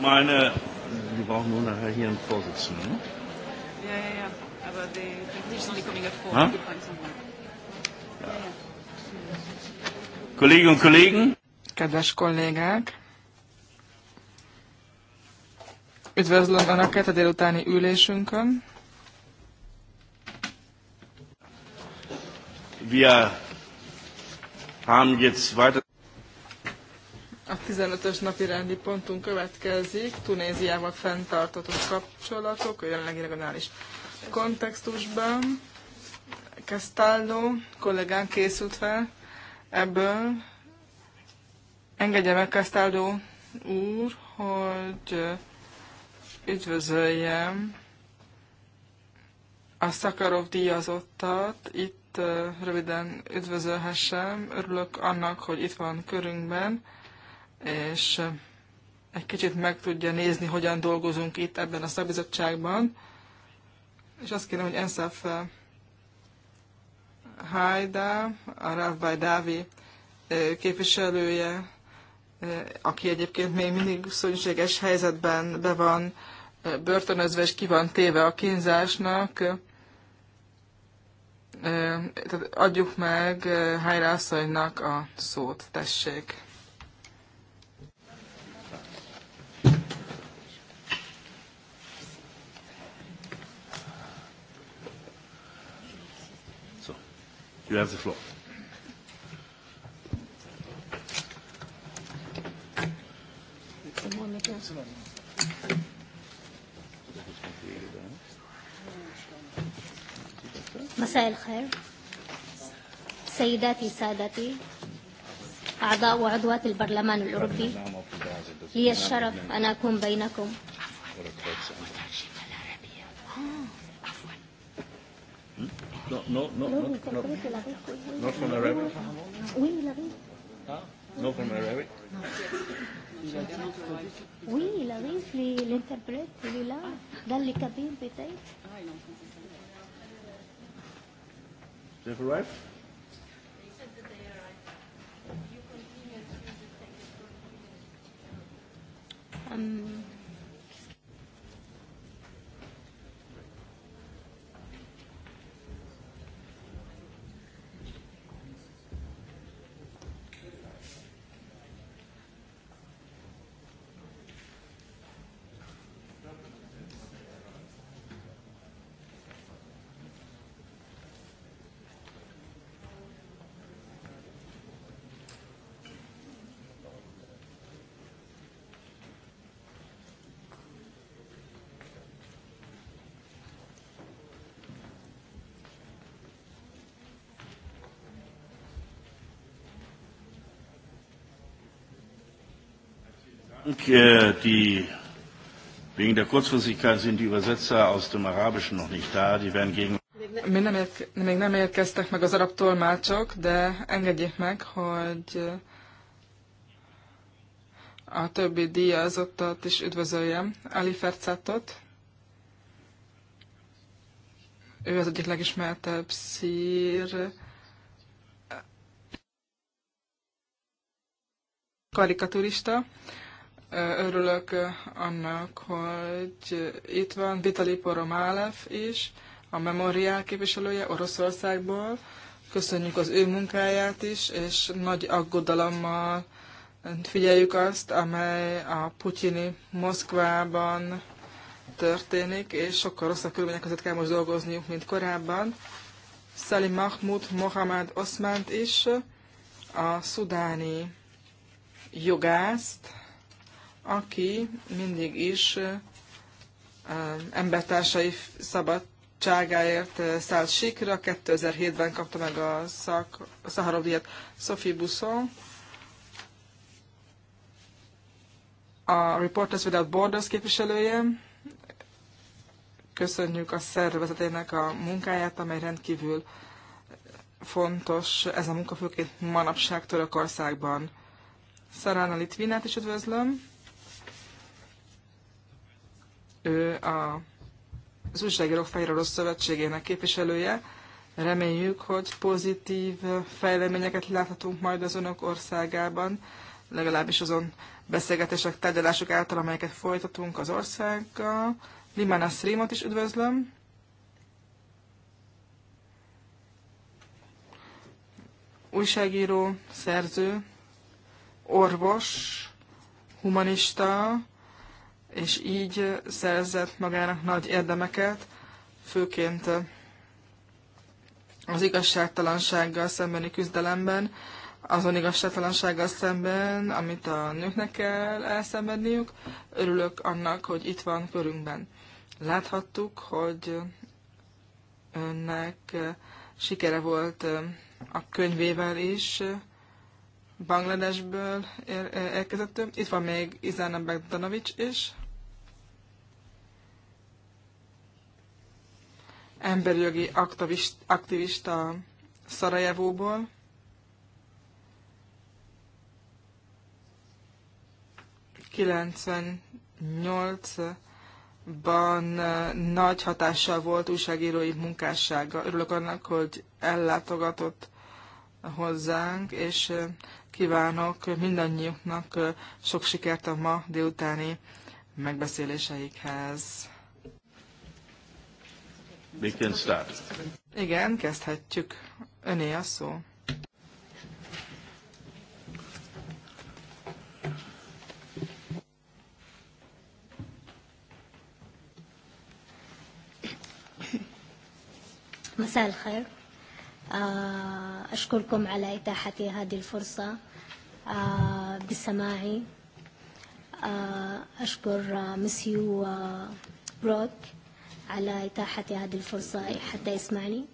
meine, Sie brauchen nur nachher hier einen Vorsitzenden. Ja, ja, ja, aber die Petition ist coming at four. Ja? Ja. Kolleginnen und Kollegen. Kedves kollégák! Üdvözlöm Önöket a délutáni ülésünkön. Wir haben jetzt weiter a 15-ös napi rendi pontunk következik, Tunéziával fenntartott kapcsolatok, a jelenlegi regionális kontextusban. Castaldo kollégán készült fel ebből. Engedje meg Castaldo úr, hogy üdvözöljem a Szakarov díjazottat. Itt röviden üdvözölhessem. Örülök annak, hogy itt van körünkben és egy kicsit meg tudja nézni, hogyan dolgozunk itt ebben a szabizottságban. És azt kérem, hogy Enszaf eh, Hajda, a Ravbaj Dávi eh, képviselője, eh, aki egyébként még mindig szörnyűséges helyzetben be van börtönözve, és ki van téve a kínzásnak, tehát adjuk meg Hajra asszonynak a szót, tessék. You have the floor. مساء الخير سيداتي سادتي أعضاء وعضوات البرلمان الأوروبي لي الشرف أن أكون بينكم No, no, no, no, no, no, no no, no, no, Oui, il arrive. Ah, no from the rabbit. Oui, il arrive, l'interprète, il est là, dans les cabines peut-être. They've arrived? They said that they arrived. You continue to the Um. Äh, die, wegen der Kurzfristigkeit sind die Übersetzer aus dem Arabischen noch nicht da. Die werden gegen. Még nem, érke, még nem érkeztek meg az arab tolmácsok, de engedjék meg, hogy a többi díjazottat is üdvözöljem. Ali Fercátot. Ő az egyik legismertebb szír karikaturista, örülök annak, hogy itt van Vitali Poromálev is, a memoriál képviselője Oroszországból. Köszönjük az ő munkáját is, és nagy aggodalommal figyeljük azt, amely a putyini Moszkvában történik, és sokkal rosszabb körülmények között kell most dolgozniuk, mint korábban. Salim Mahmoud Mohamed Oszmánt is, a szudáni jogászt, aki mindig is embertársai szabadságáért szállt sikra. 2007-ben kapta meg a, szak, Sophie Busson. A Reporters Without Borders képviselője. Köszönjük a szervezetének a munkáját, amely rendkívül fontos ez a munka főként manapság Törökországban. Szarána Litvinát is üdvözlöm ő a, az Újságírók Fehér Orosz Szövetségének képviselője. Reméljük, hogy pozitív fejleményeket láthatunk majd az önök országában, legalábbis azon beszélgetések, tárgyalások által, amelyeket folytatunk az országgal. Limana Srimot is üdvözlöm. Újságíró, szerző, orvos, humanista, és így szerzett magának nagy érdemeket, főként az igazságtalansággal szembeni küzdelemben, azon igazságtalansággal szemben, amit a nőknek kell elszenvedniük. Örülök annak, hogy itt van körünkben. Láthattuk, hogy önnek sikere volt a könyvével is, Bangladesből ér- Itt van még Izana Bagdanovics is. emberjogi aktivista, aktivista Szarajevóból. ban eh, nagy hatással volt újságírói munkássága. Örülök annak, hogy ellátogatott hozzánk, és eh, kívánok mindannyiuknak eh, sok sikert a ma délutáni megbeszéléseikhez. We can start. Igen, kezdhetjük. Öné a szó. مساء الخير أشكركم على إتاحتي هذه الفرصة بسماعي أشكر مسيو بروك على إتاحة هذه الفرصة حتى يسمعني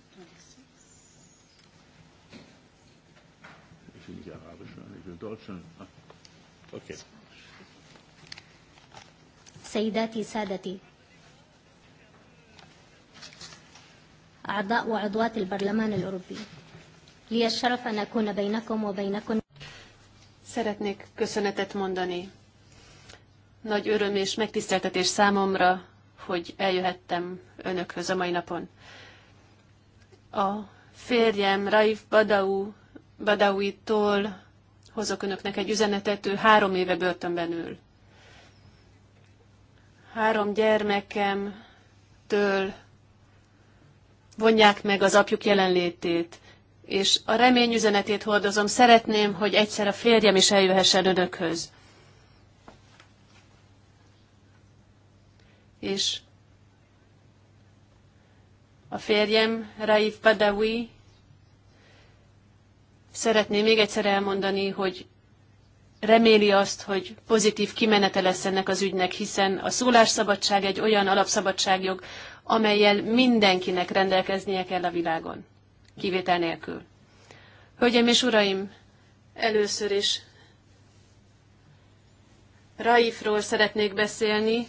سيداتي سادتي أعضاء وعضوات البرلمان الأوروبي لي الشرف أن أكون بينكم وبينكم Szeretnék köszönetet mondani. Nagy öröm és megtiszteltetés számomra, hogy eljöhettem önökhöz a mai napon. A férjem Raif Badau, Badawi-tól hozok önöknek egy üzenetet, ő három éve börtönben ül. Három gyermekemtől vonják meg az apjuk jelenlétét, és a remény üzenetét hordozom, szeretném, hogy egyszer a férjem is eljöhessen önökhöz. és a férjem, Raif Badawi, szeretné még egyszer elmondani, hogy reméli azt, hogy pozitív kimenete lesz ennek az ügynek, hiszen a szólásszabadság egy olyan alapszabadságjog, amelyel mindenkinek rendelkeznie kell a világon, kivétel nélkül. Hölgyeim és uraim, először is Raifról szeretnék beszélni,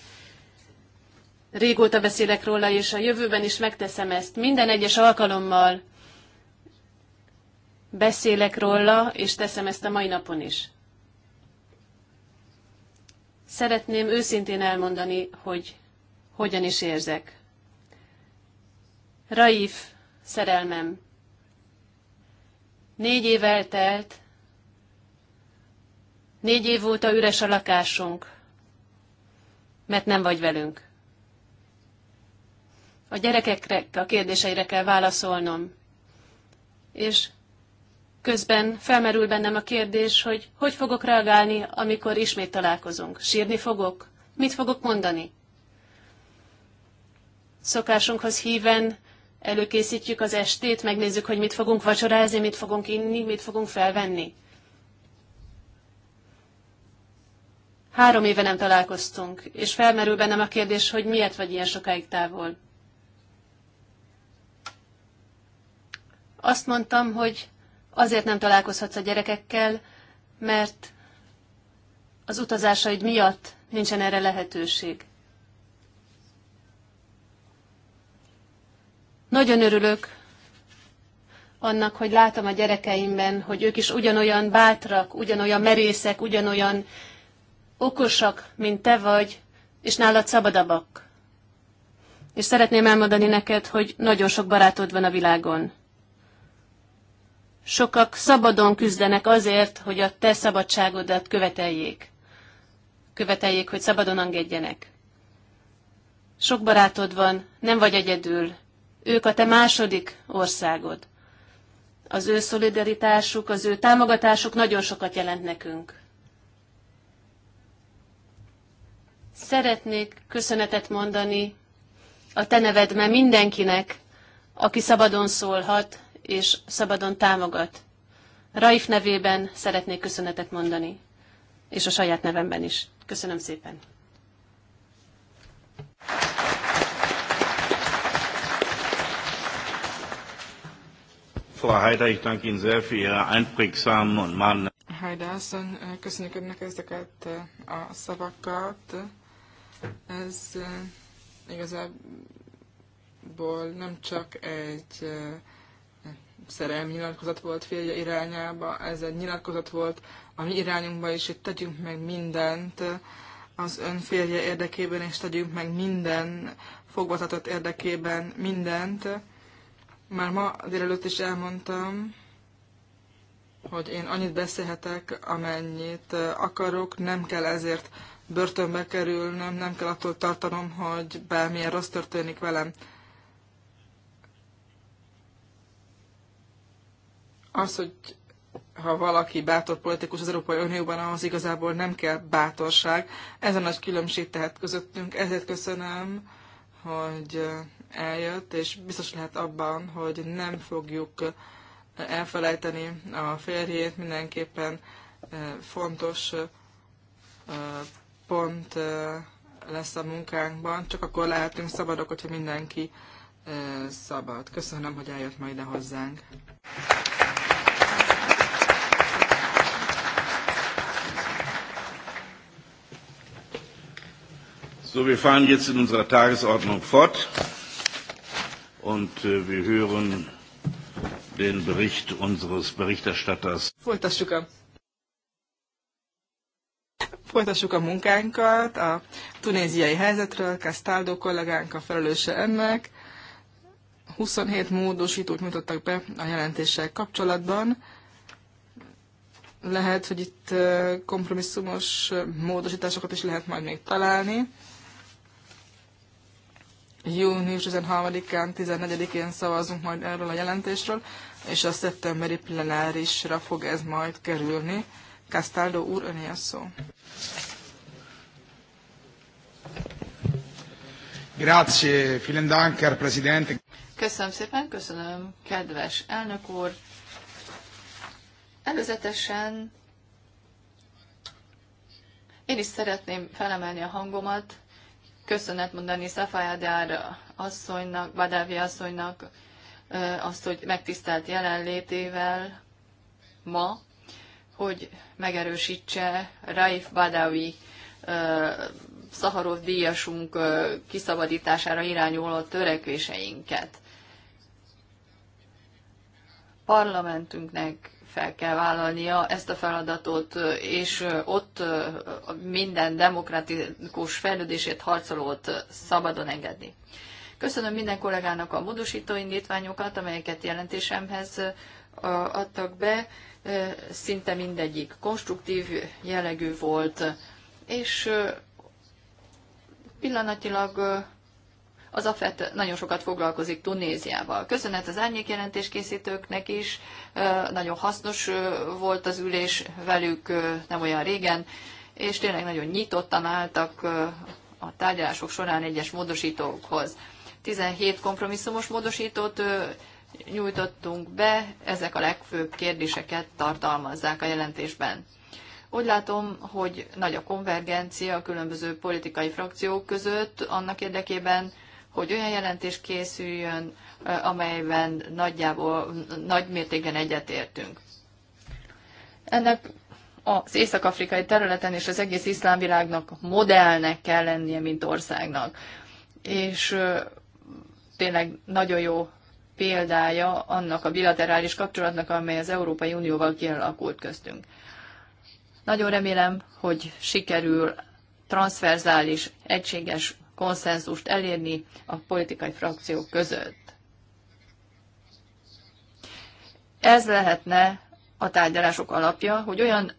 régóta beszélek róla, és a jövőben is megteszem ezt. Minden egyes alkalommal beszélek róla, és teszem ezt a mai napon is. Szeretném őszintén elmondani, hogy hogyan is érzek. Raif szerelmem. Négy év eltelt, négy év óta üres a lakásunk, mert nem vagy velünk a gyerekekre a kérdéseire kell válaszolnom. És közben felmerül bennem a kérdés, hogy hogy fogok reagálni, amikor ismét találkozunk. Sírni fogok? Mit fogok mondani? Szokásunkhoz híven előkészítjük az estét, megnézzük, hogy mit fogunk vacsorázni, mit fogunk inni, mit fogunk felvenni. Három éve nem találkoztunk, és felmerül bennem a kérdés, hogy miért vagy ilyen sokáig távol. Azt mondtam, hogy azért nem találkozhatsz a gyerekekkel, mert az utazásaid miatt nincsen erre lehetőség. Nagyon örülök annak, hogy látom a gyerekeimben, hogy ők is ugyanolyan bátrak, ugyanolyan merészek, ugyanolyan okosak, mint te vagy, és nálad szabadabbak. És szeretném elmondani neked, hogy nagyon sok barátod van a világon. Sokak szabadon küzdenek azért, hogy a te szabadságodat követeljék. Követeljék, hogy szabadon engedjenek. Sok barátod van, nem vagy egyedül. Ők a te második országod. Az ő szolidaritásuk, az ő támogatásuk nagyon sokat jelent nekünk. Szeretnék köszönetet mondani a te mert mindenkinek, aki szabadon szólhat, és szabadon támogat. Raif nevében szeretnék köszönetet mondani, és a saját nevemben is. Köszönöm szépen! Frau asszony, köszönjük Önnek ezeket a szavakat. Ez eh, igazából nem csak egy eh, szerelmi nyilatkozat volt férje irányába, ez egy nyilatkozat volt a mi irányunkba is, hogy tegyünk meg mindent az ön férje érdekében, és tegyünk meg minden fogvatartott érdekében mindent. Már ma délelőtt is elmondtam, hogy én annyit beszélhetek, amennyit akarok, nem kell ezért börtönbe kerülnöm, nem kell attól tartanom, hogy bármilyen rossz történik velem. az, hogy ha valaki bátor politikus az Európai Unióban, ahhoz igazából nem kell bátorság. Ez a nagy különbség tehet közöttünk. Ezért köszönöm, hogy eljött, és biztos lehet abban, hogy nem fogjuk elfelejteni a férjét. Mindenképpen eh, fontos eh, pont eh, lesz a munkánkban, csak akkor lehetünk szabadok, hogyha mindenki szabad. Köszönöm, hogy eljött ma ide hozzánk. So, wir fahren jetzt in unserer Tagesordnung fort und äh, wir hören den Bericht unseres Berichterstatters. Folytassuk a, folytassuk a munkánkat, a tunéziai helyzetről, Castaldo kollégánk a felelőse ennek. 27 módosítót mutattak be a jelentéssel kapcsolatban. Lehet, hogy itt kompromisszumos módosításokat is lehet majd még találni június 13-án, 14-én szavazunk majd erről a jelentésről, és a szeptemberi plenárisra fog ez majd kerülni. Castaldo úr, öné a szó. Grazie, vielen Dank, Herr Präsident. Köszönöm szépen, köszönöm, kedves elnök úr. Előzetesen én is szeretném felemelni a hangomat köszönet mondani Szafájádár asszonynak, Badávi asszonynak azt, hogy megtisztelt jelenlétével ma, hogy megerősítse Raif Badawi Szaharov díjasunk kiszabadítására irányuló törekvéseinket. Parlamentünknek fel kell vállalnia ezt a feladatot, és ott minden demokratikus fejlődését harcolót szabadon engedni. Köszönöm minden kollégának a módosító indítványokat, amelyeket jelentésemhez adtak be. Szinte mindegyik konstruktív jellegű volt, és pillanatilag az AFET nagyon sokat foglalkozik Tunéziával. Köszönet az árnyékjelentés készítőknek is, nagyon hasznos volt az ülés velük nem olyan régen, és tényleg nagyon nyitottan álltak a tárgyalások során egyes módosítókhoz. 17 kompromisszumos módosítót nyújtottunk be, ezek a legfőbb kérdéseket tartalmazzák a jelentésben. Úgy látom, hogy nagy a konvergencia a különböző politikai frakciók között annak érdekében, hogy olyan jelentés készüljön, amelyben nagyjából nagy mértékben egyetértünk. Ennek az észak-afrikai területen és az egész iszlámvilágnak modellnek kell lennie, mint országnak. És tényleg nagyon jó példája annak a bilaterális kapcsolatnak, amely az Európai Unióval kialakult köztünk. Nagyon remélem, hogy sikerül transzverzális, egységes konszenzust elérni a politikai frakciók között. Ez lehetne a tárgyalások alapja, hogy olyan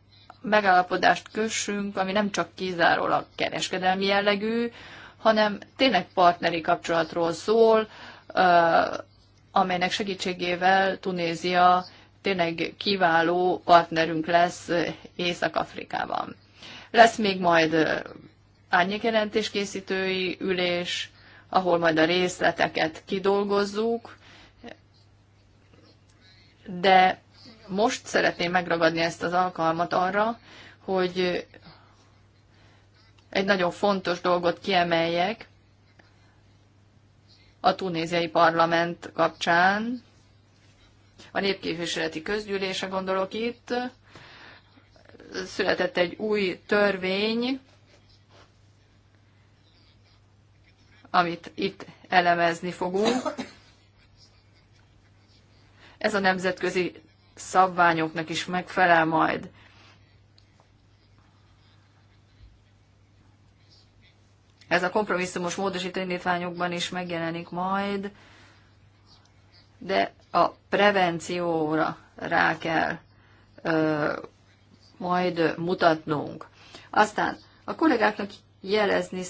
megállapodást kössünk, ami nem csak kizárólag kereskedelmi jellegű, hanem tényleg partneri kapcsolatról szól, amelynek segítségével Tunézia tényleg kiváló partnerünk lesz Észak-Afrikában. Lesz még majd árnyékjelentés készítői ülés, ahol majd a részleteket kidolgozzuk, de most szeretném megragadni ezt az alkalmat arra, hogy egy nagyon fontos dolgot kiemeljek a tunéziai parlament kapcsán, a népképviseleti közgyűlése gondolok itt, született egy új törvény, amit itt elemezni fogunk. Ez a nemzetközi szabványoknak is megfelel majd. Ez a kompromisszumos módosító indítványokban is megjelenik majd, de a prevencióra rá kell ö, majd mutatnunk. Aztán a kollégáknak jelezni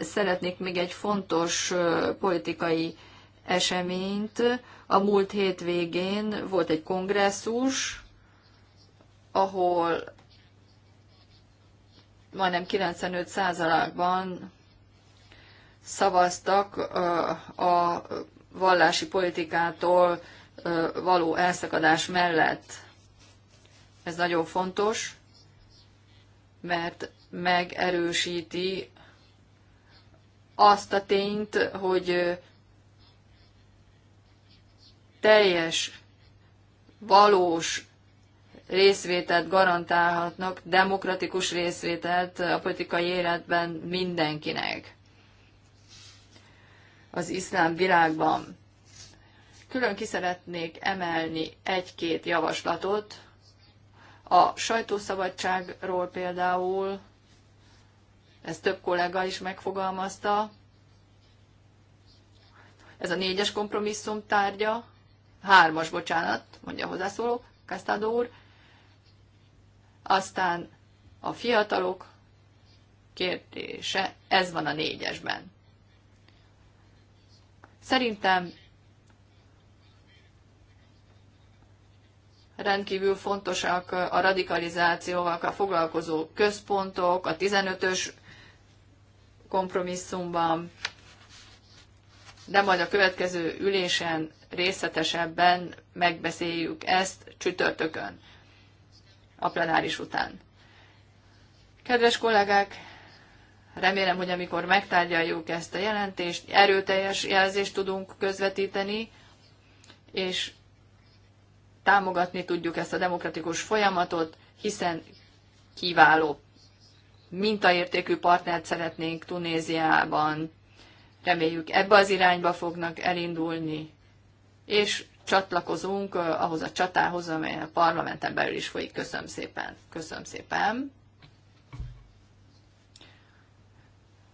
szeretnék még egy fontos politikai eseményt. A múlt hét végén volt egy kongresszus, ahol majdnem 95%-ban szavaztak a vallási politikától való elszakadás mellett. Ez nagyon fontos, mert megerősíti azt a tényt, hogy teljes, valós részvételt garantálhatnak, demokratikus részvételt a politikai életben mindenkinek az iszlám világban. Külön ki szeretnék emelni egy-két javaslatot, a sajtószabadságról például, ezt több kollega is megfogalmazta, ez a négyes kompromisszum tárgya, hármas, bocsánat, mondja a hozzászóló, Kasztádó úr, aztán a fiatalok kérdése, ez van a négyesben. Szerintem rendkívül fontosak a radikalizációval a foglalkozó központok, a 15-ös kompromisszumban, de majd a következő ülésen részletesebben megbeszéljük ezt csütörtökön, a plenáris után. Kedves kollégák, remélem, hogy amikor megtárgyaljuk ezt a jelentést, erőteljes jelzést tudunk közvetíteni, és támogatni tudjuk ezt a demokratikus folyamatot, hiszen kiváló mintaértékű partnert szeretnénk Tunéziában. Reméljük ebbe az irányba fognak elindulni, és csatlakozunk ahhoz a csatához, amely a parlamenten belül is folyik. Köszönöm szépen. Köszönöm szépen.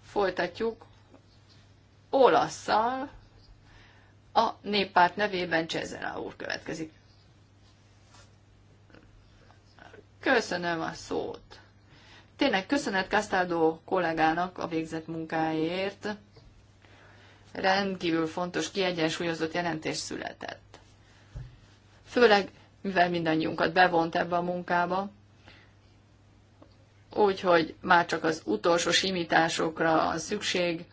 Folytatjuk Olaszszal. A néppárt nevében Csezera úr következik. Köszönöm a szót. Tényleg köszönet Castaldo kollégának a végzett munkáért. Rendkívül fontos, kiegyensúlyozott jelentés született. Főleg, mivel mindannyiunkat bevont ebbe a munkába, úgyhogy már csak az utolsó simításokra a szükség,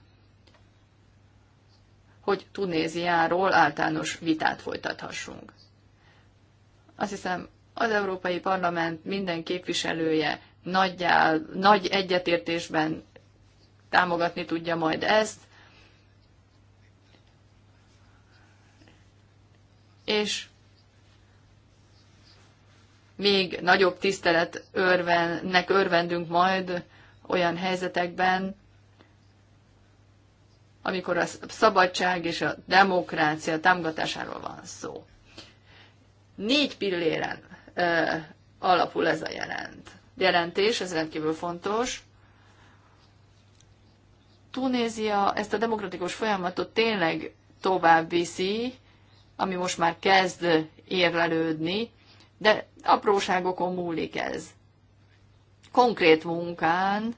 hogy Tunéziáról általános vitát folytathassunk. Azt hiszem, az Európai Parlament minden képviselője nagyjál, nagy egyetértésben támogatni tudja majd ezt, és még nagyobb tisztelet örvennek örvendünk majd olyan helyzetekben, amikor a szabadság és a demokrácia támogatásáról van szó. Négy pilléren ö, alapul ez a jelent, jelentés, ez rendkívül fontos. Tunézia ezt a demokratikus folyamatot tényleg tovább viszi, ami most már kezd érlelődni, de apróságokon múlik ez. Konkrét munkán,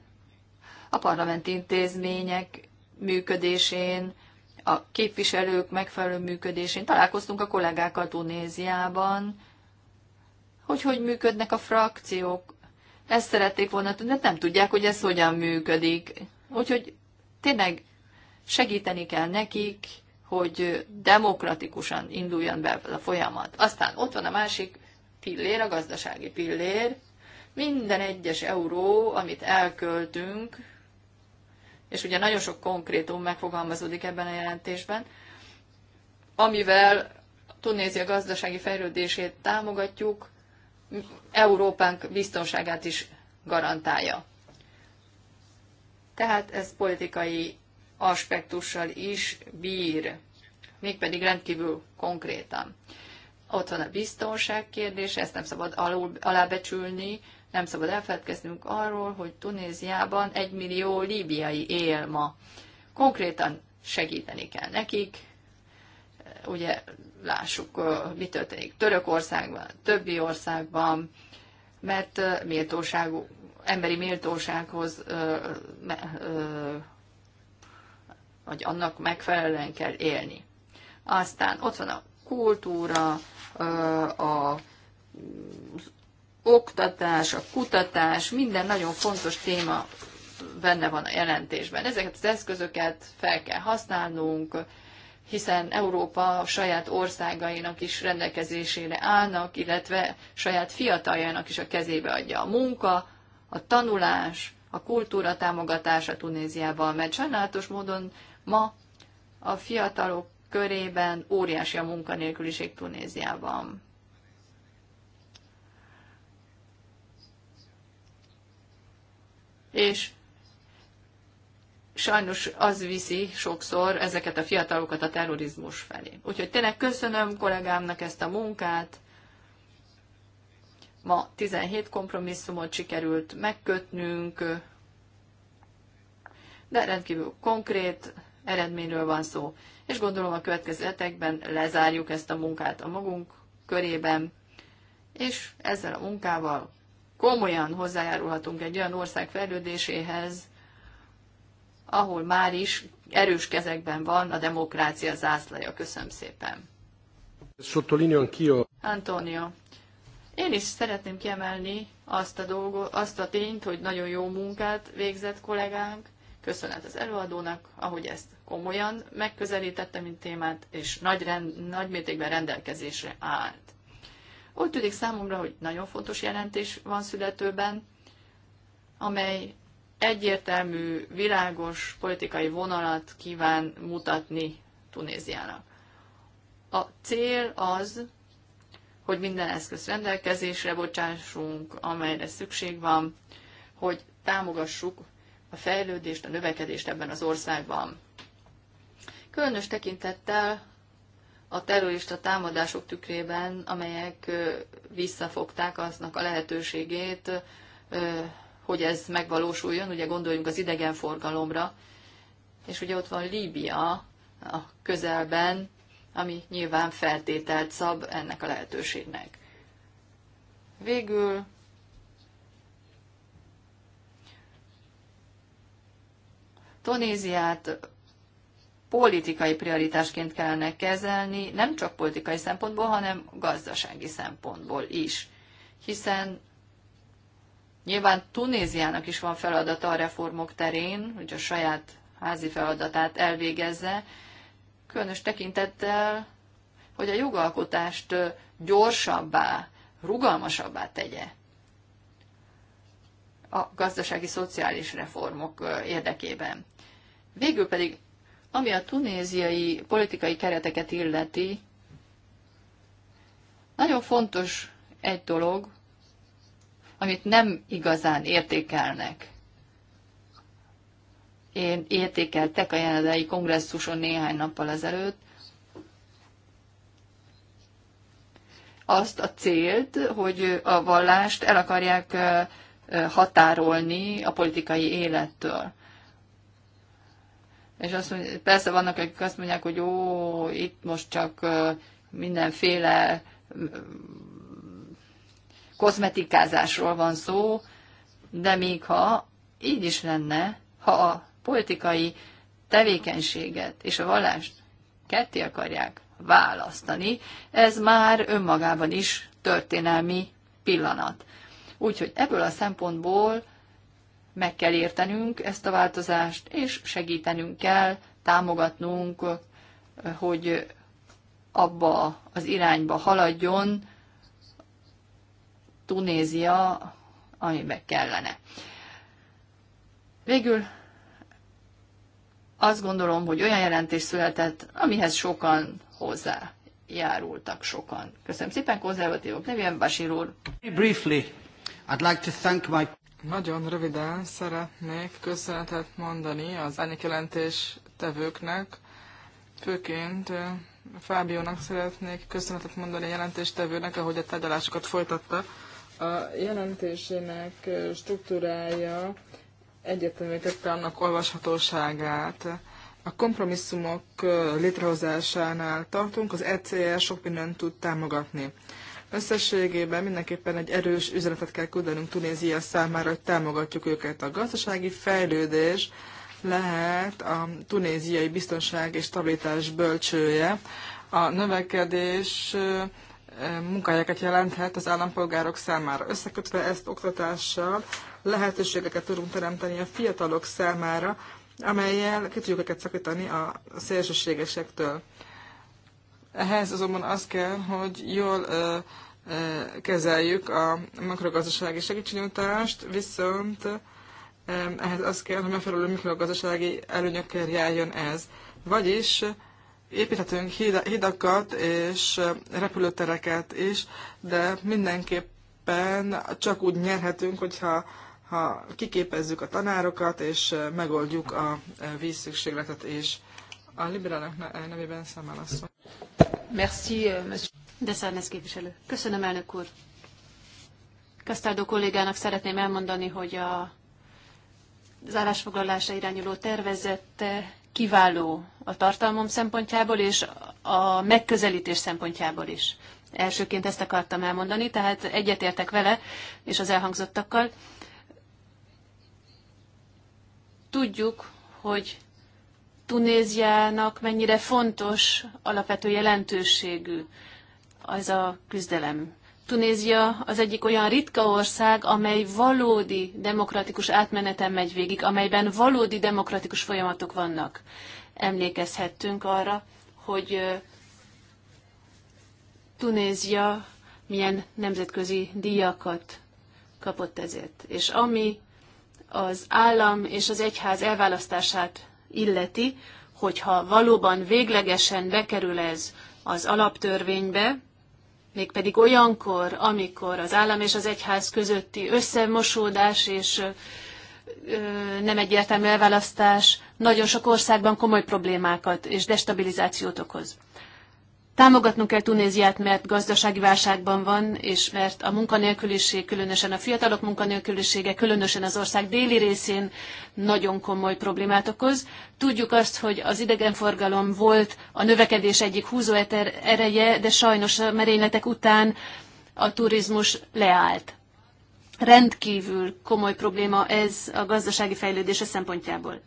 a parlamenti intézmények működésén, a képviselők megfelelő működésén. Találkoztunk a kollégákkal Tunéziában, hogy hogy működnek a frakciók, ezt szerették volna tudni, de nem tudják, hogy ez hogyan működik. Úgyhogy tényleg segíteni kell nekik, hogy demokratikusan induljon be a folyamat. Aztán ott van a másik pillér, a gazdasági pillér. Minden egyes euró, amit elköltünk, és ugye nagyon sok konkrétum megfogalmazódik ebben a jelentésben, amivel Tunézia gazdasági fejlődését támogatjuk, Európánk biztonságát is garantálja. Tehát ez politikai aspektussal is bír, mégpedig rendkívül konkrétan. Ott van a biztonság kérdése, ezt nem szabad alul, alábecsülni, nem szabad elfeledkeznünk arról, hogy Tunéziában egy millió líbiai él ma. Konkrétan segíteni kell nekik, ugye lássuk, mi történik Törökországban, többi országban, mert méltóság, emberi méltósághoz vagy annak megfelelően kell élni. Aztán ott van a kultúra, a oktatás, a kutatás, minden nagyon fontos téma benne van a jelentésben. Ezeket az eszközöket fel kell használnunk, hiszen Európa saját országainak is rendelkezésére állnak, illetve saját fiataljának is a kezébe adja a munka, a tanulás, a kultúra támogatása Tunéziában, mert sajnálatos módon ma a fiatalok körében óriási a munkanélküliség Tunéziában. És sajnos az viszi sokszor ezeket a fiatalokat a terrorizmus felé. Úgyhogy tényleg köszönöm kollégámnak ezt a munkát. Ma 17 kompromisszumot sikerült megkötnünk, de rendkívül konkrét eredményről van szó, és gondolom a következő hetekben lezárjuk ezt a munkát a magunk körében, és ezzel a munkával komolyan hozzájárulhatunk egy olyan ország fejlődéséhez, ahol már is erős kezekben van a demokrácia zászlaja. Köszönöm szépen. Antonio, én is szeretném kiemelni azt a, dolgo, azt a tényt, hogy nagyon jó munkát végzett kollégánk. Köszönet az előadónak, ahogy ezt komolyan megközelítette, mint témát, és nagy, rend, nagy mértékben rendelkezésre állt. Úgy tűnik számomra, hogy nagyon fontos jelentés van születőben, amely egyértelmű, világos politikai vonalat kíván mutatni Tunéziának. A cél az, hogy minden eszköz rendelkezésre bocsássunk, amelyre szükség van, hogy támogassuk a fejlődést, a növekedést ebben az országban. Különös tekintettel a terrorista támadások tükrében, amelyek visszafogták aznak a lehetőségét, hogy ez megvalósuljon, ugye gondoljunk az idegenforgalomra, és ugye ott van Líbia a közelben, ami nyilván feltételt szab ennek a lehetőségnek. Végül Tunéziát politikai prioritásként kellene kezelni, nem csak politikai szempontból, hanem gazdasági szempontból is, hiszen Nyilván Tunéziának is van feladata a reformok terén, hogy a saját házi feladatát elvégezze, különös tekintettel, hogy a jogalkotást gyorsabbá, rugalmasabbá tegye a gazdasági-szociális reformok érdekében. Végül pedig, ami a tunéziai politikai kereteket illeti, nagyon fontos egy dolog, amit nem igazán értékelnek. Én értékeltek a jelenlegi kongresszuson néhány nappal ezelőtt, azt a célt, hogy a vallást el akarják határolni a politikai élettől. És azt mondja, persze vannak, akik azt mondják, hogy ó, itt most csak mindenféle kozmetikázásról van szó, de még ha így is lenne, ha a politikai tevékenységet és a vallást ketté akarják választani, ez már önmagában is történelmi pillanat. Úgyhogy ebből a szempontból meg kell értenünk ezt a változást, és segítenünk kell, támogatnunk, hogy abba az irányba haladjon, Tunézia, amibe kellene. Végül azt gondolom, hogy olyan jelentés született, amihez sokan hozzá járultak sokan. Köszönöm szépen, konzervatívok nevében, Basir úr. Briefly, I'd like to thank my... Nagyon röviden szeretnék köszönetet mondani az jelentés tevőknek, főként Fábiónak szeretnék köszönetet mondani a jelentéstevőnek, ahogy a tárgyalásokat folytatta a jelentésének struktúrája egyetemé annak olvashatóságát. A kompromisszumok létrehozásánál tartunk, az ECR sok mindent tud támogatni. Összességében mindenképpen egy erős üzenetet kell küldenünk Tunézia számára, hogy támogatjuk őket. A gazdasági fejlődés lehet a tunéziai biztonság és stabilitás bölcsője. A növekedés munkahelyeket jelenthet az állampolgárok számára. Összekötve ezt oktatással lehetőségeket tudunk teremteni a fiatalok számára, amelyel ki tudjuk őket szakítani a szélsőségesektől. Ehhez azonban az kell, hogy jól ö, ö, kezeljük a makrogazdasági segítségnyújtást, viszont ö, ehhez az kell, hogy megfelelő mikrogazdasági előnyökkel járjon ez. Vagyis építhetünk hidakat és repülőtereket is, de mindenképpen csak úgy nyerhetünk, hogyha ha kiképezzük a tanárokat, és megoldjuk a vízszükségletet és a liberálok nevében Szemel asszony. Merci, monsieur. De Szárnes képviselő. Köszönöm, elnök úr. Kasztárdó kollégának szeretném elmondani, hogy a az állásfoglalásra irányuló tervezette kiváló a tartalmam szempontjából és a megközelítés szempontjából is. Elsőként ezt akartam elmondani, tehát egyetértek vele és az elhangzottakkal. Tudjuk, hogy Tunéziának mennyire fontos, alapvető jelentőségű az a küzdelem. Tunézia az egyik olyan ritka ország, amely valódi demokratikus átmeneten megy végig, amelyben valódi demokratikus folyamatok vannak. Emlékezhettünk arra, hogy Tunézia milyen nemzetközi díjakat kapott ezért. És ami az állam és az egyház elválasztását illeti, hogyha valóban véglegesen bekerül ez az alaptörvénybe, mégpedig olyankor, amikor az állam és az egyház közötti összemosódás és nem egyértelmű elválasztás nagyon sok országban komoly problémákat és destabilizációt okoz. Támogatnunk kell Tunéziát, mert gazdasági válságban van, és mert a munkanélküliség, különösen a fiatalok munkanélkülisége, különösen az ország déli részén nagyon komoly problémát okoz. Tudjuk azt, hogy az idegenforgalom volt a növekedés egyik húzó ereje, de sajnos a merényletek után a turizmus leállt. Rendkívül komoly probléma ez a gazdasági fejlődése szempontjából.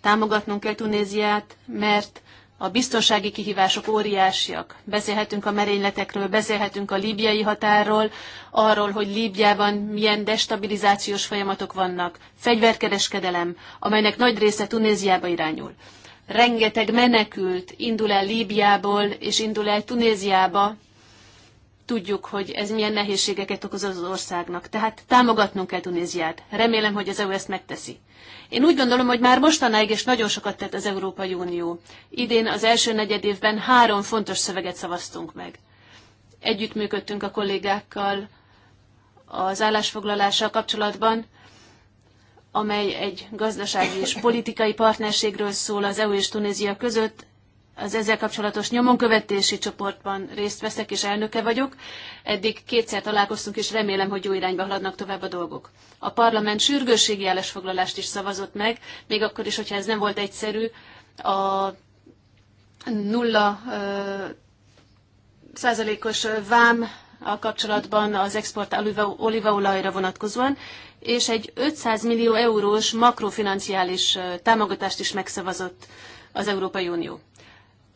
Támogatnunk kell Tunéziát, mert a biztonsági kihívások óriásiak. Beszélhetünk a merényletekről, beszélhetünk a líbiai határról, arról, hogy Líbiában milyen destabilizációs folyamatok vannak, fegyverkereskedelem, amelynek nagy része Tunéziába irányul. Rengeteg menekült indul el Líbiából és indul el Tunéziába, tudjuk, hogy ez milyen nehézségeket okoz az országnak. Tehát támogatnunk kell Tunéziát. Remélem, hogy az EU ezt megteszi. Én úgy gondolom, hogy már mostanáig és nagyon sokat tett az Európai Unió. Idén az első negyed évben három fontos szöveget szavaztunk meg. Együttműködtünk a kollégákkal az állásfoglalással kapcsolatban, amely egy gazdasági és politikai partnerségről szól az EU és Tunézia között, az ezzel kapcsolatos nyomonkövetési csoportban részt veszek, és elnöke vagyok. Eddig kétszer találkoztunk, és remélem, hogy jó irányba haladnak tovább a dolgok. A parlament sürgősségi állásfoglalást is szavazott meg, még akkor is, hogyha ez nem volt egyszerű, a nulla százalékos vám a kapcsolatban az export olívaolajra vonatkozóan, és egy 500 millió eurós makrofinanciális támogatást is megszavazott az Európai Unió.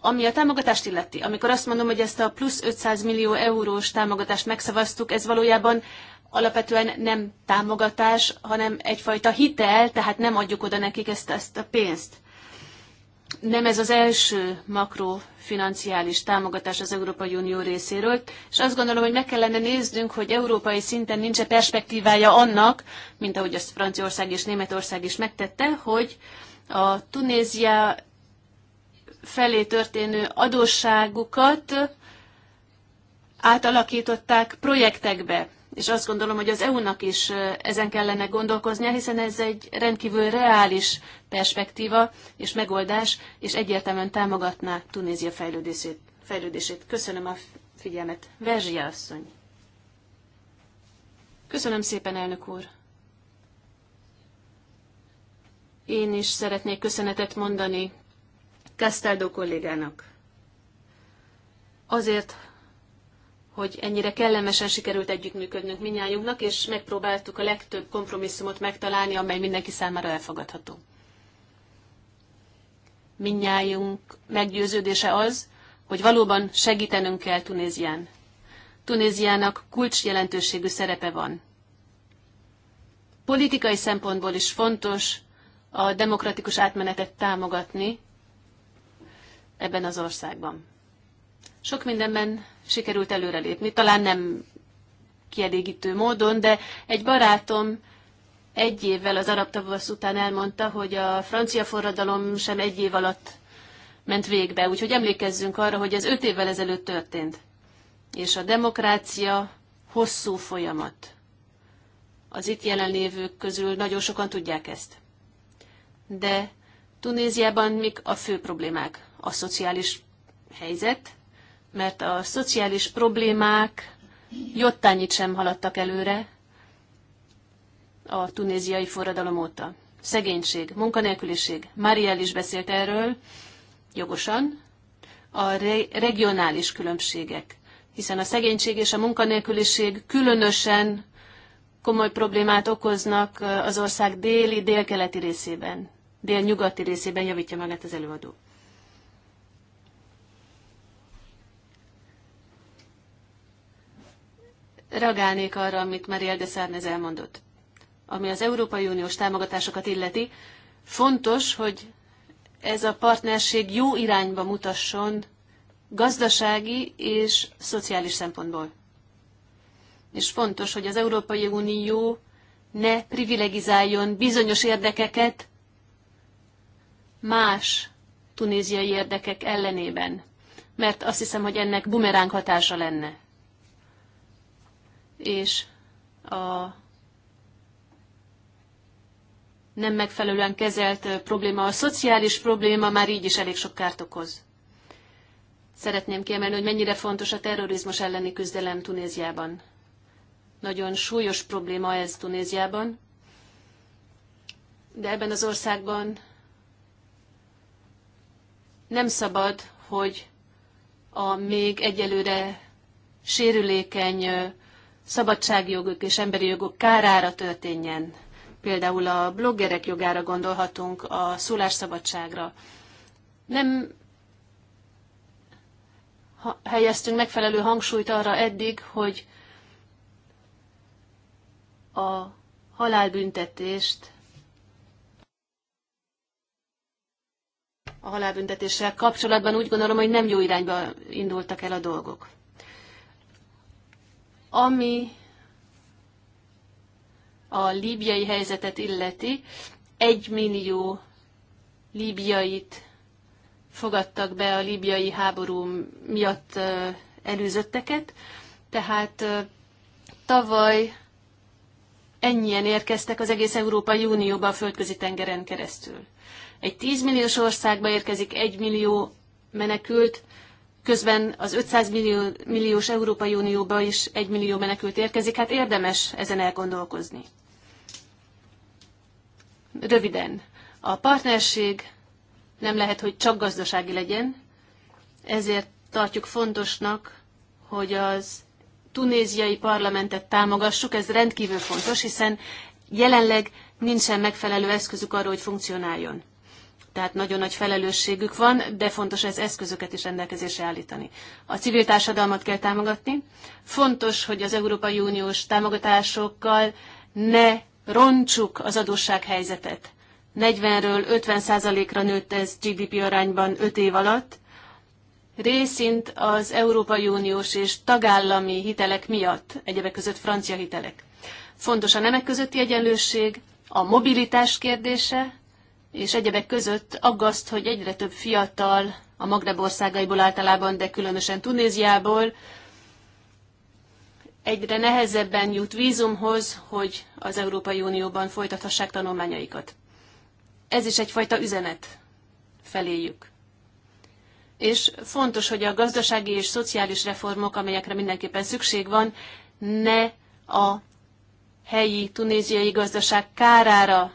Ami a támogatást illeti, amikor azt mondom, hogy ezt a plusz 500 millió eurós támogatást megszavaztuk, ez valójában alapvetően nem támogatás, hanem egyfajta hitel, tehát nem adjuk oda nekik ezt, ezt a pénzt. Nem ez az első makrofinanciális támogatás az Európai Unió részéről, és azt gondolom, hogy meg kellene néznünk, hogy európai szinten nincs-e perspektívája annak, mint ahogy azt Franciaország és Németország is megtette, hogy a Tunézia felé történő adósságukat átalakították projektekbe. És azt gondolom, hogy az EU-nak is ezen kellene gondolkoznia, hiszen ez egy rendkívül reális perspektíva és megoldás, és egyértelműen támogatná Tunézia fejlődését. fejlődését. Köszönöm a figyelmet. Verzsia asszony. Köszönöm szépen, elnök úr. Én is szeretnék köszönetet mondani Castaldo kollégának. Azért, hogy ennyire kellemesen sikerült együttműködnünk minnyájunknak, és megpróbáltuk a legtöbb kompromisszumot megtalálni, amely mindenki számára elfogadható. Minnyájunk meggyőződése az, hogy valóban segítenünk kell Tunézián. Tunéziának kulcs jelentőségű szerepe van. Politikai szempontból is fontos a demokratikus átmenetet támogatni, ebben az országban. Sok mindenben sikerült előrelépni, talán nem kielégítő módon, de egy barátom egy évvel az arab tavasz után elmondta, hogy a francia forradalom sem egy év alatt ment végbe. Úgyhogy emlékezzünk arra, hogy ez öt évvel ezelőtt történt. És a demokrácia hosszú folyamat. Az itt jelenlévők közül nagyon sokan tudják ezt. De Tunéziában mik a fő problémák? a szociális helyzet, mert a szociális problémák jottányit sem haladtak előre a tunéziai forradalom óta. Szegénység, munkanélküliség, Mariel is beszélt erről, jogosan, a re- regionális különbségek, hiszen a szegénység és a munkanélküliség különösen komoly problémát okoznak az ország déli, délkeleti részében, délnyugati részében, javítja magát az előadó. reagálnék arra, amit Mariel de Sarnez elmondott. Ami az Európai Uniós támogatásokat illeti, fontos, hogy ez a partnerség jó irányba mutasson gazdasági és szociális szempontból. És fontos, hogy az Európai Unió ne privilegizáljon bizonyos érdekeket más tunéziai érdekek ellenében, mert azt hiszem, hogy ennek bumeránk hatása lenne és a nem megfelelően kezelt probléma, a szociális probléma már így is elég sok kárt okoz. Szeretném kiemelni, hogy mennyire fontos a terrorizmus elleni küzdelem Tunéziában. Nagyon súlyos probléma ez Tunéziában, de ebben az országban nem szabad, hogy a még egyelőre sérülékeny szabadságjogok és emberi jogok kárára történjen. Például a bloggerek jogára gondolhatunk, a szólásszabadságra. Nem helyeztünk megfelelő hangsúlyt arra eddig, hogy a halálbüntetést a halálbüntetéssel kapcsolatban úgy gondolom, hogy nem jó irányba indultak el a dolgok. Ami a líbiai helyzetet illeti, egy millió líbiait fogadtak be a líbiai háború miatt előzötteket, tehát tavaly ennyien érkeztek az egész Európai Unióba a földközi tengeren keresztül. Egy 10 milliós országba érkezik 1 millió menekült, közben az 500 millió, milliós Európai Unióba is 1 millió menekült érkezik, hát érdemes ezen elgondolkozni. Röviden, a partnerség nem lehet, hogy csak gazdasági legyen, ezért tartjuk fontosnak, hogy az tunéziai parlamentet támogassuk, ez rendkívül fontos, hiszen jelenleg nincsen megfelelő eszközük arra, hogy funkcionáljon tehát nagyon nagy felelősségük van, de fontos ez eszközöket is rendelkezésre állítani. A civil társadalmat kell támogatni. Fontos, hogy az Európai Uniós támogatásokkal ne roncsuk az adóssághelyzetet. 40-ről 50 százalékra nőtt ez GDP arányban 5 év alatt, részint az Európai Uniós és tagállami hitelek miatt, egyebek között francia hitelek. Fontos a nemek közötti egyenlőség, a mobilitás kérdése, és egyebek között aggaszt, hogy egyre több fiatal a Magreb országaiból általában, de különösen Tunéziából egyre nehezebben jut vízumhoz, hogy az Európai Unióban folytathassák tanulmányaikat. Ez is egyfajta üzenet feléjük. És fontos, hogy a gazdasági és szociális reformok, amelyekre mindenképpen szükség van, ne a helyi tunéziai gazdaság kárára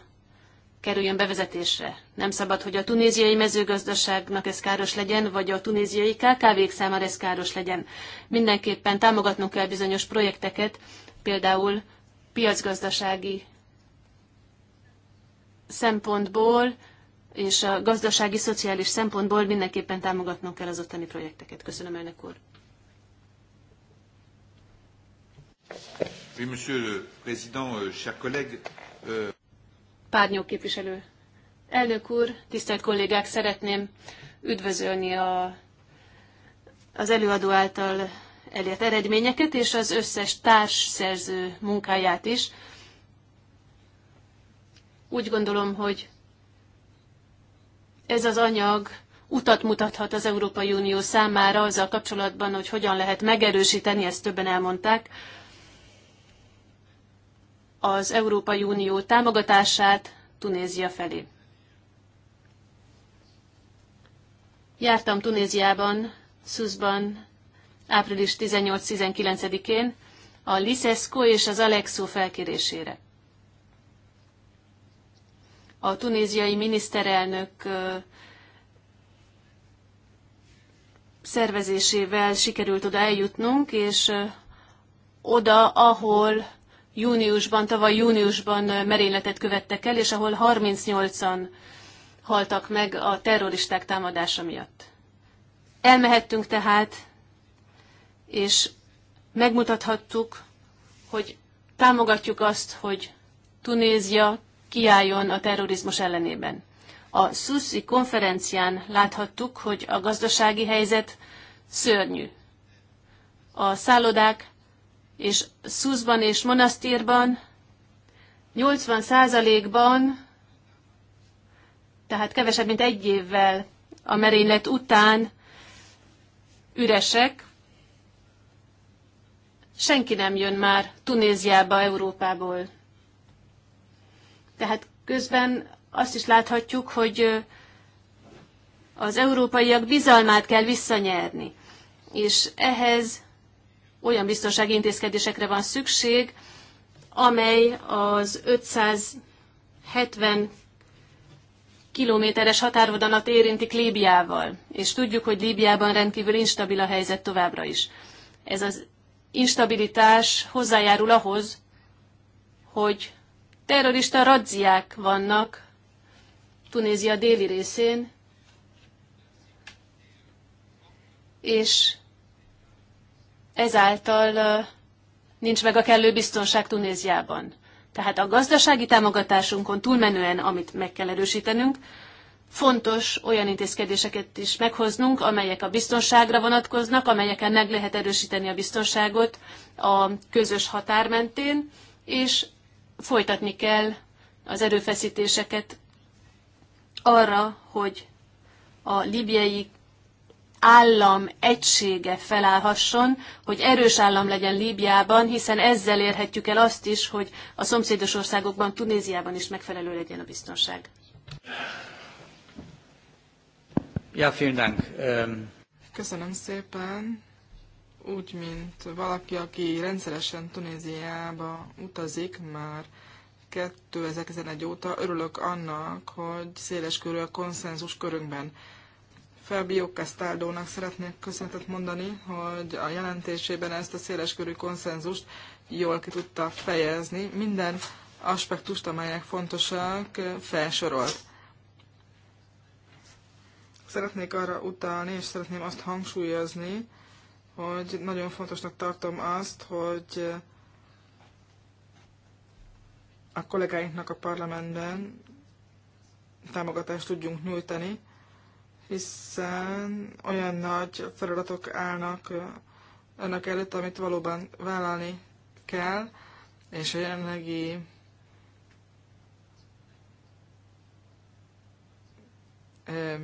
kerüljön bevezetésre. Nem szabad, hogy a tunéziai mezőgazdaságnak ez káros legyen, vagy a tunéziai KKV-k számára ez káros legyen. Mindenképpen támogatnunk kell bizonyos projekteket, például piacgazdasági szempontból, és a gazdasági, szociális szempontból mindenképpen támogatnunk kell az ottani projekteket. Köszönöm, elnök úr. Oui, monsieur le président, euh, chers collègues. Euh... Párnyók képviselő. Elnök úr, tisztelt kollégák, szeretném üdvözölni a, az előadó által elért eredményeket, és az összes társszerző munkáját is. Úgy gondolom, hogy ez az anyag utat mutathat az Európai Unió számára azzal kapcsolatban, hogy hogyan lehet megerősíteni, ezt többen elmondták, az Európai Unió támogatását Tunézia felé. Jártam Tunéziában, Szuszban, április 18-19-én a Lisesco és az Alexo felkérésére. A tunéziai miniszterelnök szervezésével sikerült oda eljutnunk, és oda, ahol júniusban, tavaly júniusban merényletet követtek el, és ahol 38-an haltak meg a terroristák támadása miatt. Elmehettünk tehát, és megmutathattuk, hogy támogatjuk azt, hogy Tunézia kiálljon a terrorizmus ellenében. A Susi konferencián láthattuk, hogy a gazdasági helyzet szörnyű. A szállodák és Szuszban és Monasztírban 80%-ban, tehát kevesebb, mint egy évvel a merénylet után üresek. Senki nem jön már Tunéziába, Európából. Tehát közben azt is láthatjuk, hogy az európaiak bizalmát kell visszanyerni. És ehhez olyan biztonsági intézkedésekre van szükség, amely az 570 kilométeres határvonalat érintik Líbiával, és tudjuk, hogy Líbiában rendkívül instabil a helyzet továbbra is. Ez az instabilitás hozzájárul ahhoz, hogy terrorista radziák vannak Tunézia déli részén, és ezáltal nincs meg a kellő biztonság Tunéziában. Tehát a gazdasági támogatásunkon túlmenően, amit meg kell erősítenünk, fontos olyan intézkedéseket is meghoznunk, amelyek a biztonságra vonatkoznak, amelyeken meg lehet erősíteni a biztonságot a közös határ mentén, és folytatni kell az erőfeszítéseket arra, hogy a libiai állam egysége felállhasson, hogy erős állam legyen Líbiában, hiszen ezzel érhetjük el azt is, hogy a szomszédos országokban, Tunéziában is megfelelő legyen a biztonság. Ja, vielen Dank. Um... Köszönöm szépen. Úgy, mint valaki, aki rendszeresen Tunéziába utazik már 2011 óta, örülök annak, hogy széles körül a konszenzus körünkben Fabio Castaldónak szeretnék köszönetet mondani, hogy a jelentésében ezt a széleskörű konszenzust jól ki tudta fejezni. Minden aspektust, amelyek fontosak, felsorolt. Szeretnék arra utalni, és szeretném azt hangsúlyozni, hogy nagyon fontosnak tartom azt, hogy a kollégáinknak a parlamentben támogatást tudjunk nyújtani, hiszen olyan nagy feladatok állnak önök előtt, amit valóban vállalni kell, és a jelenlegi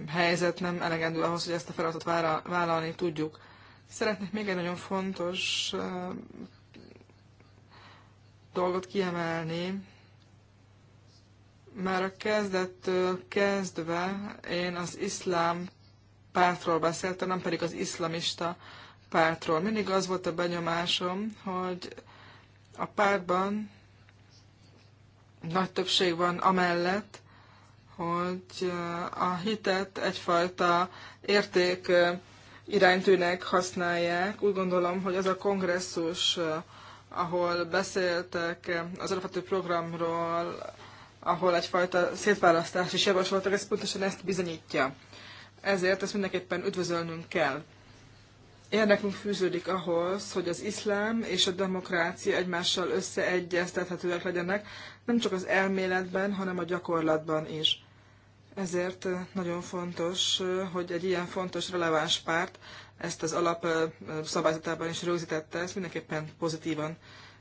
helyzet nem elegendő ahhoz, hogy ezt a feladatot vállalni tudjuk. Szeretnék még egy nagyon fontos dolgot kiemelni, már a kezdettől kezdve én az iszlám pártról beszéltem, nem pedig az iszlamista pártról. Mindig az volt a benyomásom, hogy a pártban nagy többség van amellett, hogy a hitet egyfajta érték iránytűnek használják. Úgy gondolom, hogy az a kongresszus, ahol beszéltek az alapvető programról, ahol egyfajta szétválasztás is javasoltak, ez pontosan ezt bizonyítja. Ezért ezt mindenképpen üdvözölnünk kell. Érdekünk fűződik ahhoz, hogy az iszlám és a demokrácia egymással összeegyeztethetőek legyenek, nem csak az elméletben, hanem a gyakorlatban is. Ezért nagyon fontos, hogy egy ilyen fontos, releváns párt ezt az alap szabályzatában is rögzítette, ezt mindenképpen pozitívan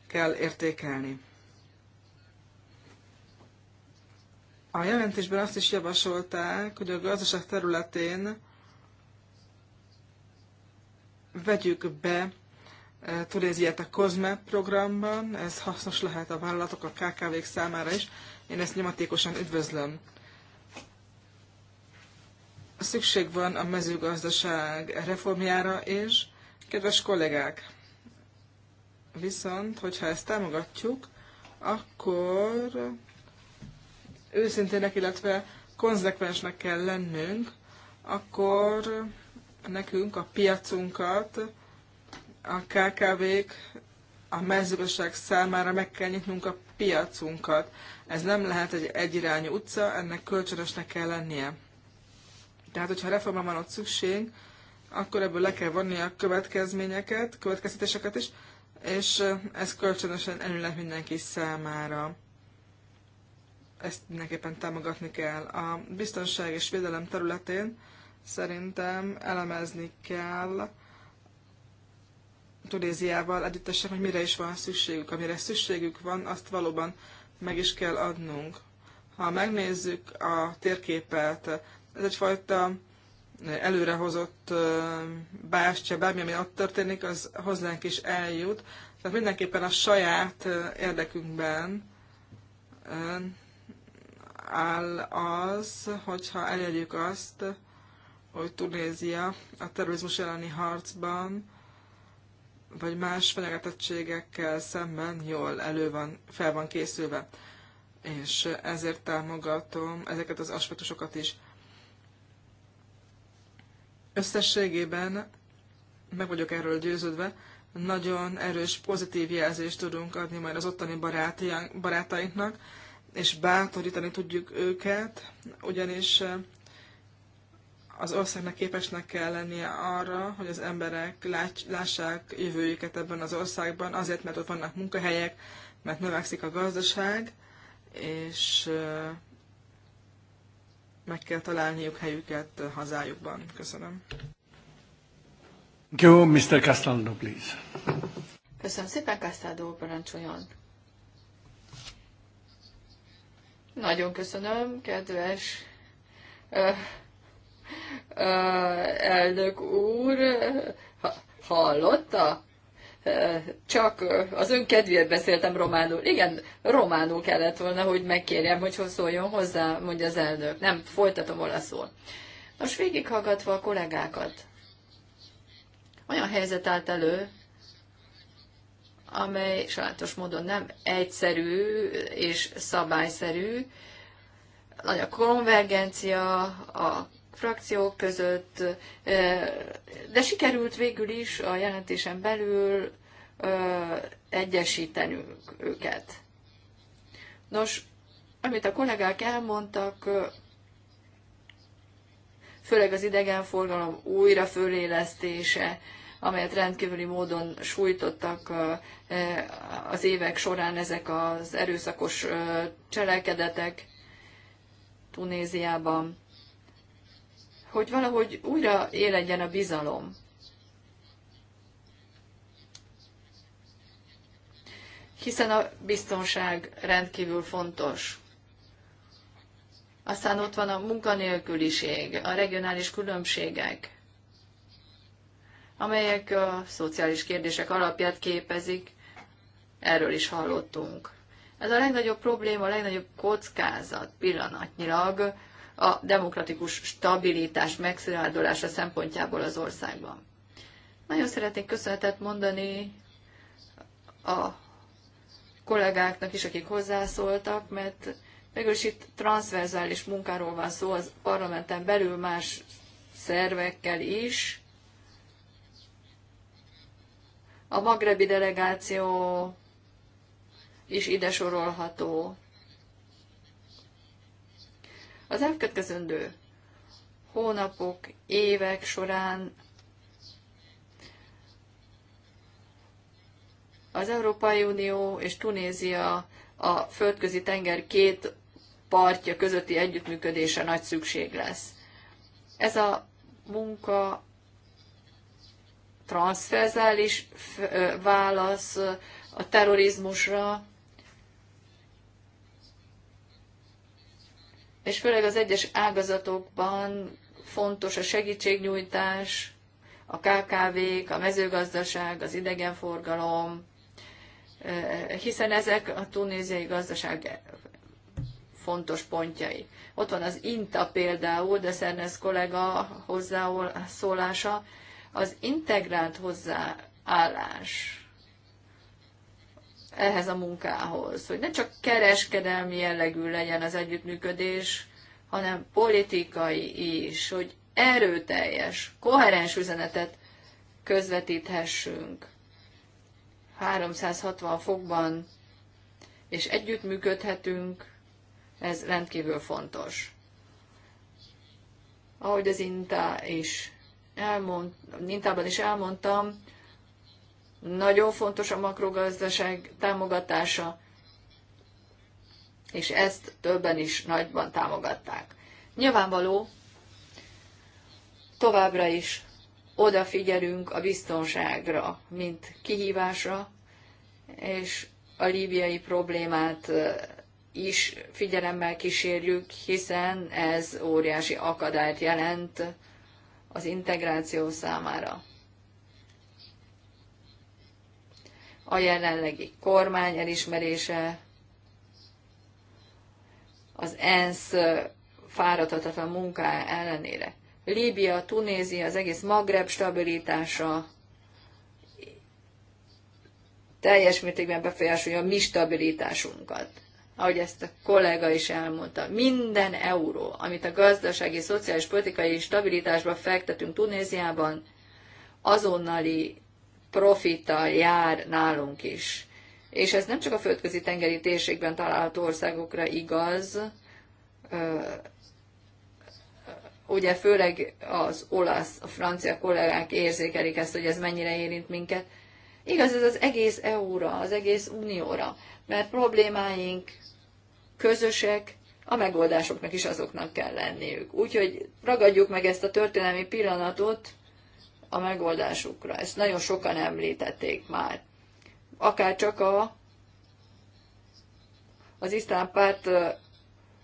kell értékelni. A jelentésben azt is javasolták, hogy a gazdaság területén vegyük be e, Turéziát a COSME programban, ez hasznos lehet a vállalatok, a KKV-k számára is. Én ezt nyomatékosan üdvözlöm. Szükség van a mezőgazdaság reformjára és kedves kollégák, viszont, hogyha ezt támogatjuk, akkor őszintének, illetve konzekvensnek kell lennünk, akkor nekünk a piacunkat a KKV-k a mezőgazdaság számára meg kell nyitnunk a piacunkat. Ez nem lehet egy egyirányú utca, ennek kölcsönösnek kell lennie. Tehát, hogyha reformra van ott szükség, akkor ebből le kell vonni a következményeket, következtetéseket is, és ez kölcsönösen előleg mindenki számára ezt mindenképpen támogatni kell. A biztonság és védelem területén szerintem elemezni kell Tunéziával együttesen, hogy mire is van szükségük. Amire szükségük van, azt valóban meg is kell adnunk. Ha megnézzük a térképet, ez egyfajta előrehozott bástya, bármi, ami ott történik, az hozzánk is eljut. Tehát mindenképpen a saját érdekünkben áll az, hogyha elérjük azt, hogy Tunézia a terrorizmus elleni harcban vagy más fenyegetettségekkel szemben jól elő van, fel van készülve. És ezért támogatom ezeket az aspektusokat is. Összességében meg vagyok erről győződve, nagyon erős pozitív jelzést tudunk adni majd az ottani barátainknak, és bátorítani tudjuk őket, ugyanis az országnak képesnek kell lennie arra, hogy az emberek lássák jövőjüket ebben az országban, azért, mert ott vannak munkahelyek, mert növekszik a gazdaság, és meg kell találniuk helyüket hazájukban. Köszönöm. Jó, Mr. Castaldo, please. Köszönöm szépen, Castaldo, parancsoljon. Nagyon köszönöm, kedves ö, ö, elnök úr. Ha, hallotta? Csak az ön kedvéért beszéltem románul. Igen, románul kellett volna, hogy megkérjem, hogy szóljon hozzá, mondja az elnök. Nem, folytatom olaszul. Most végighallgatva a kollégákat, olyan helyzet állt elő, amely sajátos módon nem egyszerű és szabályszerű. Nagy a konvergencia a frakciók között, de sikerült végül is a jelentésen belül egyesítenünk őket. Nos, amit a kollégák elmondtak, főleg az idegenforgalom újra fölélesztése, amelyet rendkívüli módon sújtottak az évek során ezek az erőszakos cselekedetek Tunéziában, hogy valahogy újra éledjen a bizalom. Hiszen a biztonság rendkívül fontos. Aztán ott van a munkanélküliség, a regionális különbségek amelyek a szociális kérdések alapját képezik, erről is hallottunk. Ez a legnagyobb probléma, a legnagyobb kockázat pillanatnyilag a demokratikus stabilitás megszilárdulása szempontjából az országban. Nagyon szeretnék köszönetet mondani a kollégáknak is, akik hozzászóltak, mert végül is itt transzverzális munkáról van szó az parlamenten belül más szervekkel is, A magrebi delegáció is ide sorolható. Az elkötkezendő hónapok, évek során az Európai Unió és Tunézia a földközi tenger két partja közötti együttműködése nagy szükség lesz. Ez a munka transzfezális válasz a terrorizmusra, és főleg az egyes ágazatokban fontos a segítségnyújtás, a KKV-k, a mezőgazdaság, az idegenforgalom, hiszen ezek a tunéziai gazdaság fontos pontjai. Ott van az INTA például, de Szernesz kollega hozzászólása, az integrált hozzáállás ehhez a munkához, hogy ne csak kereskedelmi jellegű legyen az együttműködés, hanem politikai is, hogy erőteljes, koherens üzenetet közvetíthessünk 360 fokban, és együttműködhetünk, ez rendkívül fontos. Ahogy az INTA is elmond, mintában is elmondtam, nagyon fontos a makrogazdaság támogatása, és ezt többen is nagyban támogatták. Nyilvánvaló, továbbra is odafigyelünk a biztonságra, mint kihívásra, és a líbiai problémát is figyelemmel kísérjük, hiszen ez óriási akadályt jelent az integráció számára. A jelenlegi kormány elismerése, az ENSZ fáradhatatlan munká ellenére. Líbia, Tunézia, az egész Magreb stabilitása teljes mértékben befolyásolja a mi stabilitásunkat ahogy ezt a kollega is elmondta, minden euró, amit a gazdasági, szociális, politikai stabilitásba fektetünk Tunéziában, azonnali profita jár nálunk is. És ez nem csak a földközi tengeri térségben található országokra igaz, ugye főleg az olasz, a francia kollégák érzékelik ezt, hogy ez mennyire érint minket, Igaz ez az egész EU-ra, az egész Unióra, mert problémáink közösek, a megoldásoknak is azoknak kell lenniük. Úgyhogy ragadjuk meg ezt a történelmi pillanatot a megoldásukra. Ezt nagyon sokan említették már. Akár csak a, az iszlám párt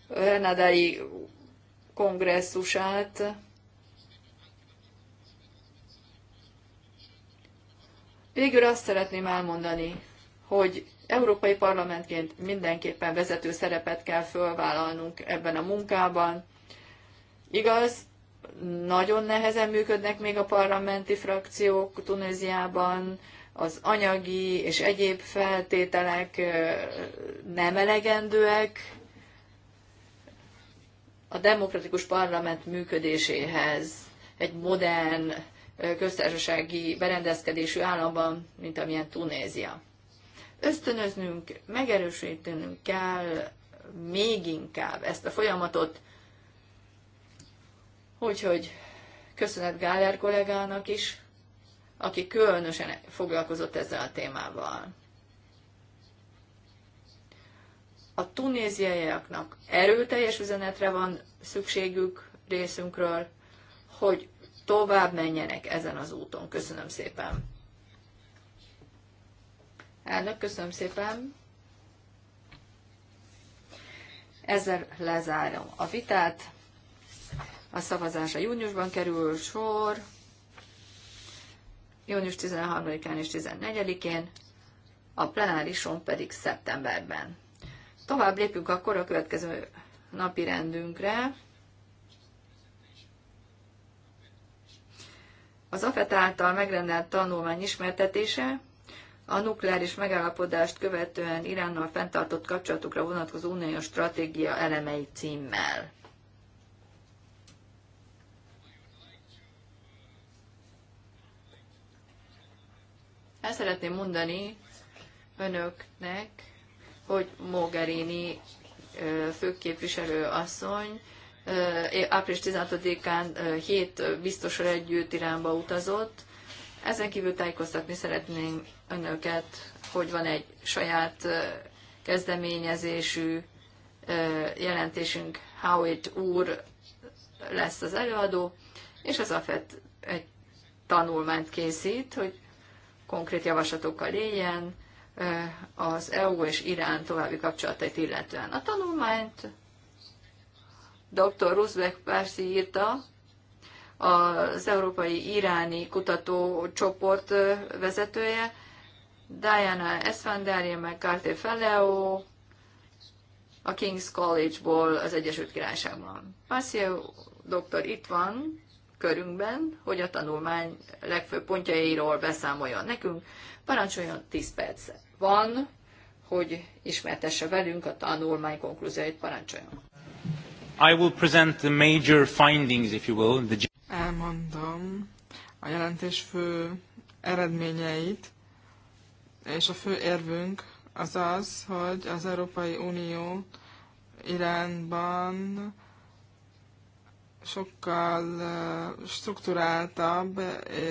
Renadai kongresszusát, Végül azt szeretném elmondani, hogy Európai Parlamentként mindenképpen vezető szerepet kell fölvállalnunk ebben a munkában. Igaz, nagyon nehezen működnek még a parlamenti frakciók Tunéziában, az anyagi és egyéb feltételek nem elegendőek a demokratikus parlament működéséhez, egy modern köztársasági berendezkedésű államban, mint amilyen Tunézia. Ösztönöznünk, megerősítenünk kell még inkább ezt a folyamatot, úgyhogy köszönet Gáler kollégának is, aki különösen foglalkozott ezzel a témával. A tunéziaiaknak erőteljes üzenetre van szükségük részünkről, hogy tovább menjenek ezen az úton. Köszönöm szépen. Elnök, köszönöm szépen. Ezzel lezárom a vitát. A szavazásra júniusban kerül sor. Június 13-án és 14-én, a plenárison pedig szeptemberben. Tovább lépünk akkor a következő napi rendünkre. Az AFET által megrendelt tanulmány ismertetése a nukleáris megállapodást követően Iránnal fenntartott kapcsolatokra vonatkozó uniós stratégia elemei címmel. El szeretném mondani önöknek, hogy Mogherini főképviselő asszony április 16-án hét biztosra együtt Iránba utazott. Ezen kívül tájékoztatni szeretném önöket, hogy van egy saját kezdeményezésű jelentésünk, Howard úr lesz az előadó, és az AFET egy tanulmányt készít, hogy konkrét javaslatokkal éljen az EU és Irán további kapcsolatait illetően. A tanulmányt dr. Ruzbek Pársi írta, az Európai Iráni Kutatócsoport vezetője, Diana meg Carter Felleo, a King's College-ból az Egyesült Királyságban. Passio doktor itt van körünkben, hogy a tanulmány legfőbb pontjairól beszámoljon nekünk. Parancsoljon 10 perc van, hogy ismertesse velünk a tanulmány konklúzióit. Parancsoljon! I will present the major findings, if you will. The... Elmondom a jelentés fő eredményeit, és a fő érvünk az az, hogy az Európai Unió Iránban sokkal strukturáltabb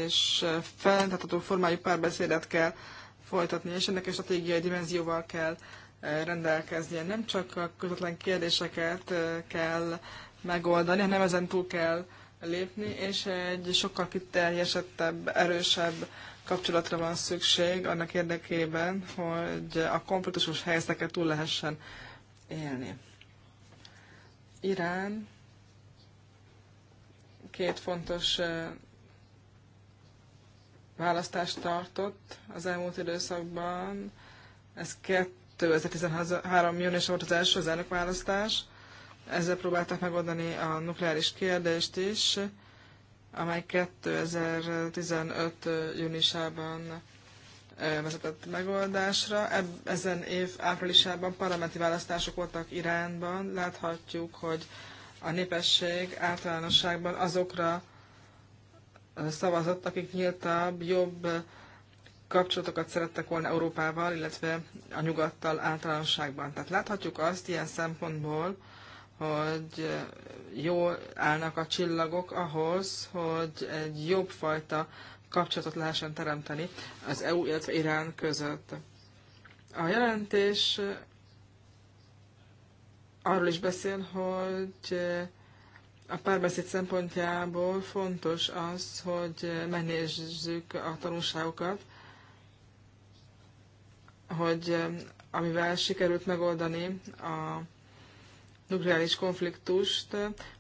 és fenntartható formájú párbeszédet kell folytatni, és ennek a stratégiai dimenzióval kell rendelkeznie. Nem csak a közvetlen kérdéseket kell megoldani, hanem ezen túl kell lépni, és egy sokkal kiterjesettebb, erősebb kapcsolatra van szükség annak érdekében, hogy a konfliktusos helyzeteket túl lehessen élni. Irán két fontos választást tartott az elmúlt időszakban. Ez 2013. június volt az első az elnökválasztás. Ezzel próbálták megoldani a nukleáris kérdést is, amely 2015. júniusában vezetett megoldásra. Ezen év áprilisában parlamenti választások voltak Iránban. Láthatjuk, hogy a népesség általánosságban azokra szavazott, akik nyíltabb, jobb kapcsolatokat szerettek volna Európával, illetve a nyugattal általánosságban. Tehát láthatjuk azt ilyen szempontból, hogy jól állnak a csillagok ahhoz, hogy egy jobb fajta kapcsolatot lehessen teremteni az EU, illetve Irán között. A jelentés arról is beszél, hogy a párbeszéd szempontjából fontos az, hogy megnézzük a tanulságokat, hogy amivel sikerült megoldani a nukleáris konfliktust,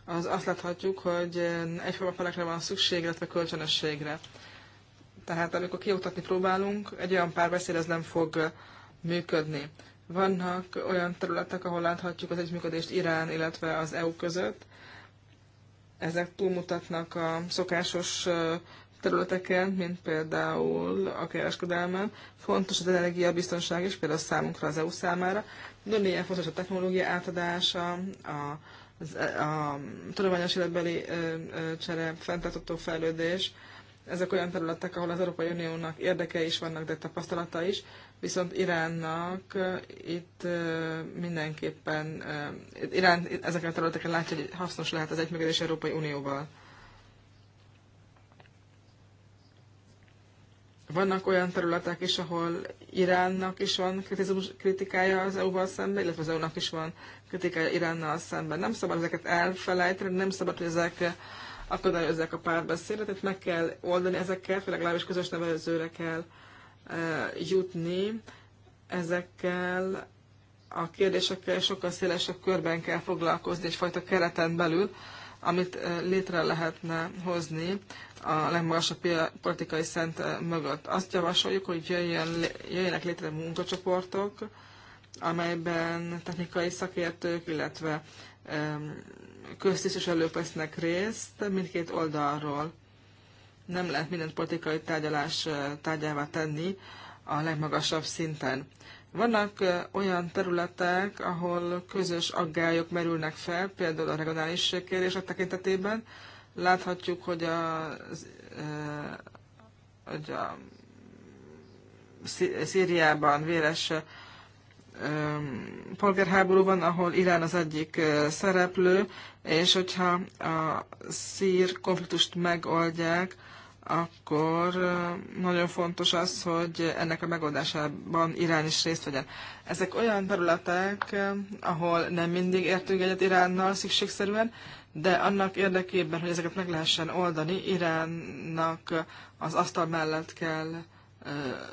az azt láthatjuk, hogy egyforma felekre van szükség, illetve kölcsönösségre. Tehát amikor kioktatni próbálunk, egy olyan párbeszéd ez nem fog működni. Vannak olyan területek, ahol láthatjuk az együttműködést Irán, illetve az EU között. Ezek túlmutatnak a szokásos területeken, mint például a kereskedelmen. Fontos az energiabiztonság is, például számunkra, az EU számára. Nagyon fontos a technológia átadása, a, az, a tudományos életbeli csere, fenntartható fejlődés. Ezek olyan területek, ahol az Európai Uniónak érdeke is vannak, de tapasztalata is, viszont Iránnak itt mindenképpen, Irán ezeken a területeken látja, hogy hasznos lehet az egymegedés Európai Unióval. Vannak olyan területek is, ahol Iránnak is van kritizmus, kritikája az EU-val szemben, illetve az EU-nak is van kritikája Iránnal szemben. Nem szabad ezeket elfelejteni, nem szabad, hogy ezek akadályozzák a párbeszédet, tehát meg kell oldani ezeket, főleg legalábbis közös nevezőre kell e, jutni. Ezekkel a kérdésekkel sokkal szélesebb körben kell foglalkozni egyfajta kereten belül, amit létre lehetne hozni a legmagasabb politikai szent mögött. Azt javasoljuk, hogy jöjjön, jöjjenek létre munkacsoportok, amelyben technikai szakértők, illetve köztisztviselők vesznek részt mindkét oldalról. Nem lehet minden politikai tárgyalás tárgyává tenni a legmagasabb szinten. Vannak olyan területek, ahol közös aggályok merülnek fel, például a regionális kérdések tekintetében. Láthatjuk, hogy a, hogy a Szíriában véres polgárháború van, ahol Irán az egyik szereplő, és hogyha a szír konfliktust megoldják, akkor nagyon fontos az, hogy ennek a megoldásában Irán is részt vegyen. Ezek olyan területek, ahol nem mindig értünk egyet Iránnal szükségszerűen, de annak érdekében, hogy ezeket meg lehessen oldani, Iránnak az asztal mellett kell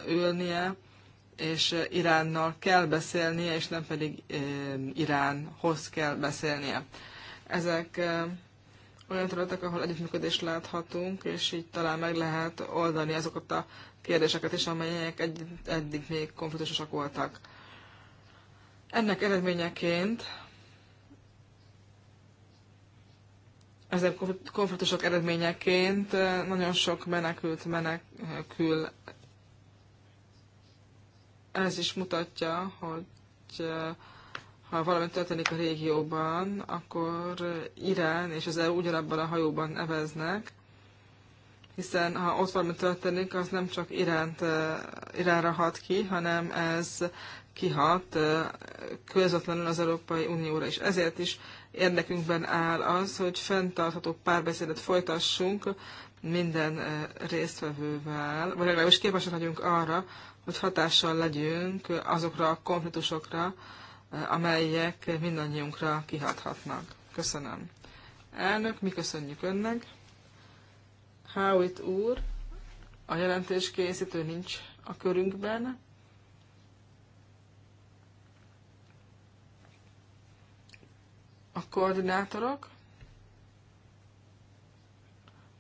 ülnie, és Iránnal kell beszélnie, és nem pedig Iránhoz kell beszélnie. Ezek olyan területek, ahol együttműködést láthatunk, és így talán meg lehet oldani azokat a kérdéseket is, amelyek egy, eddig még konfliktusosak voltak. Ennek eredményeként ezek konfliktusok eredményeként eh, nagyon sok menekült menekül. Ez is mutatja, hogy eh, ha valami történik a régióban, akkor Irán és az EU ugyanabban a hajóban eveznek, hiszen ha ott valami történik, az nem csak Iránt, Iránra hat ki, hanem ez kihat közvetlenül az Európai Unióra is. Ezért is érdekünkben áll az, hogy fenntartható párbeszédet folytassunk minden résztvevővel, vagy legalábbis képesek legyünk arra, hogy hatással legyünk azokra a konfliktusokra, amelyek mindannyiunkra kihathatnak. Köszönöm. Elnök, mi köszönjük önnek. Howitt úr, a jelentés készítő nincs a körünkben. A koordinátorok,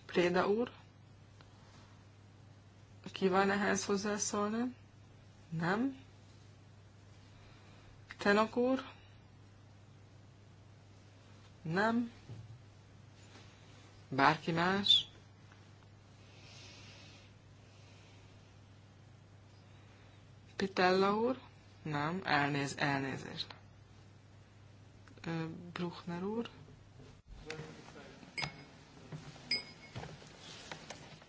Préda úr, kíván ehhez hozzászólni? Nem? Tenok úr? Nem? Bárki más? Pitella úr? Nem, elnéz, elnézést. Bruchner úr?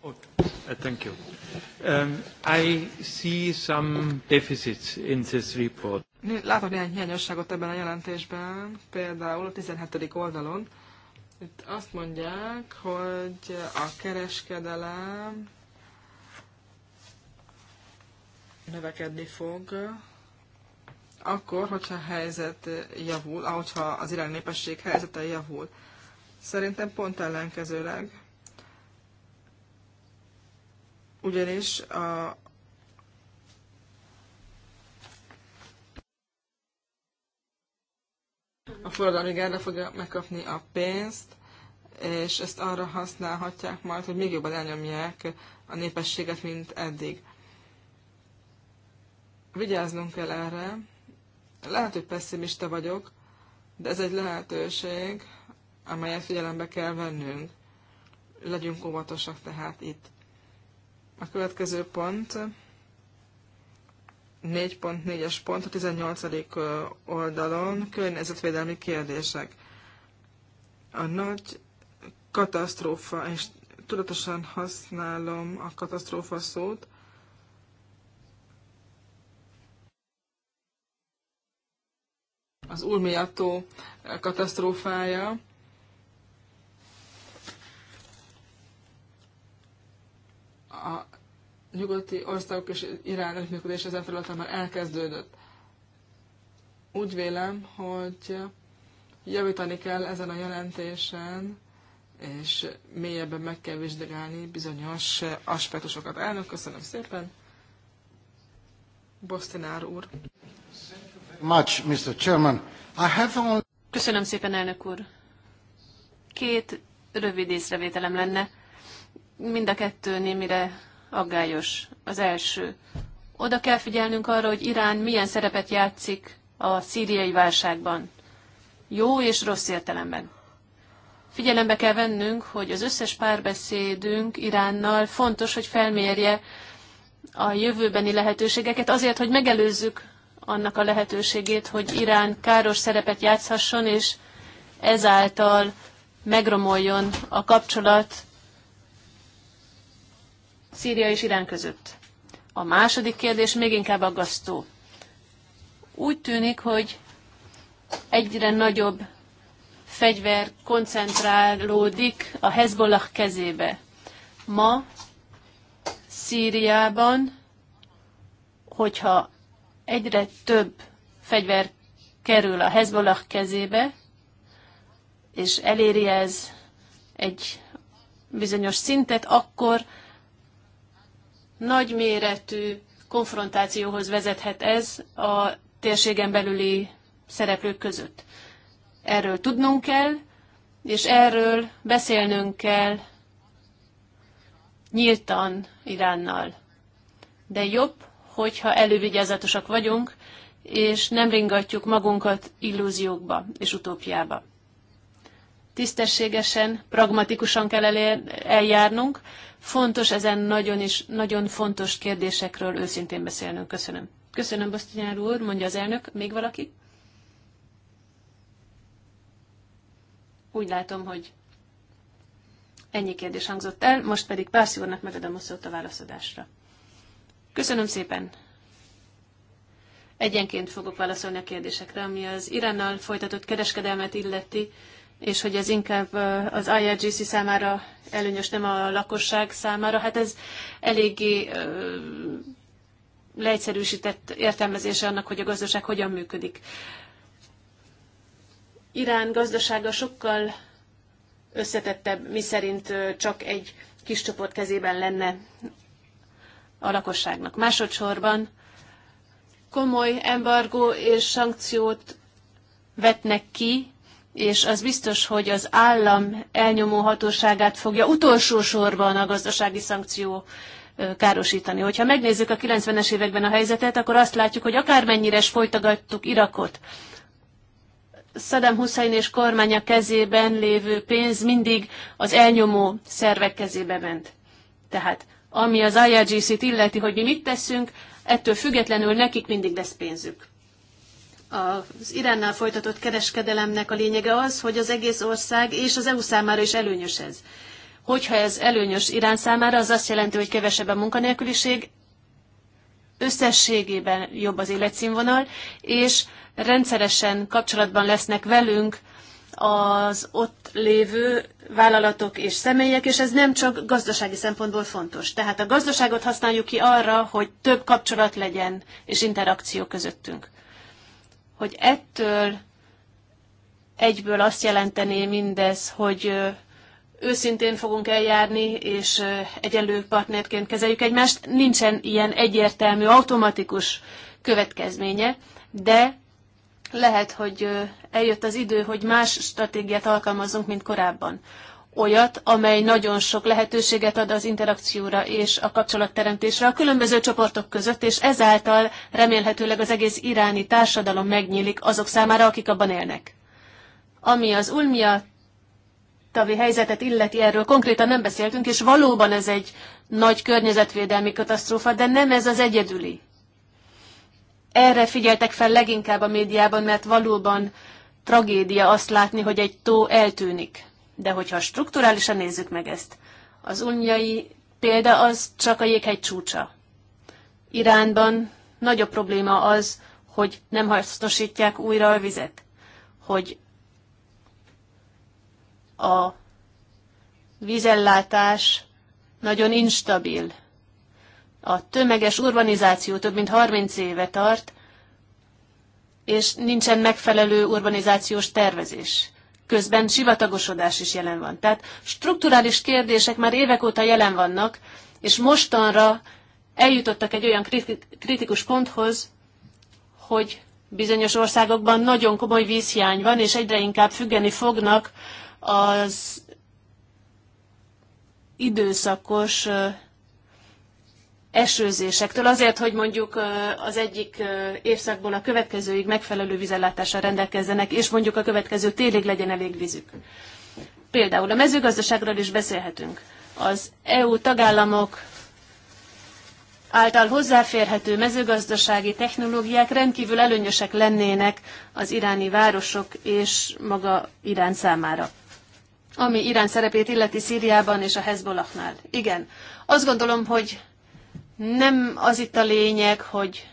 Uh, thank you. Um, I see some deficits in this report látok néhány hiányosságot ebben a jelentésben, például a 17. oldalon. Itt azt mondják, hogy a kereskedelem növekedni fog, akkor, hogyha a helyzet javul, ahogyha az irány népesség helyzete javul. Szerintem pont ellenkezőleg. Ugyanis a forradalmi gárda fogja megkapni a pénzt, és ezt arra használhatják majd, hogy még jobban elnyomják a népességet, mint eddig. Vigyáznunk kell erre. Lehet, hogy pessimista vagyok, de ez egy lehetőség, amelyet figyelembe kell vennünk. Legyünk óvatosak tehát itt. A következő pont 4.4-es pont a 18. oldalon környezetvédelmi kérdések. A nagy katasztrófa, és tudatosan használom a katasztrófa szót, az Ulmiató katasztrófája. A nyugati országok és Irán együttműködés ezen területen már elkezdődött. Úgy vélem, hogy javítani kell ezen a jelentésen, és mélyebben meg kell vizsgálni bizonyos aspektusokat. Elnök, köszönöm szépen. Bostinár úr. Much, Mr. Chairman. I have only... Köszönöm szépen, elnök úr. Két rövid észrevételem lenne. Mind a kettő némire aggályos. Az első. Oda kell figyelnünk arra, hogy Irán milyen szerepet játszik a szíriai válságban. Jó és rossz értelemben. Figyelembe kell vennünk, hogy az összes párbeszédünk Iránnal fontos, hogy felmérje a jövőbeni lehetőségeket azért, hogy megelőzzük annak a lehetőségét, hogy Irán káros szerepet játszhasson, és ezáltal megromoljon a kapcsolat Szíria és Irán között. A második kérdés még inkább aggasztó. Úgy tűnik, hogy egyre nagyobb fegyver koncentrálódik a Hezbollah kezébe. Ma Szíriában, hogyha egyre több fegyver kerül a Hezbollah kezébe, és eléri ez egy bizonyos szintet, akkor nagyméretű konfrontációhoz vezethet ez a térségen belüli szereplők között. Erről tudnunk kell, és erről beszélnünk kell nyíltan Iránnal. De jobb, hogyha elővigyázatosak vagyunk, és nem ringatjuk magunkat illúziókba és utópiába. Tisztességesen, pragmatikusan kell eljárnunk, Fontos ezen nagyon is, nagyon fontos kérdésekről őszintén beszélnünk. Köszönöm. Köszönöm, Basztinyár úr, mondja az elnök. Még valaki? Úgy látom, hogy ennyi kérdés hangzott el, most pedig pár úrnak megadom a szót a válaszadásra. Köszönöm szépen! Egyenként fogok válaszolni a kérdésekre, ami az Iránnal folytatott kereskedelmet illeti és hogy ez inkább az IRGC számára előnyös, nem a lakosság számára. Hát ez eléggé leegyszerűsített értelmezése annak, hogy a gazdaság hogyan működik. Irán gazdasága sokkal összetettebb, mi szerint csak egy kis csoport kezében lenne a lakosságnak. Másodszorban komoly embargó és szankciót vetnek ki és az biztos, hogy az állam elnyomó hatóságát fogja utolsó sorban a gazdasági szankció károsítani. Hogyha megnézzük a 90-es években a helyzetet, akkor azt látjuk, hogy akármennyire is folytagadtuk Irakot, Saddam Hussein és kormánya kezében lévő pénz mindig az elnyomó szervek kezébe ment. Tehát ami az IRGC-t illeti, hogy mi mit teszünk, ettől függetlenül nekik mindig lesz pénzük az Iránnal folytatott kereskedelemnek a lényege az, hogy az egész ország és az EU számára is előnyös ez. Hogyha ez előnyös Irán számára, az azt jelenti, hogy kevesebb a munkanélküliség, összességében jobb az életszínvonal, és rendszeresen kapcsolatban lesznek velünk az ott lévő vállalatok és személyek, és ez nem csak gazdasági szempontból fontos. Tehát a gazdaságot használjuk ki arra, hogy több kapcsolat legyen és interakció közöttünk hogy ettől egyből azt jelenteni mindez, hogy őszintén fogunk eljárni, és egyenlő partnerként kezeljük egymást. Nincsen ilyen egyértelmű, automatikus következménye, de lehet, hogy eljött az idő, hogy más stratégiát alkalmazzunk, mint korábban olyat, amely nagyon sok lehetőséget ad az interakcióra és a kapcsolatteremtésre a különböző csoportok között, és ezáltal remélhetőleg az egész iráni társadalom megnyílik azok számára, akik abban élnek. Ami az Ulmia tavi helyzetet illeti, erről konkrétan nem beszéltünk, és valóban ez egy nagy környezetvédelmi katasztrófa, de nem ez az egyedüli. Erre figyeltek fel leginkább a médiában, mert valóban tragédia azt látni, hogy egy tó eltűnik de hogyha strukturálisan nézzük meg ezt, az unjai példa az csak a jéghegy csúcsa. Iránban nagyobb probléma az, hogy nem hasznosítják újra a vizet, hogy a vízellátás nagyon instabil. A tömeges urbanizáció több mint 30 éve tart, és nincsen megfelelő urbanizációs tervezés közben sivatagosodás is jelen van. Tehát strukturális kérdések már évek óta jelen vannak, és mostanra eljutottak egy olyan kritikus ponthoz, hogy bizonyos országokban nagyon komoly vízhiány van, és egyre inkább függeni fognak az időszakos esőzésektől, azért, hogy mondjuk az egyik évszakból a következőig megfelelő vízellátással rendelkezzenek, és mondjuk a következő télig legyen elég vízük. Például a mezőgazdaságról is beszélhetünk. Az EU tagállamok által hozzáférhető mezőgazdasági technológiák rendkívül előnyösek lennének az iráni városok és maga Irán számára ami Irán szerepét illeti Szíriában és a Hezbollahnál. Igen, azt gondolom, hogy nem az itt a lényeg, hogy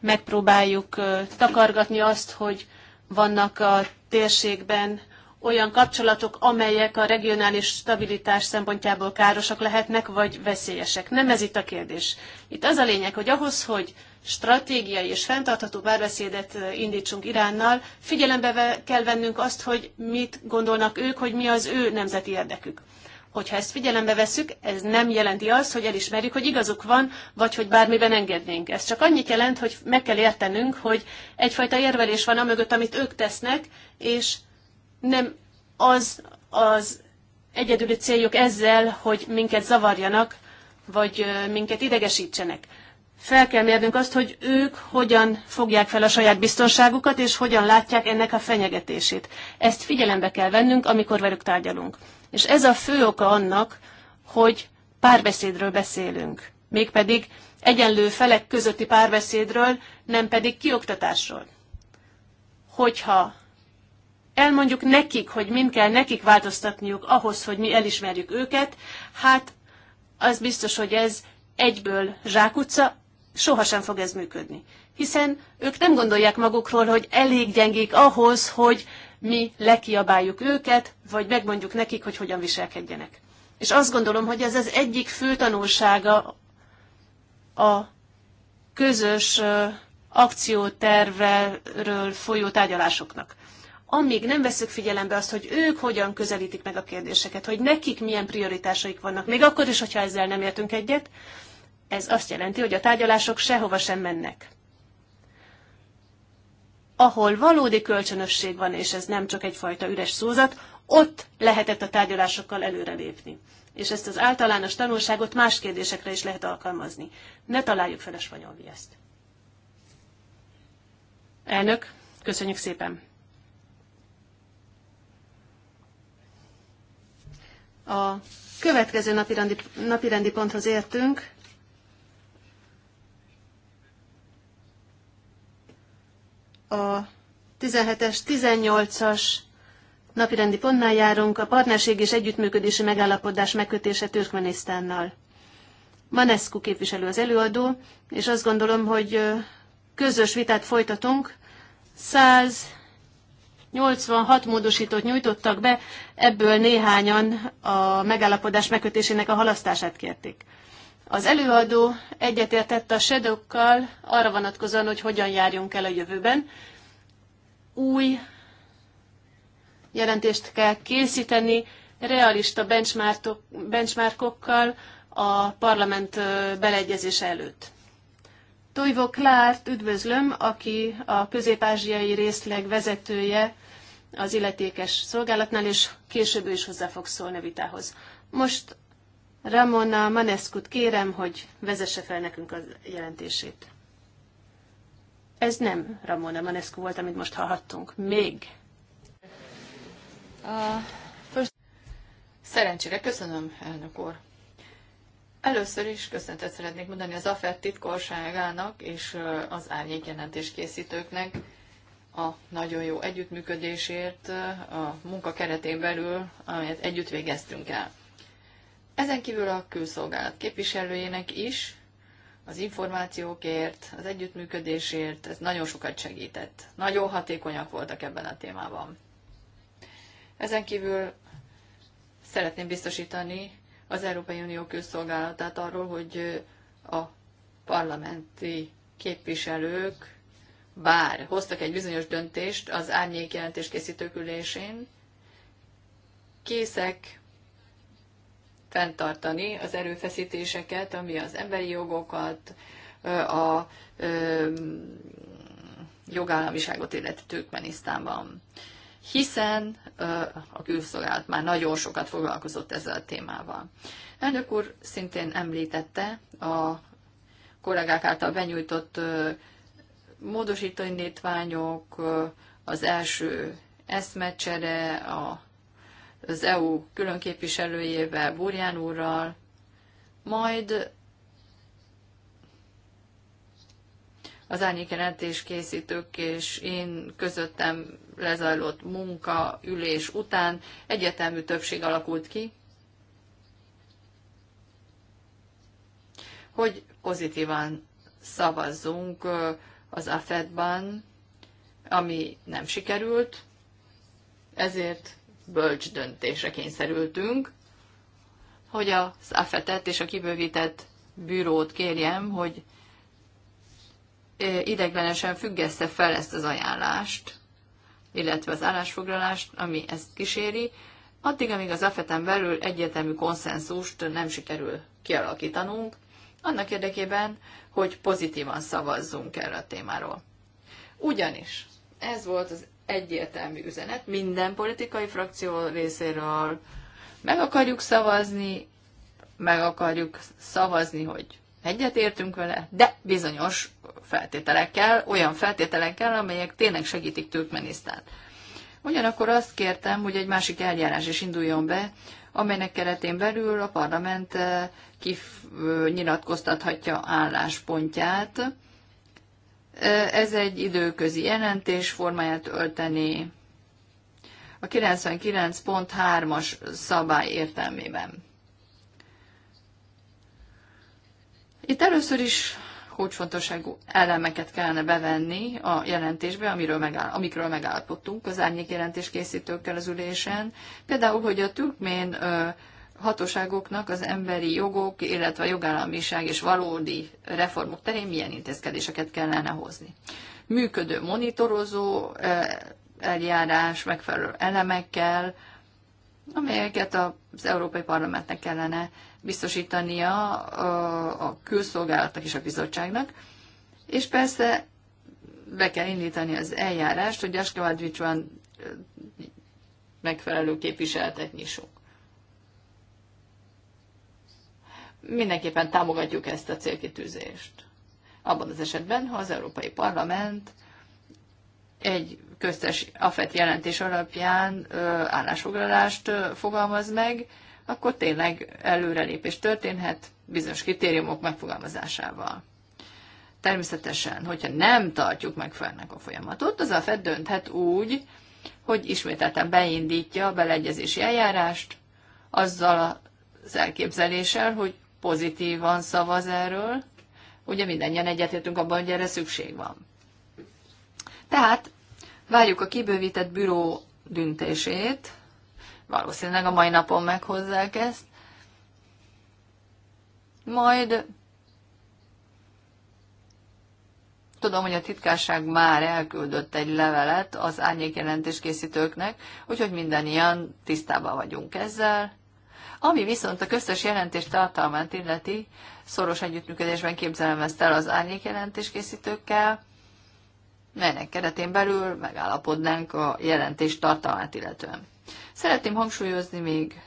megpróbáljuk takargatni azt, hogy vannak a térségben olyan kapcsolatok, amelyek a regionális stabilitás szempontjából károsak lehetnek, vagy veszélyesek. Nem ez itt a kérdés. Itt az a lényeg, hogy ahhoz, hogy stratégiai és fenntartható párbeszédet indítsunk Iránnal, figyelembe kell vennünk azt, hogy mit gondolnak ők, hogy mi az ő nemzeti érdekük. Hogyha ezt figyelembe veszük, ez nem jelenti azt, hogy elismerjük, hogy igazuk van, vagy hogy bármiben engednénk. Ez csak annyit jelent, hogy meg kell értenünk, hogy egyfajta érvelés van amögött, amit ők tesznek, és nem az az egyedüli céljuk ezzel, hogy minket zavarjanak, vagy minket idegesítsenek fel kell mérnünk azt, hogy ők hogyan fogják fel a saját biztonságukat, és hogyan látják ennek a fenyegetését. Ezt figyelembe kell vennünk, amikor velük tárgyalunk. És ez a fő oka annak, hogy párbeszédről beszélünk. Mégpedig egyenlő felek közötti párbeszédről, nem pedig kioktatásról. Hogyha elmondjuk nekik, hogy mind kell nekik változtatniuk ahhoz, hogy mi elismerjük őket, hát az biztos, hogy ez egyből zsákutca, sohasem fog ez működni. Hiszen ők nem gondolják magukról, hogy elég gyengék ahhoz, hogy mi lekiabáljuk őket, vagy megmondjuk nekik, hogy hogyan viselkedjenek. És azt gondolom, hogy ez az egyik fő tanulsága a közös akciótervről folyó tárgyalásoknak. Amíg nem veszük figyelembe azt, hogy ők hogyan közelítik meg a kérdéseket, hogy nekik milyen prioritásaik vannak, még akkor is, hogyha ezzel nem értünk egyet, ez azt jelenti, hogy a tárgyalások sehova sem mennek. Ahol valódi kölcsönösség van, és ez nem csak egyfajta üres szózat, ott lehetett a tárgyalásokkal előrelépni. És ezt az általános tanulságot más kérdésekre is lehet alkalmazni. Ne találjuk fel a spanyol viaszt. Elnök, köszönjük szépen! A következő napirendi, napirendi ponthoz értünk. a 17-es, 18-as napirendi pontnál járunk, a partnerség és együttműködési megállapodás megkötése Türkmenisztánnal. Manescu képviselő az előadó, és azt gondolom, hogy közös vitát folytatunk. 186 módosítót nyújtottak be, ebből néhányan a megállapodás megkötésének a halasztását kérték. Az előadó egyetértett a sedokkal arra vonatkozóan, hogy hogyan járjunk el a jövőben. Új jelentést kell készíteni, realista benchmarkokkal a parlament beleegyezése előtt. Toivo Klárt üdvözlöm, aki a közép-ázsiai részleg vezetője az illetékes szolgálatnál, és később is hozzá fog szólni a vitához. Most Ramona Maneskut kérem, hogy vezesse fel nekünk a jelentését. Ez nem Ramona Manescu volt, amit most hallhattunk. Még. Uh, Szerencsére köszönöm, elnök úr. Először is köszöntet szeretnék mondani az AFET titkorságának és az árnyékjelentés készítőknek a nagyon jó együttműködésért a munka keretén belül, amelyet együtt végeztünk el. Ezen kívül a külszolgálat képviselőjének is az információkért, az együttműködésért, ez nagyon sokat segített. Nagyon hatékonyak voltak ebben a témában. Ezen kívül szeretném biztosítani az Európai Unió külszolgálatát arról, hogy a parlamenti képviselők bár hoztak egy bizonyos döntést az árnyék jelentés készítőkülésén, készek fenntartani az erőfeszítéseket, ami az emberi jogokat, a jogállamiságot illeti Türkmenisztánban. Hiszen a külszolgálat már nagyon sokat foglalkozott ezzel a témával. Elnök úr szintén említette a kollégák által benyújtott módosító indítványok, az első eszmecsere, a az EU külön képviselőjével, Burján úrral, majd az árnyékjelentés készítők és én közöttem lezajlott munka, ülés után egyetemű többség alakult ki, hogy pozitívan szavazzunk az AFED-ban, ami nem sikerült, ezért bölcs döntésre kényszerültünk, hogy az afetet és a kibővített bürót kérjem, hogy ideglenesen függesse fel ezt az ajánlást, illetve az állásfoglalást, ami ezt kíséri, addig, amíg az afeten belül egyetemű konszenzust nem sikerül kialakítanunk, annak érdekében, hogy pozitívan szavazzunk erre a témáról. Ugyanis ez volt az egyértelmű üzenet minden politikai frakció részéről. Meg akarjuk szavazni, meg akarjuk szavazni, hogy egyetértünk vele, de bizonyos feltételekkel, olyan feltételekkel, amelyek tényleg segítik Türkmenisztánt. Ugyanakkor azt kértem, hogy egy másik eljárás is induljon be, amelynek keretén belül a parlament eh, kif eh, nyilatkoztathatja álláspontját, ez egy időközi jelentés formáját ölteni a 99.3-as szabály értelmében. Itt először is kulcsfontosságú elemeket kellene bevenni a jelentésbe, amiről megáll, amikről megállapodtunk az árnyék jelentés készítőkkel az ülésen. Például, hogy a türkmén hatóságoknak az emberi jogok, illetve a jogállamiság és valódi reformok terén milyen intézkedéseket kellene hozni. Működő monitorozó e, eljárás megfelelő elemekkel, amelyeket az Európai Parlamentnek kellene biztosítania e, a külszolgálatnak és a bizottságnak, és persze be kell indítani az eljárást, hogy Askavadvicsban e, megfelelő képviseletet nyissunk. mindenképpen támogatjuk ezt a célkitűzést. Abban az esetben, ha az Európai Parlament egy köztes AFET jelentés alapján állásfoglalást fogalmaz meg, akkor tényleg előrelépés történhet bizonyos kritériumok megfogalmazásával. Természetesen, hogyha nem tartjuk meg felnek a folyamatot, az AFET dönthet úgy, hogy ismételten beindítja a beleegyezési eljárást, azzal az elképzeléssel, hogy pozitívan szavaz erről. Ugye mindannyian egyetértünk abban, hogy erre szükség van. Tehát várjuk a kibővített büró döntését, valószínűleg a mai napon meghozzák ezt, majd Tudom, hogy a titkárság már elküldött egy levelet az árnyékjelentés készítőknek, úgyhogy mindannyian tisztában vagyunk ezzel. Ami viszont a köztes jelentés tartalmát illeti, szoros együttműködésben képzelem ezt el az árnyék jelentéskészítőkkel, melynek keretén belül megállapodnánk a jelentés tartalmát illetően. Szeretném hangsúlyozni még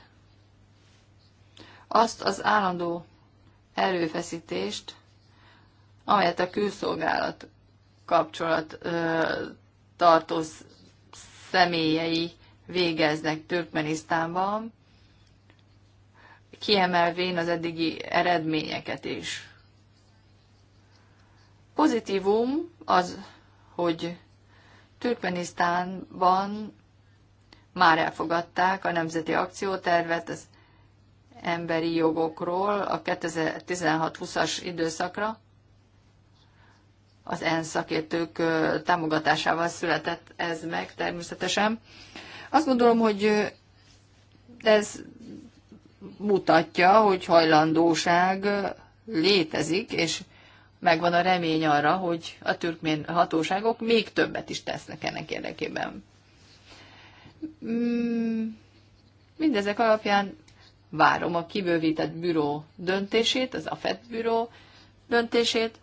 azt az állandó erőfeszítést, amelyet a külszolgálat kapcsolat ö, tartó személyei végeznek Türkmenisztánban, kiemelvén az eddigi eredményeket is. Pozitívum az, hogy Türkmenisztánban már elfogadták a Nemzeti Akciótervet az emberi jogokról a 2016-20-as időszakra. Az ENSZ szakértők támogatásával született ez meg természetesen. Azt gondolom, hogy ez mutatja, hogy hajlandóság létezik, és megvan a remény arra, hogy a türkmén hatóságok még többet is tesznek ennek érdekében. Mm, mindezek alapján várom a kibővített büró döntését, az AFET büró döntését,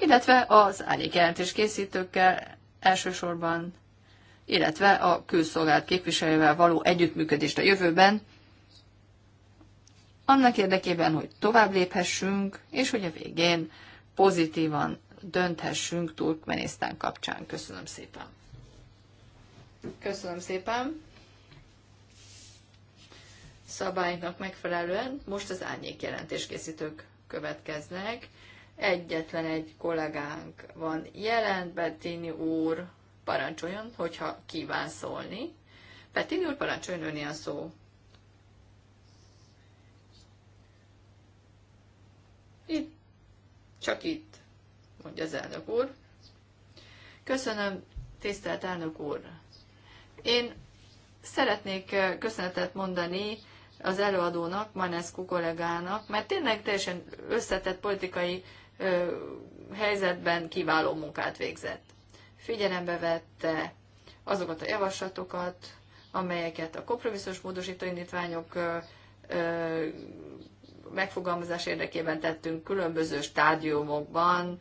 illetve az árnyékjelentés készítőkkel elsősorban, illetve a külszolgált képviselővel való együttműködést a jövőben, annak érdekében, hogy tovább léphessünk, és hogy a végén pozitívan dönthessünk Turkmenisztán kapcsán. Köszönöm szépen. Köszönöm szépen. Szabálynak megfelelően most az árnyék jelentéskészítők következnek. Egyetlen egy kollégánk van jelen, Bettini úr parancsoljon, hogyha kíván szólni. Bettini úr parancsoljon ön ilyen szó. Itt, csak itt, mondja az elnök úr. Köszönöm, tisztelt elnök úr. Én szeretnék eh, köszönetet mondani az előadónak, Manescu kollégának, mert tényleg teljesen összetett politikai ö, eh, helyzetben kiváló munkát végzett. Figyelembe vette azokat a javaslatokat, amelyeket a kompromisszus módosító indítványok ö, eh, ö, megfogalmazás érdekében tettünk különböző stádiumokban,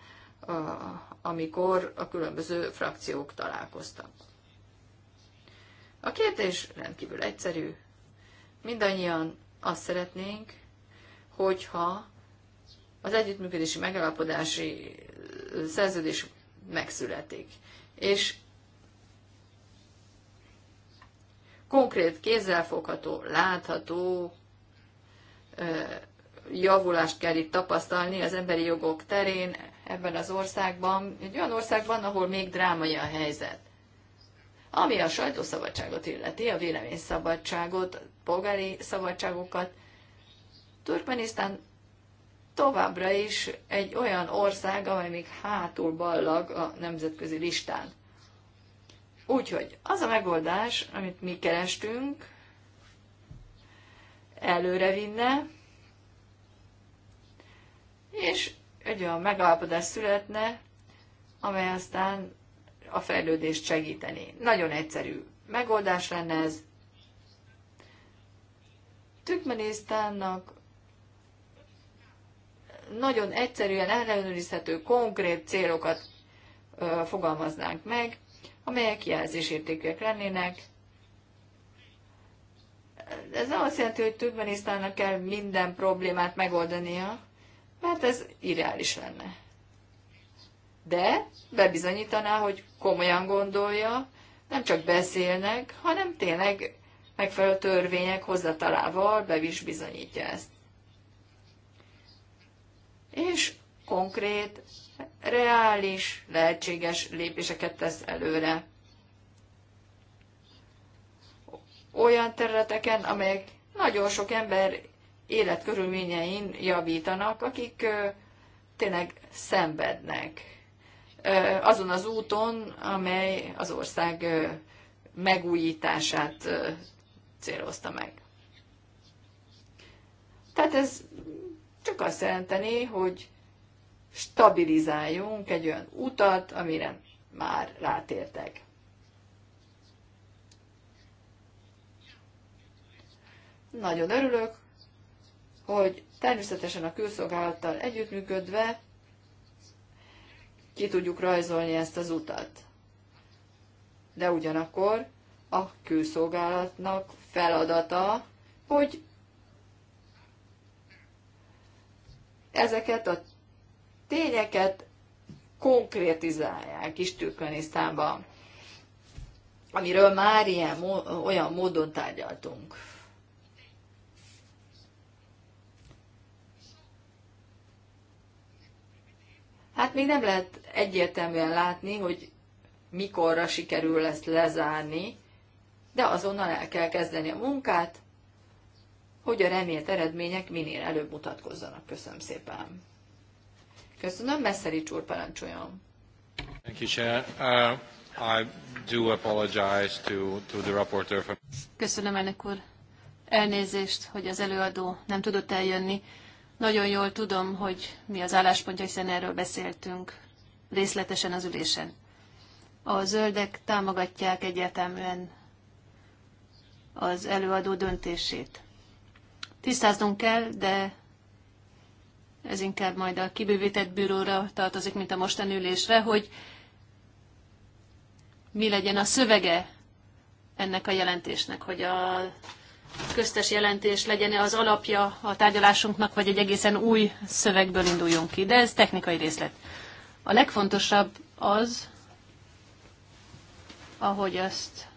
amikor a különböző frakciók találkoztak. A kérdés rendkívül egyszerű. Mindannyian azt szeretnénk, hogyha az együttműködési megállapodási szerződés megszületik. És konkrét, kézzelfogható, látható javulást kell itt tapasztalni az emberi jogok terén ebben az országban, egy olyan országban, ahol még drámai a helyzet. Ami a sajtószabadságot illeti, a véleményszabadságot, a polgári szabadságokat, Turkmenisztán továbbra is egy olyan ország, amely még hátul ballag a nemzetközi listán. Úgyhogy az a megoldás, amit mi kerestünk, előre vinne, és egy olyan megállapodás születne, amely aztán a fejlődést segíteni. Nagyon egyszerű megoldás lenne ez. Türkmenisztánnak nagyon egyszerűen ellenőrizhető konkrét célokat ö, fogalmaznánk meg, amelyek jelzésértékűek lennének. Ez nem azt jelenti, hogy Türkmenisztánnak kell minden problémát megoldania, mert hát ez irreális lenne. De bebizonyítaná, hogy komolyan gondolja, nem csak beszélnek, hanem tényleg megfelelő törvények hozzatalával be is bizonyítja ezt. És konkrét, reális, lehetséges lépéseket tesz előre. Olyan területeken, amelyek nagyon sok ember életkörülményein javítanak, akik tényleg szenvednek azon az úton, amely az ország megújítását célozta meg. Tehát ez csak azt jelenteni, hogy stabilizáljunk egy olyan utat, amire már rátértek. Nagyon örülök, hogy természetesen a külszolgálattal együttműködve ki tudjuk rajzolni ezt az utat. De ugyanakkor a külszolgálatnak feladata, hogy ezeket a tényeket konkrétizálják is Türkmenisztánban, amiről már ilyen, olyan módon tárgyaltunk. Hát még nem lehet egyértelműen látni, hogy mikorra sikerül ezt lezárni, de azonnal el kell kezdeni a munkát, hogy a remélt eredmények minél előbb mutatkozzanak. Köszönöm szépen. Köszönöm, Messzeri csúr parancsoljon. Thank you, Chair. Uh, I do apologize to, to the for... Köszönöm, elnök úr. Elnézést, hogy az előadó nem tudott eljönni. Nagyon jól tudom, hogy mi az álláspontja, hiszen erről beszéltünk részletesen az ülésen. A zöldek támogatják egyértelműen az előadó döntését. Tisztáznunk kell, de ez inkább majd a kibővített bűróra tartozik, mint a mostani ülésre, hogy mi legyen a szövege ennek a jelentésnek, hogy a köztes jelentés legyen e az alapja a tárgyalásunknak, vagy egy egészen új szövegből induljunk ki. De ez technikai részlet. A legfontosabb az, ahogy azt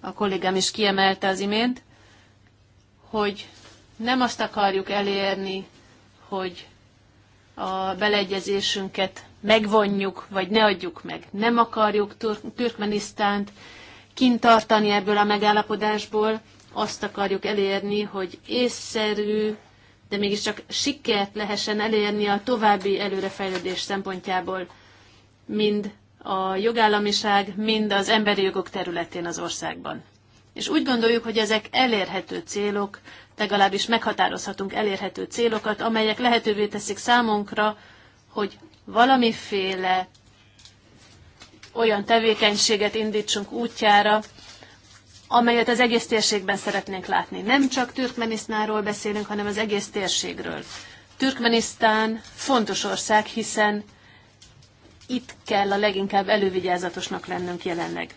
a kollégám is kiemelte az imént, hogy nem azt akarjuk elérni, hogy a beleegyezésünket megvonjuk, vagy ne adjuk meg. Nem akarjuk Türk- Türkmenisztánt kintartani ebből a megállapodásból. Azt akarjuk elérni, hogy észszerű, de mégiscsak sikert lehessen elérni a további előrefejlődés szempontjából, mind a jogállamiság, mind az emberi jogok területén az országban. És úgy gondoljuk, hogy ezek elérhető célok, legalábbis meghatározhatunk elérhető célokat, amelyek lehetővé teszik számunkra, hogy valamiféle olyan tevékenységet indítsunk útjára, amelyet az egész térségben szeretnénk látni. Nem csak Türkmenisztánról beszélünk, hanem az egész térségről. Türkmenisztán fontos ország, hiszen itt kell a leginkább elővigyázatosnak lennünk jelenleg.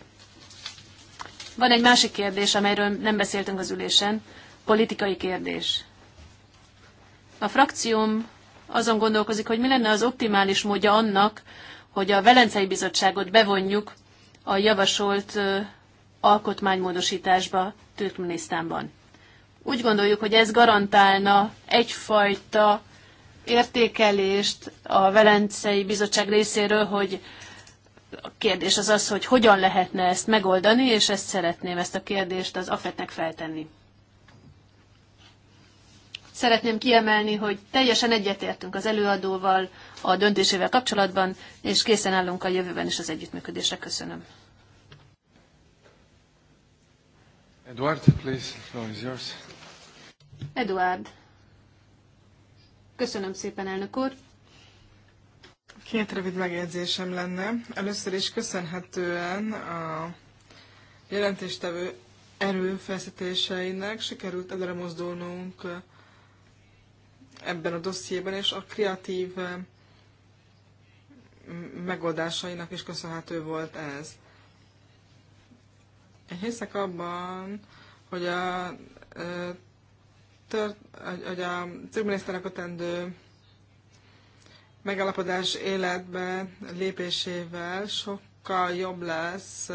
Van egy másik kérdés, amelyről nem beszéltünk az ülésen, politikai kérdés. A frakcióm azon gondolkozik, hogy mi lenne az optimális módja annak, hogy a Velencei Bizottságot bevonjuk a javasolt alkotmánymódosításba Türkmenisztánban. Úgy gondoljuk, hogy ez garantálna egyfajta értékelést a Velencei Bizottság részéről, hogy a kérdés az az, hogy hogyan lehetne ezt megoldani, és ezt szeretném ezt a kérdést az afet feltenni. Szeretném kiemelni, hogy teljesen egyetértünk az előadóval a döntésével kapcsolatban, és készen állunk a jövőben is az együttműködésre. Köszönöm. Eduard, please, the floor is yours. Eduard. Köszönöm szépen, elnök úr. Két rövid megjegyzésem lenne. Először is köszönhetően a jelentéstevő erőfeszítéseinek sikerült előre mozdulnunk ebben a dossziéban, és a kreatív eh, megoldásainak is köszönhető volt ez. Én hiszek abban, hogy a, eh, tört, hogy a cégminiszternek tendő, megállapodás életbe lépésével sokkal jobb lesz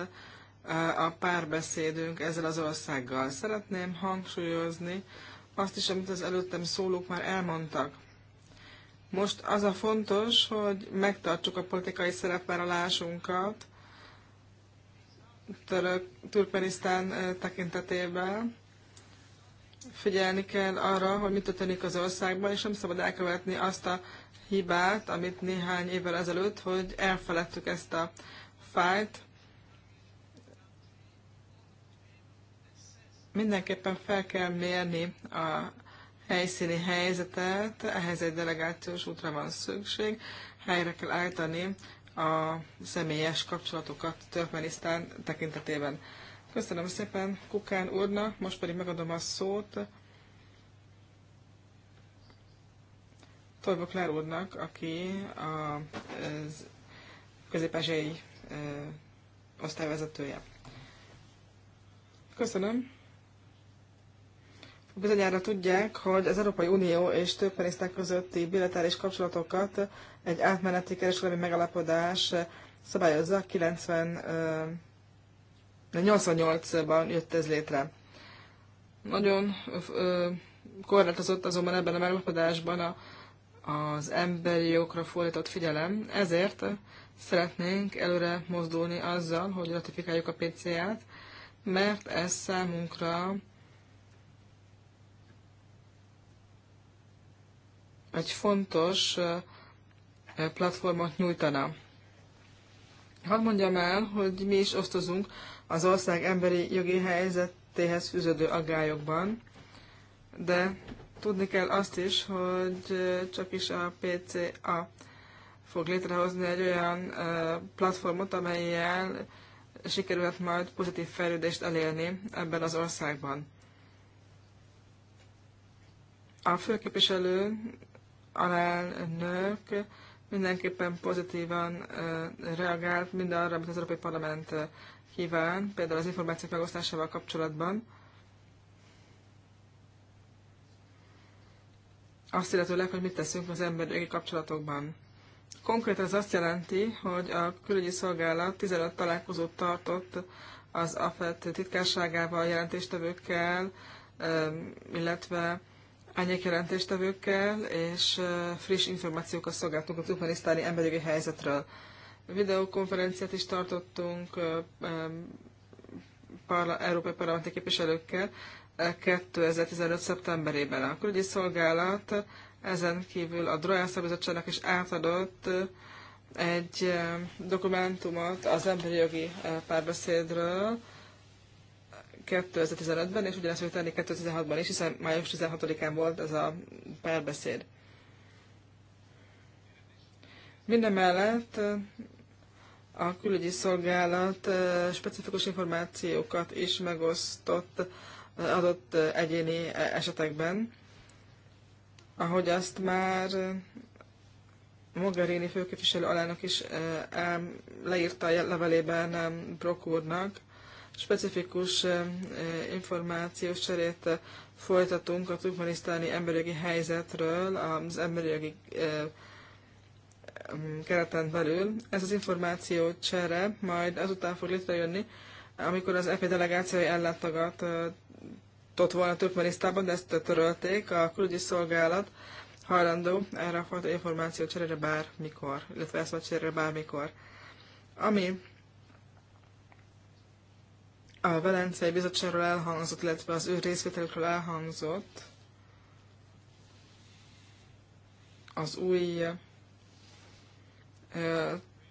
eh, a párbeszédünk ezzel az országgal. Szeretném hangsúlyozni, azt is, amit az előttem szólók már elmondtak. Most az a fontos, hogy megtartsuk a politikai szerepvállalásunkat Türkmenisztán tekintetében. Figyelni kell arra, hogy mit történik az országban, és nem szabad elkövetni azt a hibát, amit néhány évvel ezelőtt, hogy elfeledtük ezt a fájt, Mindenképpen fel kell mérni a helyszíni helyzetet, ehhez egy delegációs útra van szükség, helyre kell állítani a személyes kapcsolatokat Törkmenisztán tekintetében. Köszönöm szépen Kukán úrnak, most pedig megadom a szót Tolva Klár úrnak, aki a közép osztályvezetője. Köszönöm. Bizonyára tudják, hogy az Európai Unió és Törpenisztán közötti bilaterális kapcsolatokat egy átmeneti kereskedelmi megalapodás szabályozza, 90, 88-ban jött ez létre. Nagyon korlátozott azonban ebben a megalapodásban a, az emberi jogokra fordított figyelem, ezért szeretnénk előre mozdulni azzal, hogy ratifikáljuk a PCA-t, mert ez számunkra egy fontos platformot nyújtana. Hadd mondjam el, hogy mi is osztozunk az ország emberi jogi helyzetéhez fűződő aggályokban, de tudni kell azt is, hogy csak is a PCA fog létrehozni egy olyan platformot, amelyel sikerülhet majd pozitív fejlődést elérni ebben az országban. A főképviselő alelnök mindenképpen pozitívan reagált arra, amit az Európai Parlament kíván, például az információk megosztásával kapcsolatban. Azt illetőleg, hogy mit teszünk az emberi kapcsolatokban. Konkrétan ez azt jelenti, hogy a külügyi szolgálat 15 találkozót tartott az AFET titkárságával, jelentéstevőkkel, illetve árnyék jelentéstevőkkel, és friss információkat szolgáltunk a turkmenisztáni emberi helyzetről. Videokonferenciát is tartottunk parla, európai parlamenti képviselőkkel 2015. E, szeptemberében. A külügyi szolgálat ezen kívül a Drojászra Bizottságnak is átadott egy dokumentumot az emberi jogi párbeszédről, 2015-ben, és ugyanezt fogjuk tenni 2016-ban is, hiszen május 16-án volt ez a párbeszéd. Mindemellett eh, a külügyi szolgálat eh, specifikus információkat is megosztott eh, adott egyéni esetekben, ahogy azt már Mogherini főképviselő alának is leírta a levelében Brock specifikus információs cserét folytatunk a turkmenisztáni emberjogi helyzetről az emberjogi kereten belül. Ez az információ csere majd azután fog létrejönni, amikor az EP delegációi ellátogatott volna Turkmenisztában, de ezt törölték, a külügyi szolgálat hajlandó erre a fajta információ cserére bármikor, illetve ezt cserére bármikor. Ami a Velencei Bizottságról elhangzott, illetve az ő részvételükről elhangzott az új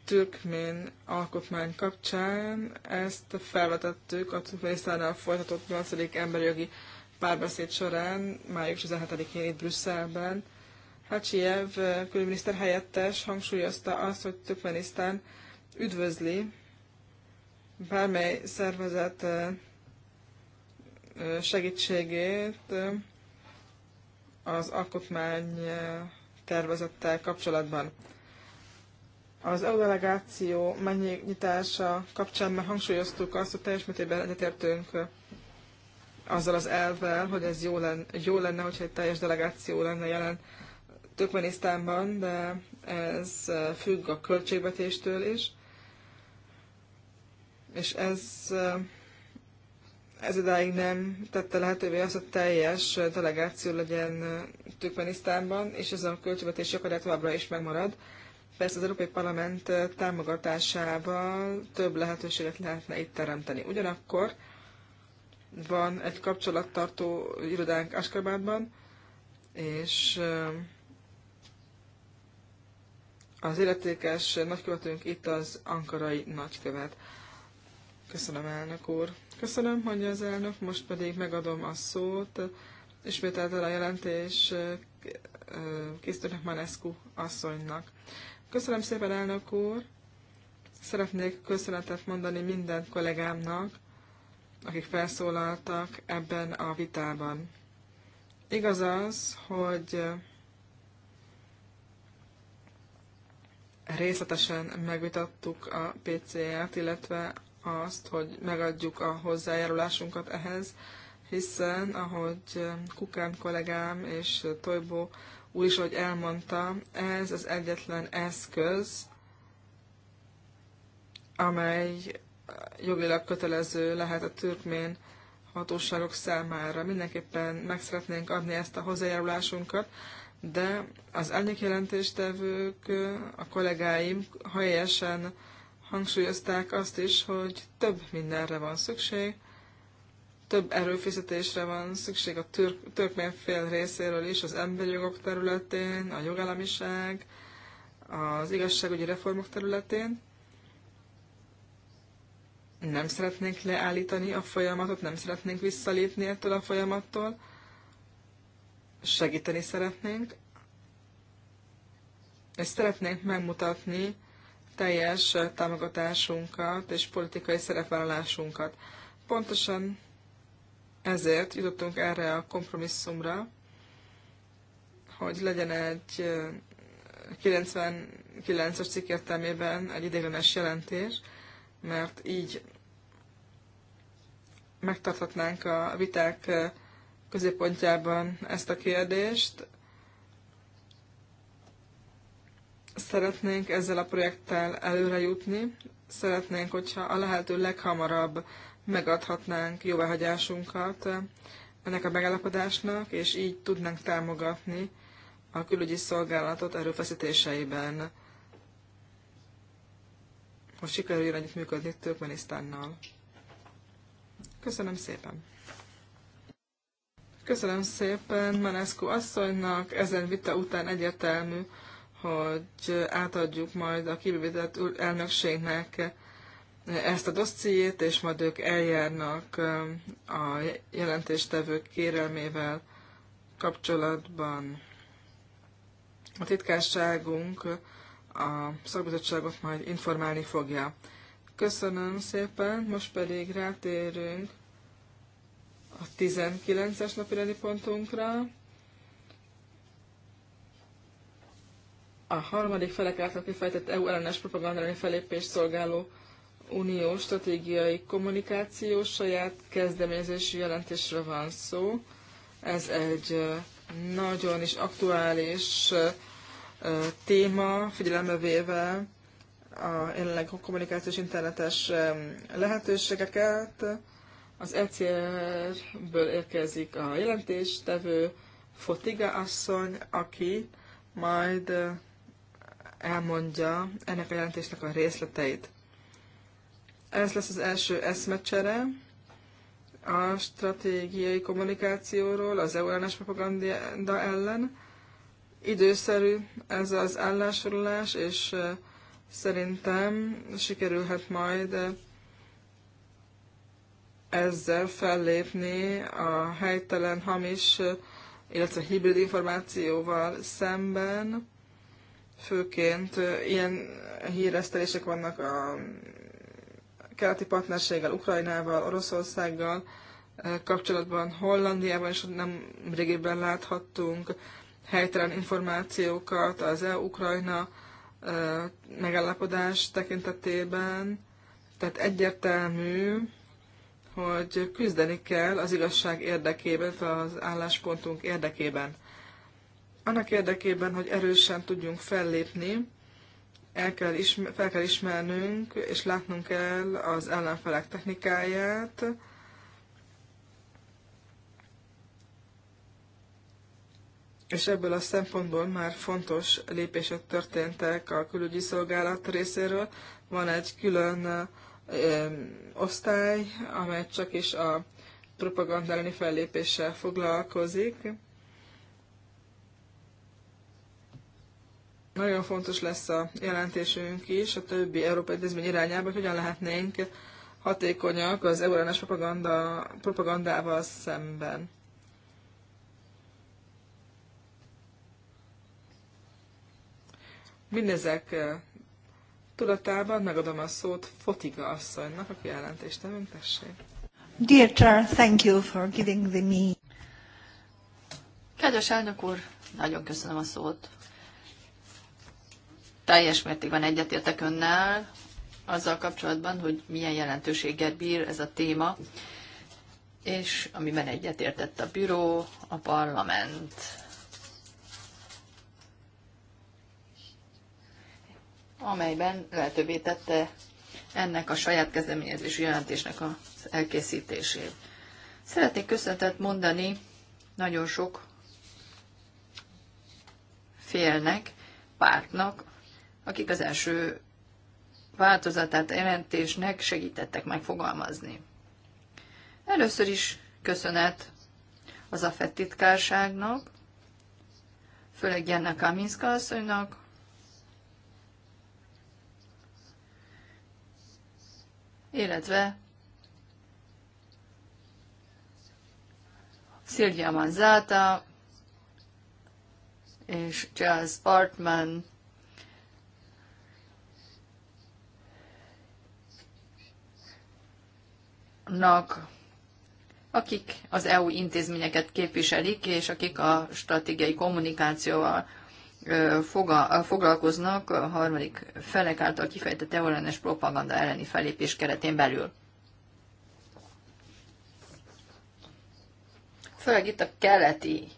türkmén alkotmány kapcsán. Ezt felvetettük a Türkmenisztánnal folytatott 8. emberjogi párbeszéd során, május 17-én itt Brüsszelben. Hacsiev külügyminiszter helyettes hangsúlyozta azt, hogy Türkmenisztán üdvözli bármely szervezet segítségét az alkotmány tervezettel kapcsolatban. Az EU delegáció megnyitása kapcsán már hangsúlyoztuk azt, hogy teljes mértékben egyetértünk azzal az elvvel, hogy ez jó lenne, jó lenne, hogyha egy teljes delegáció lenne jelen Türkmenisztánban, de ez függ a költségvetéstől is és ez, ez idáig nem tette lehetővé azt, hogy teljes delegáció legyen Türkmenisztánban, és ez a költségvetési akadály továbbra is megmarad. Persze az Európai Parlament támogatásával több lehetőséget lehetne itt teremteni. Ugyanakkor van egy kapcsolattartó irodánk Askabádban, és eh, az életékes nagykövetünk itt az ankarai nagykövet. Köszönöm, elnök úr. Köszönöm, mondja az elnök, most pedig megadom a szót. Ismételtel a jelentés készítőnek Manescu asszonynak. Köszönöm szépen, elnök úr. Szeretnék köszönetet mondani minden kollégámnak, akik felszólaltak ebben a vitában. Igaz az, hogy részletesen megvitattuk a pcr t illetve azt, hogy megadjuk a hozzájárulásunkat ehhez, hiszen, ahogy eh, Kukán kollégám és Tojbó úr is, ahogy elmondta, ez az egyetlen eszköz, amely eh, jogilag kötelező lehet a türkmén hatóságok számára. Mindenképpen meg szeretnénk adni ezt a hozzájárulásunkat, de az jelentéstevők, eh, a kollégáim helyesen hangsúlyozták azt is, hogy több mindenre van szükség, több erőfizetésre van szükség a türk, türkmén fél részéről is, az emberi jogok területén, a jogállamiság, az igazságügyi reformok területén. Nem szeretnénk leállítani a folyamatot, nem szeretnénk visszalépni ettől a folyamattól. Segíteni szeretnénk, és szeretnénk megmutatni teljes támogatásunkat és politikai szerepvállalásunkat. Pontosan ezért jutottunk erre a kompromisszumra, hogy legyen egy 99-es cikk értelmében egy ideiglenes jelentés, mert így megtarthatnánk a viták középpontjában ezt a kérdést, Szeretnénk ezzel a projekttel előre jutni, szeretnénk, hogyha a lehető leghamarabb megadhatnánk jóváhagyásunkat ennek a megállapodásnak, és így tudnánk támogatni a külügyi szolgálatot erőfeszítéseiben, hogy sikerüljön működni Türkmenisztánnal. Köszönöm szépen! Köszönöm szépen Manescu asszonynak, ezen vita után egyértelmű, hogy átadjuk majd a kibővített elnökségnek ezt a dossziét, és majd ők eljárnak a jelentéstevők kérelmével kapcsolatban. A titkárságunk a szakbizottságot majd informálni fogja. Köszönöm szépen, most pedig rátérünk a 19-es napirendi pontunkra. a harmadik felek által kifejtett EU ellenes propagandai felépés szolgáló unió stratégiai kommunikáció saját kezdeményezésű jelentésre van szó. Ez egy nagyon is aktuális téma, figyelembe véve a jelenleg kommunikációs internetes lehetőségeket. Az ECR-ből érkezik a jelentéstevő Fotiga asszony, aki majd elmondja ennek a jelentésnek a részleteit. Ez lesz az első eszmecsere a stratégiai kommunikációról, az EU ellenes propaganda ellen. Időszerű ez az állásolás, és szerintem sikerülhet majd ezzel fellépni a helytelen, hamis, illetve hibrid információval szemben, főként ilyen híresztelések vannak a keleti partnerséggel, Ukrajnával, Oroszországgal kapcsolatban, Hollandiában is nem régében láthattunk helytelen információkat az EU-Ukrajna megállapodás tekintetében. Tehát egyértelmű, hogy küzdeni kell az igazság érdekében, az álláspontunk érdekében. Annak érdekében, hogy erősen tudjunk fellépni, el kell ismer, fel kell ismernünk, és látnunk kell az ellenfelek technikáját, és ebből a szempontból már fontos lépések történtek a külügyi szolgálat részéről. Van egy külön ö, osztály, amely csak is a propaganda elleni fellépéssel foglalkozik. Nagyon fontos lesz a jelentésünk is a többi európai Egyezmény irányába, hogy hogyan lehetnénk hatékonyak az euránás propaganda, propagandával szemben. Mindezek eh, tudatában megadom a szót Fotiga asszonynak, aki jelentést nem tessék. Dear Chair, thank you for giving the me. Kedves elnök úr, nagyon köszönöm a szót teljes mértékben egyetértek önnel azzal kapcsolatban, hogy milyen jelentőséggel bír ez a téma, és amiben egyetértett a büró, a parlament. amelyben lehetővé tette ennek a saját kezdeményezési jelentésnek az elkészítését. Szeretnék köszönetet mondani nagyon sok félnek, pártnak, akik az első változatát a jelentésnek segítettek megfogalmazni. Először is köszönet az a fettitkárságnak, főleg Jenna Kaminska asszonynak, illetve Szilvia Manzata és Charles Bartman azoknak, akik az EU intézményeket képviselik, és akik a stratégiai kommunikációval foglalkoznak a harmadik felek által kifejtett e ellenes propaganda elleni felépés keretén belül. Főleg itt a keleti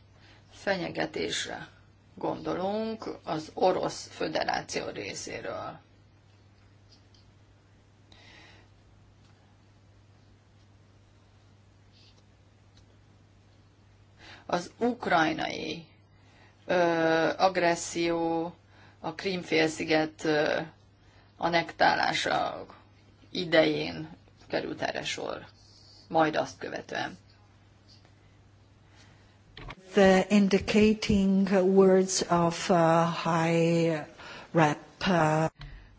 fenyegetésre gondolunk az Orosz Föderáció részéről. az ukrajnai ö, agresszió, a Krímfélsziget anektálása idején került erre sor, majd azt követően. The indicating words of uh, high rep. Uh...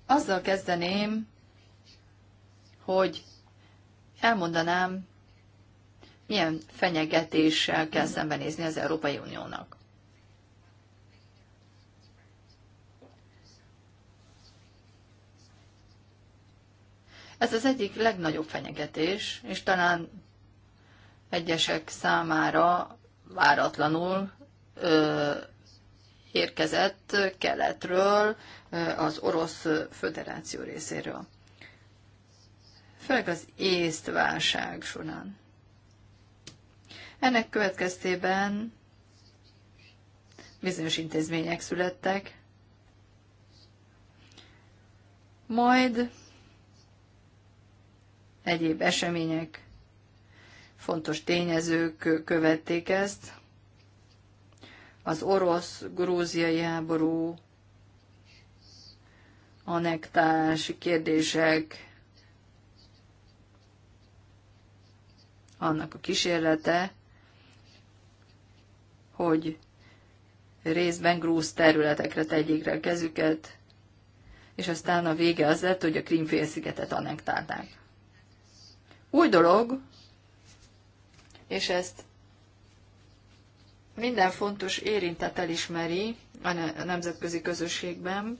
Azzal kezdeném, hogy elmondanám, milyen fenyegetéssel kell szembenézni az Európai Uniónak. Ez az egyik legnagyobb fenyegetés, és talán egyesek számára váratlanul ö, érkezett keletről, az Orosz Föderáció részéről. Főleg az észt válság során. Ennek következtében bizonyos intézmények születtek, majd egyéb események, fontos tényezők követték ezt, az orosz-grúziai háború, anektási kérdések, annak a kísérlete, hogy részben grúz területekre tegyék rá kezüket, és aztán a vége az lett, hogy a Krímfélszigetet annektálták. Új dolog, és ezt minden fontos érintet elismeri a nemzetközi közösségben,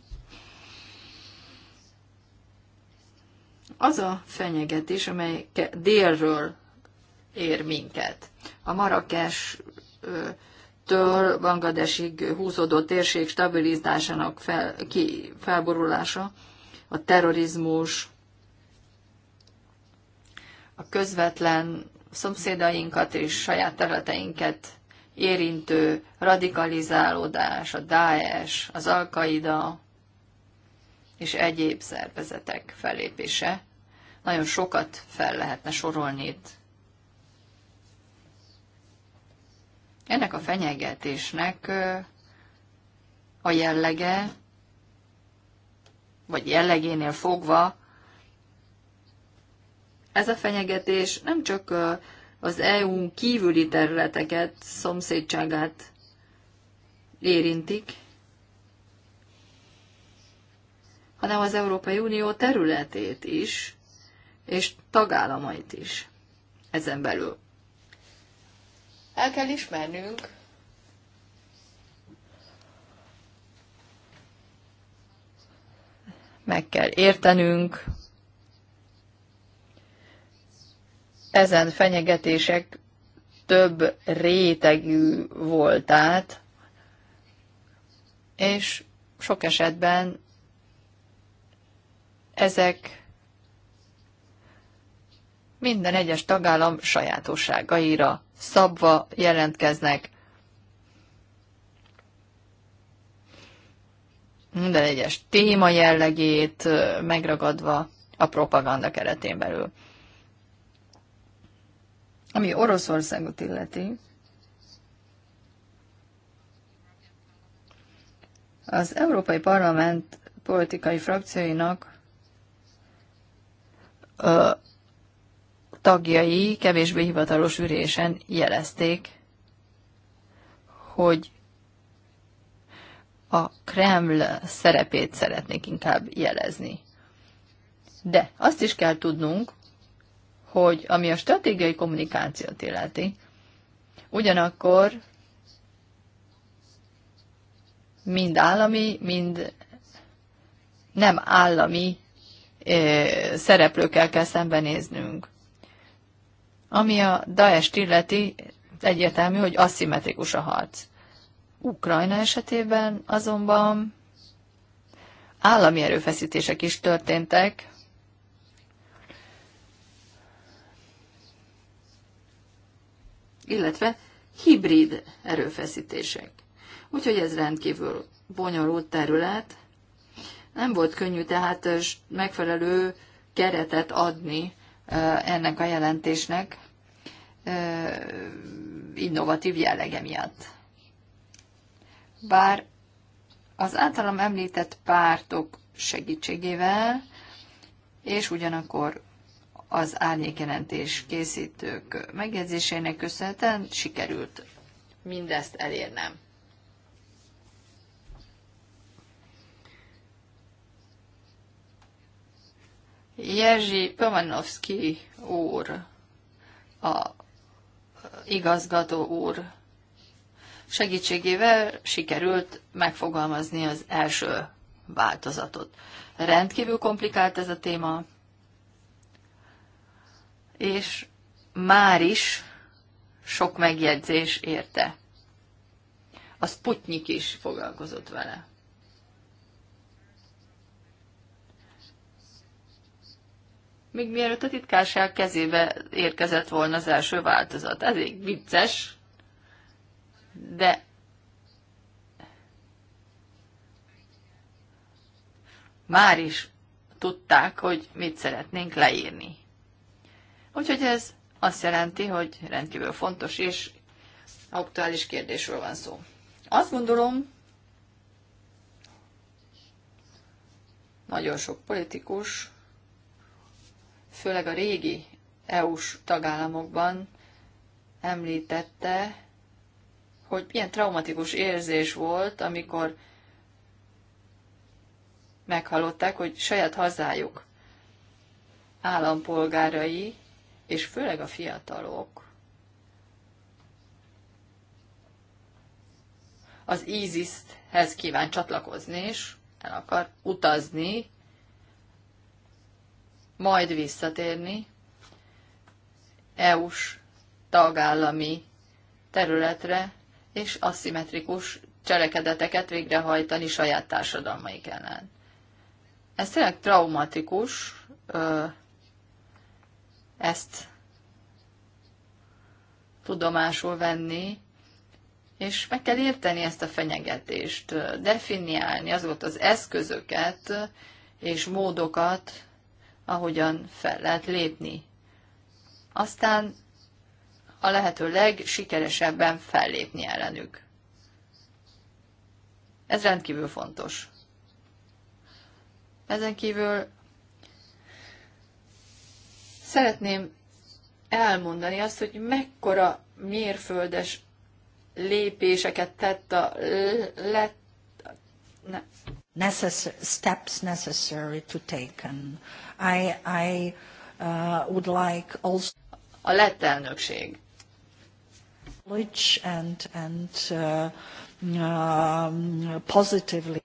az a fenyegetés, amely délről ér minket. A marakes től Bangladesig húzódó térség stabilizásának fel, ki, felborulása, a terrorizmus, a közvetlen szomszédainkat és saját területeinket érintő radikalizálódás, a Daesh, az Al-Qaida és egyéb szervezetek fellépése. Nagyon sokat fel lehetne sorolni itt Ennek a fenyegetésnek a jellege, vagy jellegénél fogva, ez a fenyegetés nem csak az EU kívüli területeket, szomszédságát érintik, hanem az Európai Unió területét is, és tagállamait is ezen belül. El kell ismernünk, meg kell értenünk ezen fenyegetések több rétegű voltát, és sok esetben ezek minden egyes tagállam sajátosságaira szabva jelentkeznek. Minden egyes téma jellegét megragadva a propaganda keretén belül. Ami Oroszországot illeti, az Európai Parlament politikai frakcióinak tagjai kevésbé hivatalos ürésen jelezték, hogy a Kreml szerepét szeretnék inkább jelezni. De azt is kell tudnunk, hogy ami a stratégiai kommunikációt illeti, ugyanakkor mind állami, mind nem állami ö, szereplőkkel kell szembenéznünk. Ami a Daest illeti, egyértelmű, hogy aszimmetrikus a harc. Ukrajna esetében azonban állami erőfeszítések is történtek, illetve hibrid erőfeszítések. Úgyhogy ez rendkívül bonyolult terület. Nem volt könnyű tehát megfelelő keretet adni eh, ennek a jelentésnek, innovatív jellege miatt. Bár az általam említett pártok segítségével, és ugyanakkor az árnyékjelentés készítők megjegyzésének köszönhetően sikerült mindezt elérnem. Jerzy Pomanowski úr a igazgató úr segítségével sikerült megfogalmazni az első változatot. Rendkívül komplikált ez a téma, és már is sok megjegyzés érte. A Sputnik is foglalkozott vele. még mielőtt a titkárság kezébe érkezett volna az első változat. Ez egy vicces, de már is tudták, hogy mit szeretnénk leírni. Úgyhogy ez azt jelenti, hogy rendkívül fontos és aktuális kérdésről van szó. Azt gondolom, nagyon sok politikus főleg a régi EU-s tagállamokban említette, hogy milyen traumatikus érzés volt, amikor meghallották, hogy saját hazájuk állampolgárai, és főleg a fiatalok, az ISIS-hez kíván csatlakozni, és el akar utazni, majd visszatérni EU-s tagállami területre, és aszimmetrikus cselekedeteket végrehajtani saját társadalmaik ellen. Ez tényleg traumatikus, ezt tudomásul venni, és meg kell érteni ezt a fenyegetést, definiálni azokat az eszközöket és módokat, ahogyan fel lehet lépni. Aztán a lehető legsikeresebben fellépni ellenük. Ez rendkívül fontos. Ezen kívül szeretném elmondani azt, hogy mekkora mérföldes lépéseket tett a lett, ne, necess- steps necessary to take. And I, I uh, would like also a lett elnökség. And, and, uh, uh, positively.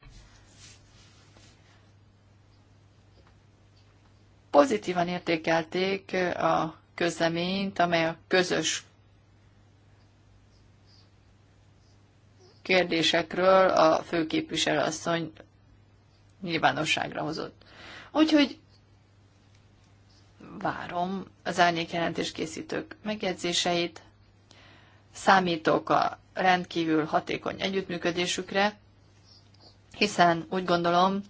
Pozitívan értékelték a közleményt, amely a közös kérdésekről a főképviselő asszony nyilvánosságra hozott. Úgyhogy várom az jelentés készítők megjegyzéseit, számítok a rendkívül hatékony együttműködésükre, hiszen úgy gondolom,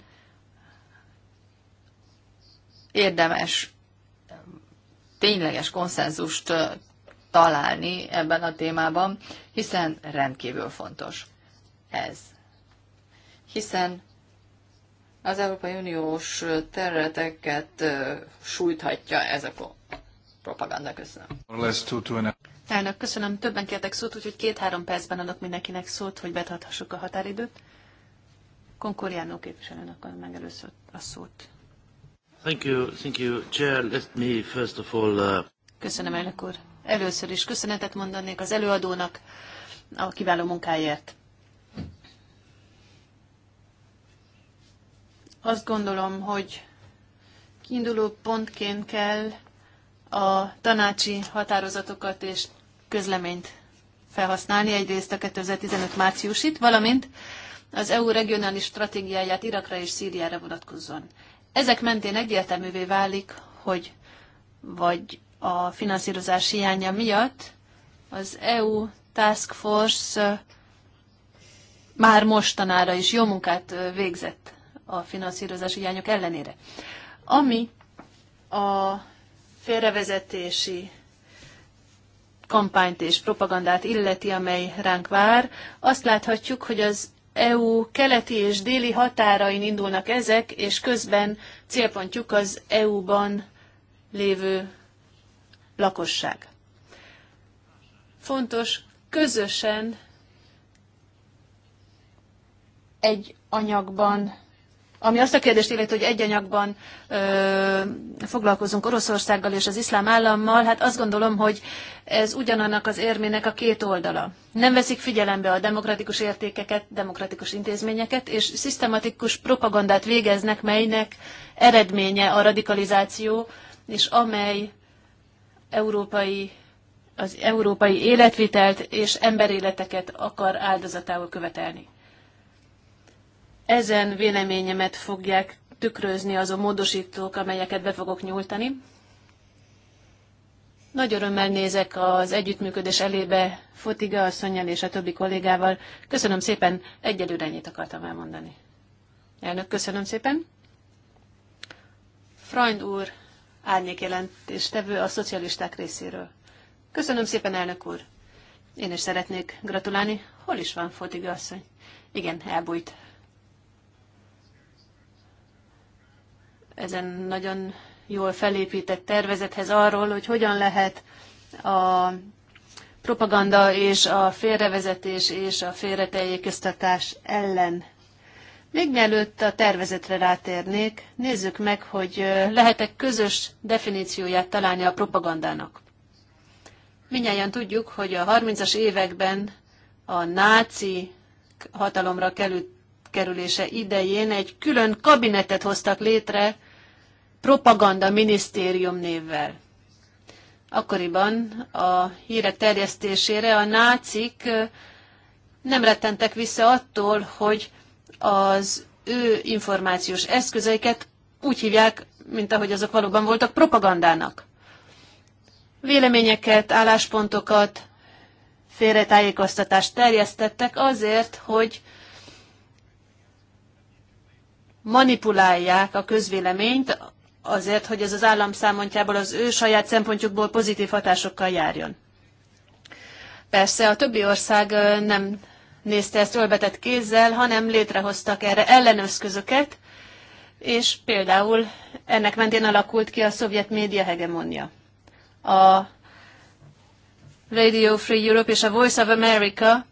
érdemes tényleges konszenzust találni ebben a témában, hiszen rendkívül fontos ez. Hiszen az Európai Uniós területeket sújthatja ez a propaganda. Köszönöm. Elnök, köszönöm. Többen kértek szót, úgyhogy két-három percben adok mindenkinek szót, hogy betarthassuk a határidőt. Konkoriánó képviselőn akkor meg először a szót. Thank you, thank you, Chair. Let me first of all, uh... Köszönöm, elnök úr. Először is köszönetet mondanék az előadónak a kiváló munkáért. Azt gondolom, hogy kiinduló pontként kell a tanácsi határozatokat és közleményt felhasználni, egyrészt a 2015 márciusit, valamint az EU regionális stratégiáját Irakra és Szíriára vonatkozzon. Ezek mentén egyértelművé válik, hogy vagy a finanszírozás hiánya miatt az EU Task Force már mostanára is jó munkát végzett a finanszírozási hiányok ellenére. Ami a félrevezetési kampányt és propagandát illeti, amely ránk vár, azt láthatjuk, hogy az EU keleti és déli határain indulnak ezek, és közben célpontjuk az EU-ban lévő lakosság. Fontos közösen egy anyagban ami azt a kérdést illeti, hogy egy anyagban ö, foglalkozunk Oroszországgal és az iszlám állammal, hát azt gondolom, hogy ez ugyanannak az érmének a két oldala. Nem veszik figyelembe a demokratikus értékeket, demokratikus intézményeket, és szisztematikus propagandát végeznek, melynek eredménye a radikalizáció, és amely európai, az európai életvitelt és emberéleteket akar áldozatául követelni. Ezen véleményemet fogják tükrözni a módosítók, amelyeket be fogok nyújtani. Nagy örömmel nézek az együttműködés elébe Fotiga asszonyjal és a többi kollégával. Köszönöm szépen, egyelőre ennyit akartam elmondani. Elnök, köszönöm szépen. Freund úr, árnyékjelentéstevő a szocialisták részéről. Köszönöm szépen, elnök úr. Én is szeretnék gratulálni. Hol is van Fotiga asszony? Igen, elbújt. ezen nagyon jól felépített tervezethez arról, hogy hogyan lehet a propaganda és a félrevezetés és a félreteljékeztatás ellen. Még mielőtt a tervezetre rátérnék, nézzük meg, hogy lehetek közös definícióját találni a propagandának. Minnyáján tudjuk, hogy a 30-as években a náci hatalomra kerülése idején egy külön kabinetet hoztak létre, propaganda minisztérium névvel. Akkoriban a hírek terjesztésére a nácik nem rettentek vissza attól, hogy az ő információs eszközeiket úgy hívják, mint ahogy azok valóban voltak, propagandának. Véleményeket, álláspontokat, félretájékoztatást terjesztettek azért, hogy manipulálják a közvéleményt azért, hogy ez az állam számontjából az ő saját szempontjukból pozitív hatásokkal járjon. Persze a többi ország nem nézte ezt ölbetett kézzel, hanem létrehoztak erre ellenőszközöket, és például ennek mentén alakult ki a szovjet média hegemonia. A Radio Free Europe és a Voice of America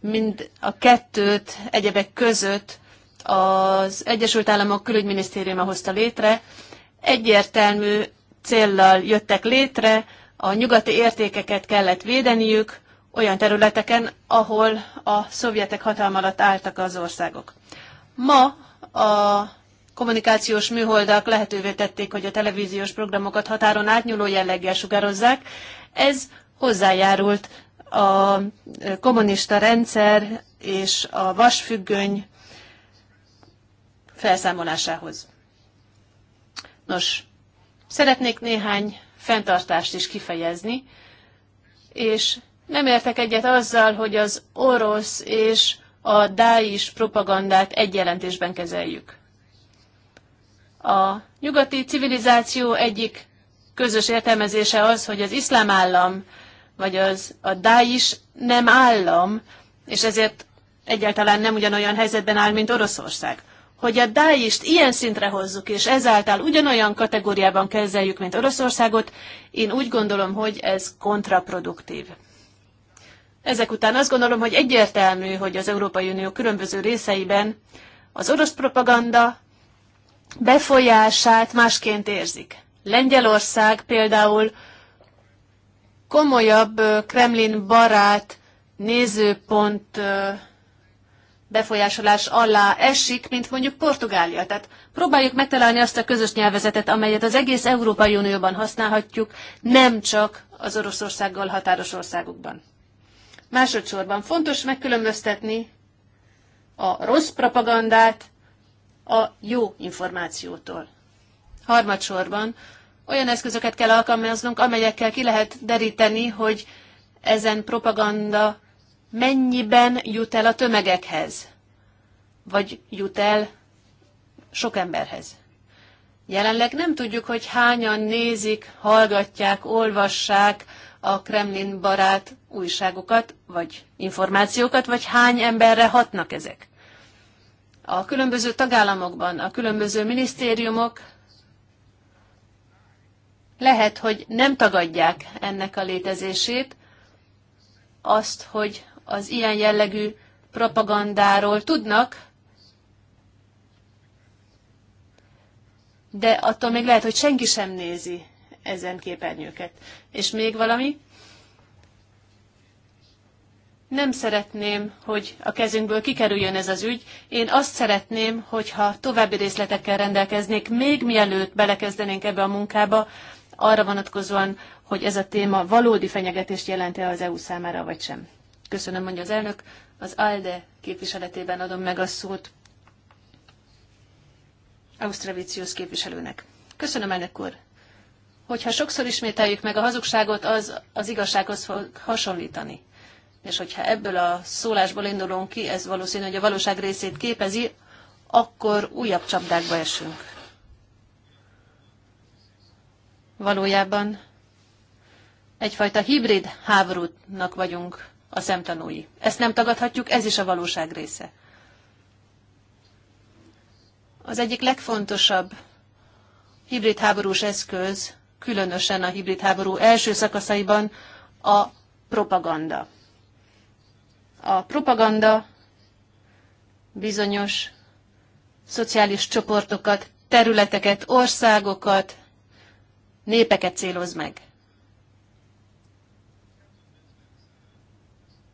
mind a kettőt egyebek között az Egyesült Államok külügyminisztériuma hozta létre, egyértelmű céllal jöttek létre, a nyugati értékeket kellett védeniük olyan területeken, ahol a szovjetek hatalma alatt álltak az országok. Ma a kommunikációs műholdak lehetővé tették, hogy a televíziós programokat határon átnyúló jelleggel sugározzák. Ez hozzájárult a kommunista rendszer és a vasfüggöny felszámolásához. Nos, szeretnék néhány fenntartást is kifejezni, és nem értek egyet azzal, hogy az orosz és a dáis propagandát egy jelentésben kezeljük. A nyugati civilizáció egyik közös értelmezése az, hogy az iszlám állam, vagy az a dáis nem állam, és ezért egyáltalán nem ugyanolyan helyzetben áll, mint Oroszország hogy a Daist ilyen szintre hozzuk, és ezáltal ugyanolyan kategóriában kezeljük, mint Oroszországot, én úgy gondolom, hogy ez kontraproduktív. Ezek után azt gondolom, hogy egyértelmű, hogy az Európai Unió különböző részeiben az orosz propaganda befolyását másként érzik. Lengyelország például komolyabb Kremlin barát nézőpont befolyásolás alá esik, mint mondjuk Portugália. Tehát próbáljuk megtalálni azt a közös nyelvezetet, amelyet az egész Európai Unióban használhatjuk, nem csak az Oroszországgal határos országokban. Másodszorban fontos megkülönböztetni a rossz propagandát a jó információtól. Harmadsorban olyan eszközöket kell alkalmaznunk, amelyekkel ki lehet deríteni, hogy ezen propaganda mennyiben jut el a tömegekhez, vagy jut el sok emberhez. Jelenleg nem tudjuk, hogy hányan nézik, hallgatják, olvassák a Kremlin barát újságokat, vagy információkat, vagy hány emberre hatnak ezek. A különböző tagállamokban, a különböző minisztériumok lehet, hogy nem tagadják ennek a létezését, azt, hogy az ilyen jellegű propagandáról tudnak, de attól még lehet, hogy senki sem nézi ezen képernyőket. És még valami? Nem szeretném, hogy a kezünkből kikerüljön ez az ügy. Én azt szeretném, hogyha további részletekkel rendelkeznék, még mielőtt belekezdenénk ebbe a munkába, arra vonatkozóan, hogy ez a téma valódi fenyegetést jelente az EU számára, vagy sem. Köszönöm, mondja az elnök. Az ALDE képviseletében adom meg a szót Ausztravicius képviselőnek. Köszönöm, elnök úr. Hogyha sokszor ismételjük meg a hazugságot, az az igazsághoz fog hasonlítani. És hogyha ebből a szólásból indulunk ki, ez valószínű, hogy a valóság részét képezi, akkor újabb csapdákba esünk. Valójában egyfajta hibrid háborútnak vagyunk a szemtanúi. Ezt nem tagadhatjuk, ez is a valóság része. Az egyik legfontosabb hibrid háborús eszköz, különösen a hibrid háború első szakaszaiban a propaganda. A propaganda bizonyos szociális csoportokat, területeket, országokat, népeket céloz meg.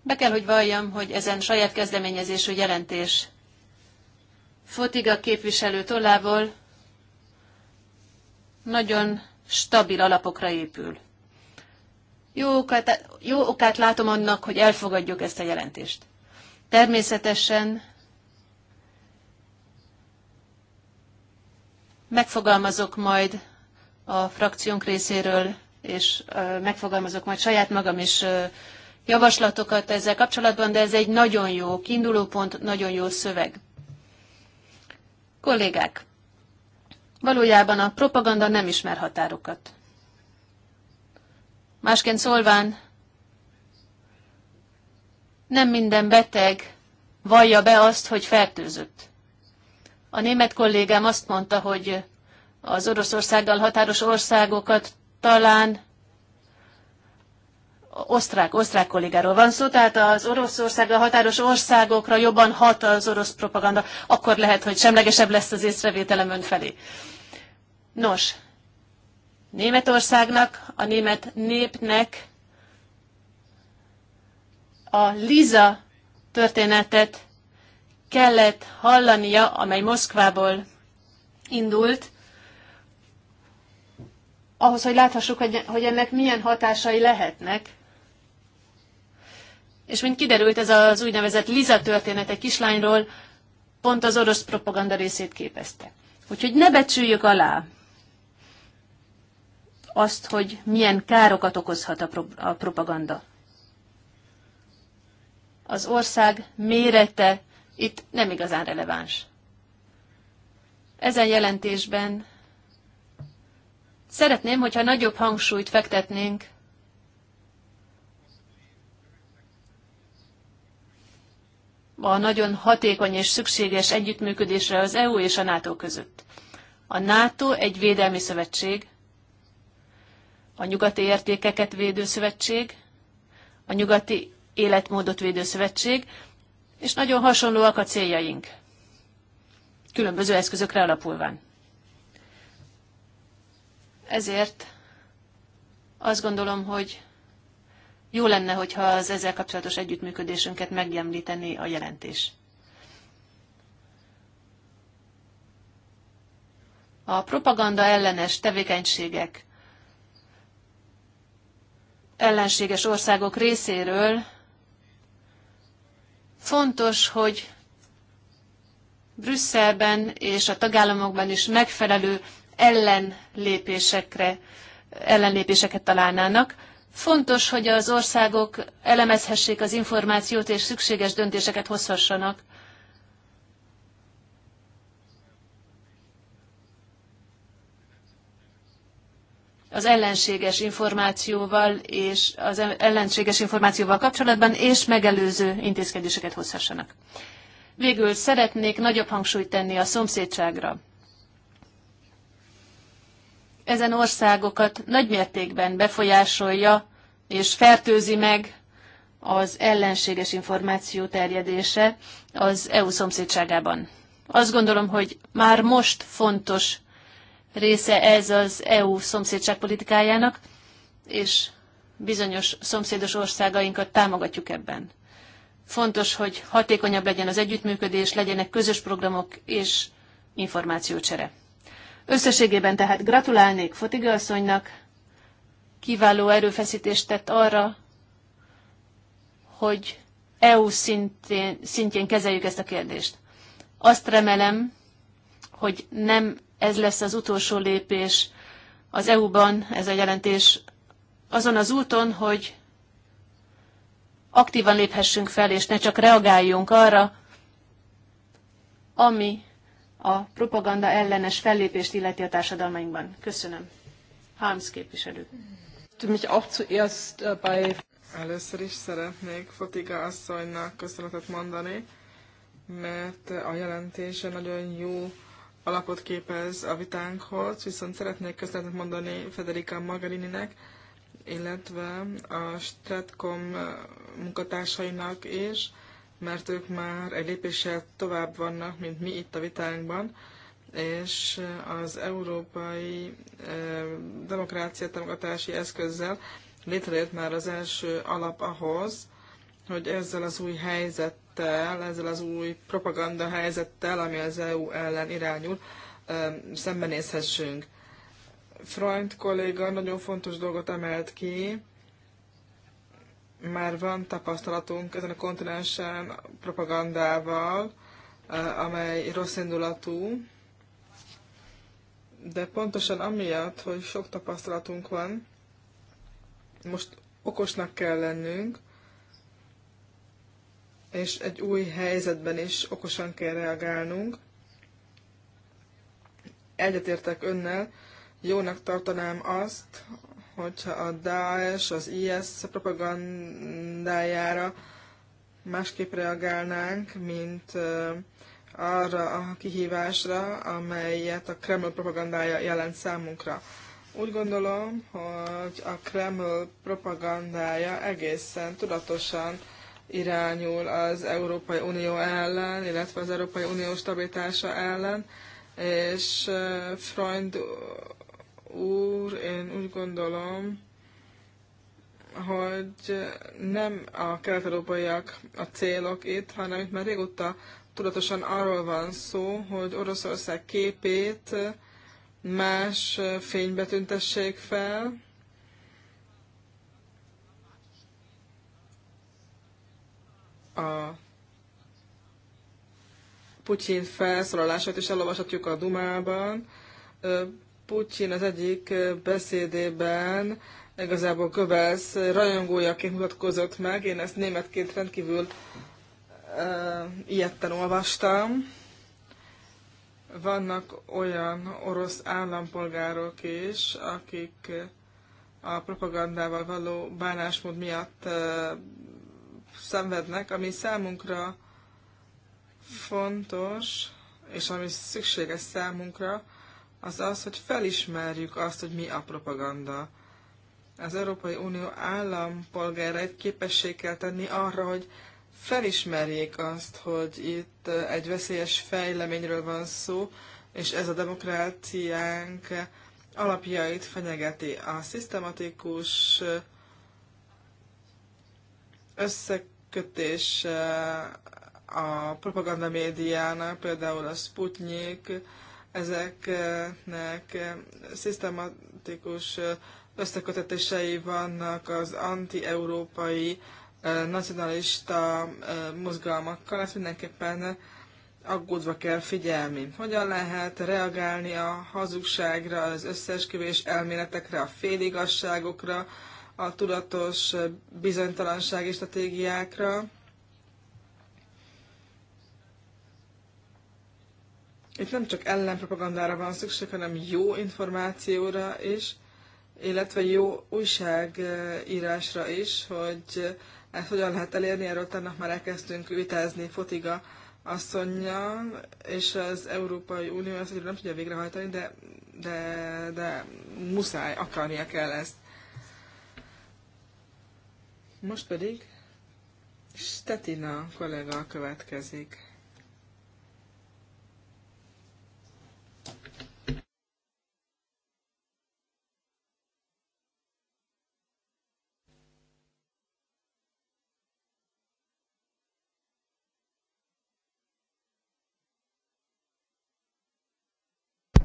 Be kell, hogy valljam, hogy ezen saját kezdeményezésű jelentés Fotiga képviselő tollából nagyon stabil alapokra épül. Jó okát, jó okát látom annak, hogy elfogadjuk ezt a jelentést. Természetesen megfogalmazok majd a frakciónk részéről, és megfogalmazok majd saját magam is javaslatokat ezzel kapcsolatban, de ez egy nagyon jó kiindulópont, nagyon jó szöveg. Kollégák, valójában a propaganda nem ismer határokat. Másként szólván, nem minden beteg vallja be azt, hogy fertőzött. A német kollégám azt mondta, hogy az Oroszországgal határos országokat talán osztrák, osztrák kollégáról van szó, tehát az Oroszországgal határos országokra jobban hat az orosz propaganda, akkor lehet, hogy semlegesebb lesz az észrevételem ön felé. Nos, Németországnak, a német népnek a Liza történetet kellett hallania, amely Moszkvából indult, ahhoz, hogy láthassuk, hogy, hogy ennek milyen hatásai lehetnek és mint kiderült, ez az úgynevezett Liza története kislányról pont az orosz propaganda részét képezte. Úgyhogy ne becsüljük alá azt, hogy milyen károkat okozhat a, pro- a propaganda. Az ország mérete itt nem igazán releváns. Ezen jelentésben szeretném, hogyha nagyobb hangsúlyt fektetnénk a nagyon hatékony és szükséges együttműködésre az EU és a NATO között. A NATO egy védelmi szövetség, a nyugati értékeket védő szövetség, a nyugati életmódot védő szövetség, és nagyon hasonlóak a céljaink, különböző eszközökre alapulván. Ezért azt gondolom, hogy jó lenne, hogyha az ezzel kapcsolatos együttműködésünket megjemlíteni a jelentés. A propaganda ellenes tevékenységek ellenséges országok részéről fontos, hogy Brüsszelben és a tagállamokban is megfelelő ellenlépésekre, ellenlépéseket találnának. Fontos, hogy az országok elemezhessék az információt és szükséges döntéseket hozhassanak. az ellenséges információval és az ellenséges információval kapcsolatban, és megelőző intézkedéseket hozhassanak. Végül szeretnék nagyobb hangsúlyt tenni a szomszédságra ezen országokat nagymértékben befolyásolja és fertőzi meg az ellenséges információ terjedése az EU szomszédságában. Azt gondolom, hogy már most fontos része ez az EU szomszédságpolitikájának, és bizonyos szomszédos országainkat támogatjuk ebben. Fontos, hogy hatékonyabb legyen az együttműködés, legyenek közös programok és információcsere. Összességében tehát gratulálnék Fotiga asszonynak, kiváló erőfeszítést tett arra, hogy EU szintén, szintjén kezeljük ezt a kérdést. Azt remélem, hogy nem ez lesz az utolsó lépés az EU-ban, ez a jelentés, azon az úton, hogy aktívan léphessünk fel, és ne csak reagáljunk arra, ami a propaganda ellenes fellépést illeti a társadalmainkban. Köszönöm. Harms képviselő. Mich auch zuerst äh, bei Először is szeretnék Fotiga asszonynak köszönetet mondani, mert a jelentése nagyon jó alapot képez a vitánkhoz, viszont szeretnék köszönetet mondani Federica Magarininek, illetve a Stratcom äh, munkatársainak is, mert ők már egy lépéssel tovább vannak, mint mi itt a vitánkban, és az európai eh, demokrácia támogatási eszközzel létrejött már az első alap ahhoz, hogy ezzel az új helyzettel, ezzel az új propaganda helyzettel, ami az EU ellen irányul, eh, szembenézhessünk. Freund kolléga nagyon fontos dolgot emelt ki, már van tapasztalatunk ezen a kontinensen propagandával, amely rosszindulatú, de pontosan amiatt, hogy sok tapasztalatunk van, most okosnak kell lennünk, és egy új helyzetben is okosan kell reagálnunk. Egyetértek önnel, jónak tartanám azt, hogyha a Daesh, az IS propagandájára másképp reagálnánk, mint arra a kihívásra, amelyet a Kreml propagandája jelent számunkra. Úgy gondolom, hogy a Kreml propagandája egészen tudatosan irányul az Európai Unió ellen, illetve az Európai Unió stabilitása ellen, és Freund úr, én úgy gondolom, hogy nem a kelet-európaiak a célok itt, hanem itt már régóta tudatosan arról van szó, hogy Oroszország képét más fénybe tüntessék fel, a Putyin felszólalását is elolvashatjuk a Dumában. Putyin az egyik beszédében igazából Göbelsz rajongójaként mutatkozott meg. Én ezt németként rendkívül uh, ilyetten olvastam. Vannak olyan orosz állampolgárok is, akik a propagandával való bánásmód miatt uh, szenvednek, ami számunkra fontos, és ami szükséges számunkra, az az, hogy felismerjük azt, hogy mi a propaganda. Az Európai Unió állampolgárait képesség kell tenni arra, hogy felismerjék azt, hogy itt egy veszélyes fejleményről van szó, és ez a demokráciánk alapjait fenyegeti. A szisztematikus összekötés a propaganda médiának, például a Sputnik, ezeknek eh, szisztematikus eh, összekötetései vannak az anti-európai eh, nacionalista mozgalmakkal, ezt mindenképpen aggódva kell figyelni. Hogyan lehet reagálni a hazugságra, az összeesküvés elméletekre, a féligasságokra, a tudatos bizonytalansági stratégiákra, Itt nem csak ellenpropagandára van szükség, hanem jó információra is, illetve jó újságírásra is, hogy ezt hogyan lehet elérni, erről tegnap már elkezdtünk vitázni Fotiga asszonynal, és az Európai Unió ezt nem tudja végrehajtani, de, de, de muszáj, akarnia kell ezt. Most pedig Stetina kollega következik.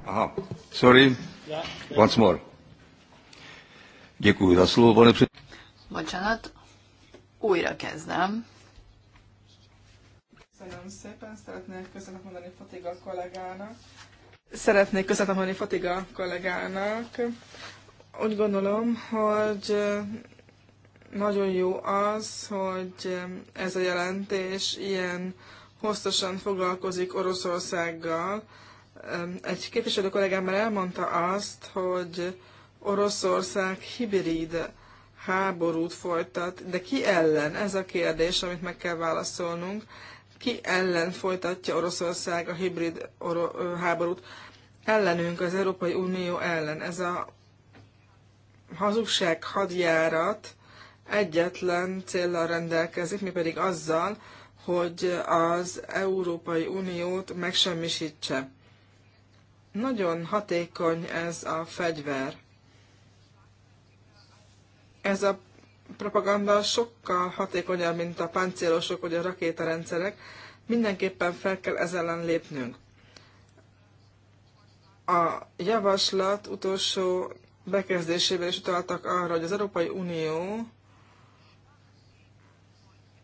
Aha, sorry. Once more. Děkuji za slovo, pane před... Bocsánat, újra kezdem. Köszönöm szépen, szeretnék köszönet mondani Fatiga kollégának Szeretnék köszönetem Fatiga kollégának. Úgy gondolom, hogy eh, nagyon jó az, hogy eh, ez a jelentés ilyen hosszasan foglalkozik Oroszországgal. Eh, egy képviselő kollégám már elmondta azt, hogy Oroszország hibrid háborút folytat, de ki ellen? Ez a kérdés, amit meg kell válaszolnunk. Ki ellen folytatja Oroszország a hibrid oro- háborút? Ellenünk, az Európai Unió ellen. Ez a hazugság hadjárat egyetlen célral rendelkezik, mi pedig azzal, hogy az Európai Uniót megsemmisítse. Nagyon hatékony ez a fegyver. Ez a propaganda sokkal hatékonyabb, mint a páncélosok vagy a rakétarendszerek. Mindenképpen fel kell ezzel ellen lépnünk. A javaslat utolsó bekezdésével is utaltak arra, hogy az Európai Unió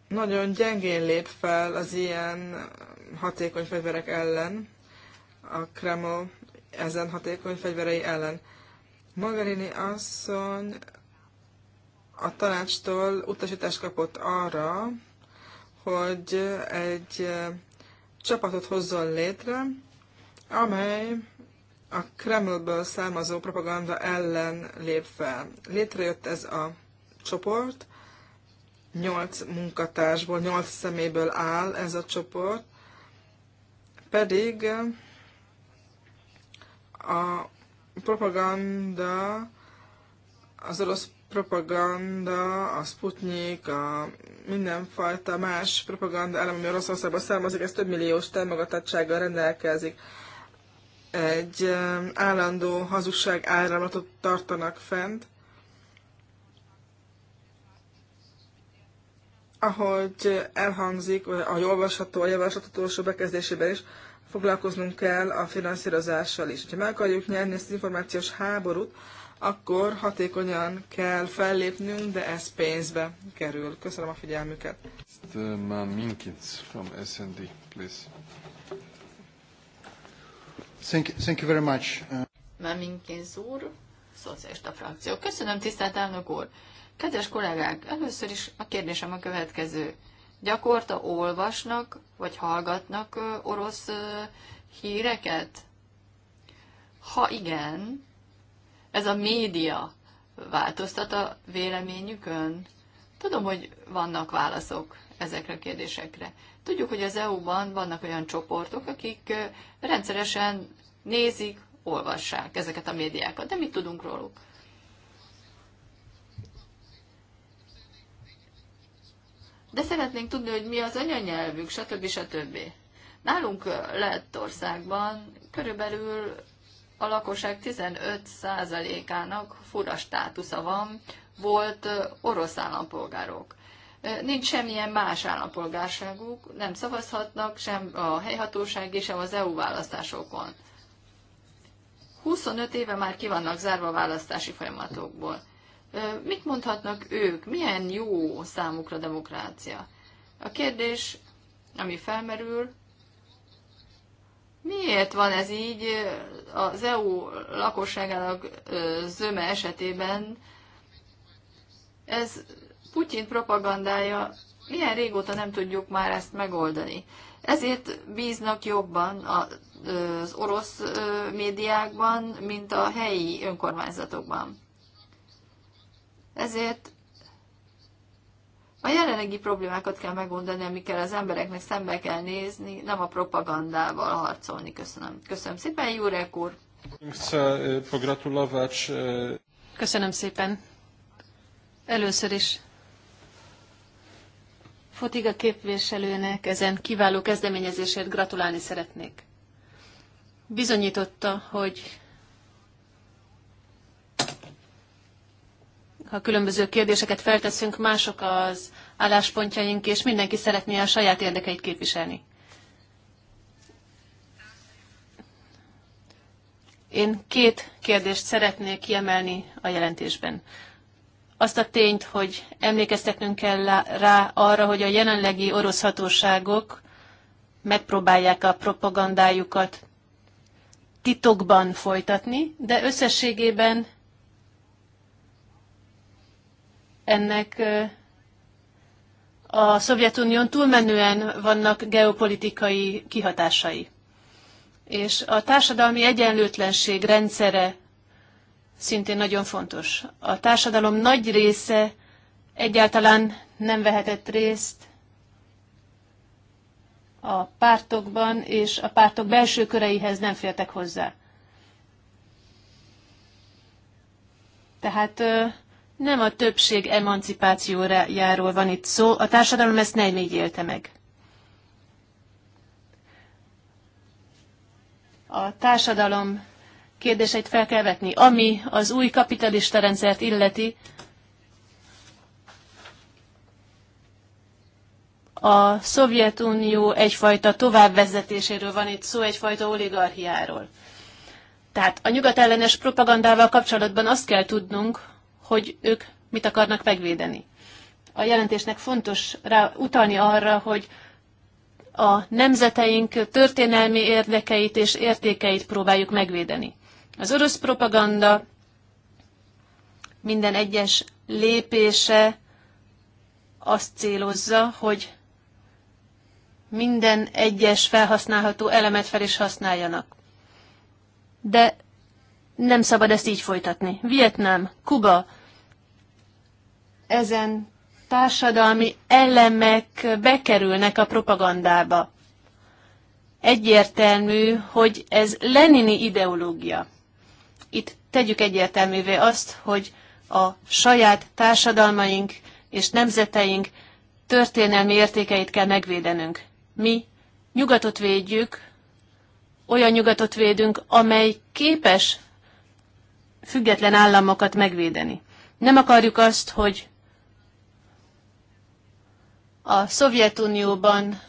nagyon gyengén lép fel az ilyen hatékony fegyverek ellen, a Kreml ezen hatékony fegyverei ellen. Magarini asszony a tanácstól utasítást kapott arra, hogy egy csapatot hozzon létre, amely a Kremlből származó propaganda ellen lép fel. Létrejött ez a csoport, nyolc munkatársból, nyolc szeméből áll ez a csoport, pedig a propaganda az orosz propaganda, a Sputnik, a mindenfajta más propaganda elem, ami Oroszországban származik, ez több milliós támogatottsággal rendelkezik. Egy állandó hazugság áramlatot tartanak fent, ahogy elhangzik, vagy a olvasható a javaslat utolsó bekezdésében is, foglalkoznunk kell a finanszírozással is. Ha meg akarjuk nyerni ezt az információs háborút, akkor hatékonyan kell fellépnünk, de ez pénzbe kerül. Köszönöm a figyelmüket. Mr. Minkins from SND, please. Thank you, thank you very much. Minkins úr, szocialista frakció. Köszönöm, tisztelt elnök úr. Kedves kollégák, először is a kérdésem a következő. Gyakorta olvasnak, vagy hallgatnak orosz híreket? Ha igen, ez a média változtat a véleményükön? Tudom, hogy vannak válaszok ezekre a kérdésekre. Tudjuk, hogy az EU-ban vannak olyan csoportok, akik rendszeresen nézik, olvassák ezeket a médiákat, de mit tudunk róluk? De szeretnénk tudni, hogy mi az anyanyelvük, stb. stb. Nálunk Lettországban körülbelül a lakosság 15%-ának fura státusza van, volt orosz állampolgárok. Nincs semmilyen más állampolgárságuk, nem szavazhatnak sem a helyhatóság sem az EU választásokon. 25 éve már ki vannak zárva a választási folyamatokból. Mit mondhatnak ők? Milyen jó számukra demokrácia? A kérdés, ami felmerül, Miért van ez így az EU lakosságának zöme esetében? Ez Putyin propagandája, milyen régóta nem tudjuk már ezt megoldani. Ezért bíznak jobban az orosz médiákban, mint a helyi önkormányzatokban. Ezért a jelenlegi problémákat kell megoldani, amikkel az embereknek szembe kell nézni, nem a propagandával harcolni. Köszönöm. Köszönöm szépen, Jurek úr! E, e, Köszönöm szépen. Először is Fotiga képviselőnek ezen kiváló kezdeményezésért gratulálni szeretnék. Bizonyította, hogy ha különböző kérdéseket felteszünk, mások az álláspontjaink, és mindenki szeretné a saját érdekeit képviselni. Én két kérdést szeretnék kiemelni a jelentésben. Azt a tényt, hogy emlékeztetnünk kell rá arra, hogy a jelenlegi orosz hatóságok megpróbálják a propagandájukat titokban folytatni, de összességében ennek a Szovjetunión túlmenően vannak geopolitikai kihatásai. És a társadalmi egyenlőtlenség rendszere szintén nagyon fontos. A társadalom nagy része egyáltalán nem vehetett részt a pártokban, és a pártok belső köreihez nem fértek hozzá. Tehát nem a többség emancipációjáról van itt szó, a társadalom ezt nem így élte meg. A társadalom kérdéseit fel kell vetni. Ami az új kapitalista rendszert illeti, a Szovjetunió egyfajta továbbvezetéséről van itt szó, egyfajta oligarchiáról. Tehát a nyugatellenes propagandával kapcsolatban azt kell tudnunk, hogy ők mit akarnak megvédeni. A jelentésnek fontos rá utalni arra, hogy a nemzeteink történelmi érdekeit és értékeit próbáljuk megvédeni. Az orosz propaganda minden egyes lépése azt célozza, hogy minden egyes felhasználható elemet fel is használjanak. De nem szabad ezt így folytatni. Vietnám, Kuba, ezen társadalmi elemek bekerülnek a propagandába. Egyértelmű, hogy ez Lenini ideológia. Itt tegyük egyértelművé azt, hogy a saját társadalmaink és nemzeteink történelmi értékeit kell megvédenünk. Mi nyugatot védjük, olyan nyugatot védünk, amely képes független államokat megvédeni. Nem akarjuk azt, hogy a Szovjetunióban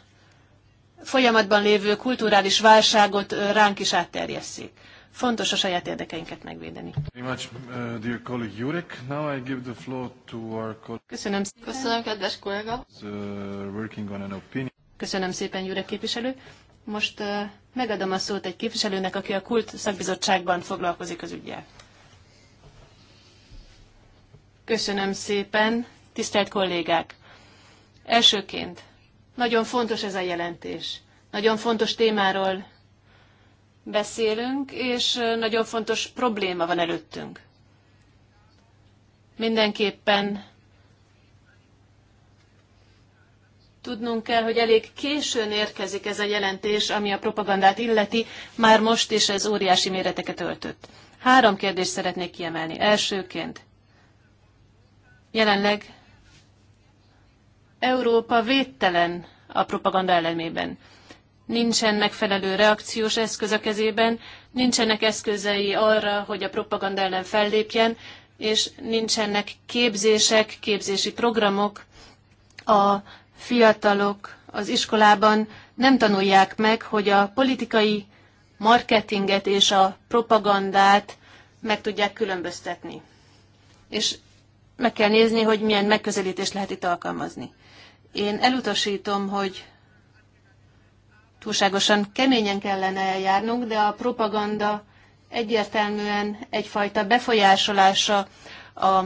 folyamatban lévő kulturális válságot ránk is átterjesszék. Fontos a saját érdekeinket megvédeni. Uh, Köszönöm szépen. Köszönöm, kedves kollega. Uh, Köszönöm szépen, Jurek képviselő. Most uh, megadom a szót egy képviselőnek, aki a Kult szakbizottságban foglalkozik az ügyel. Köszönöm szépen, tisztelt kollégák! Elsőként, nagyon fontos ez a jelentés. Nagyon fontos témáról beszélünk, és nagyon fontos probléma van előttünk. Mindenképpen tudnunk kell, hogy elég későn érkezik ez a jelentés, ami a propagandát illeti, már most is ez óriási méreteket öltött. Három kérdést szeretnék kiemelni. Elsőként, Jelenleg Európa védtelen a propaganda ellenében. Nincsen megfelelő reakciós eszköz a kezében, nincsenek eszközei arra, hogy a propaganda ellen fellépjen, és nincsenek képzések, képzési programok. A fiatalok az iskolában nem tanulják meg, hogy a politikai marketinget és a propagandát meg tudják különböztetni. És meg kell nézni, hogy milyen megközelítést lehet itt alkalmazni. Én elutasítom, hogy túlságosan keményen kellene eljárnunk, de a propaganda egyértelműen egyfajta befolyásolása a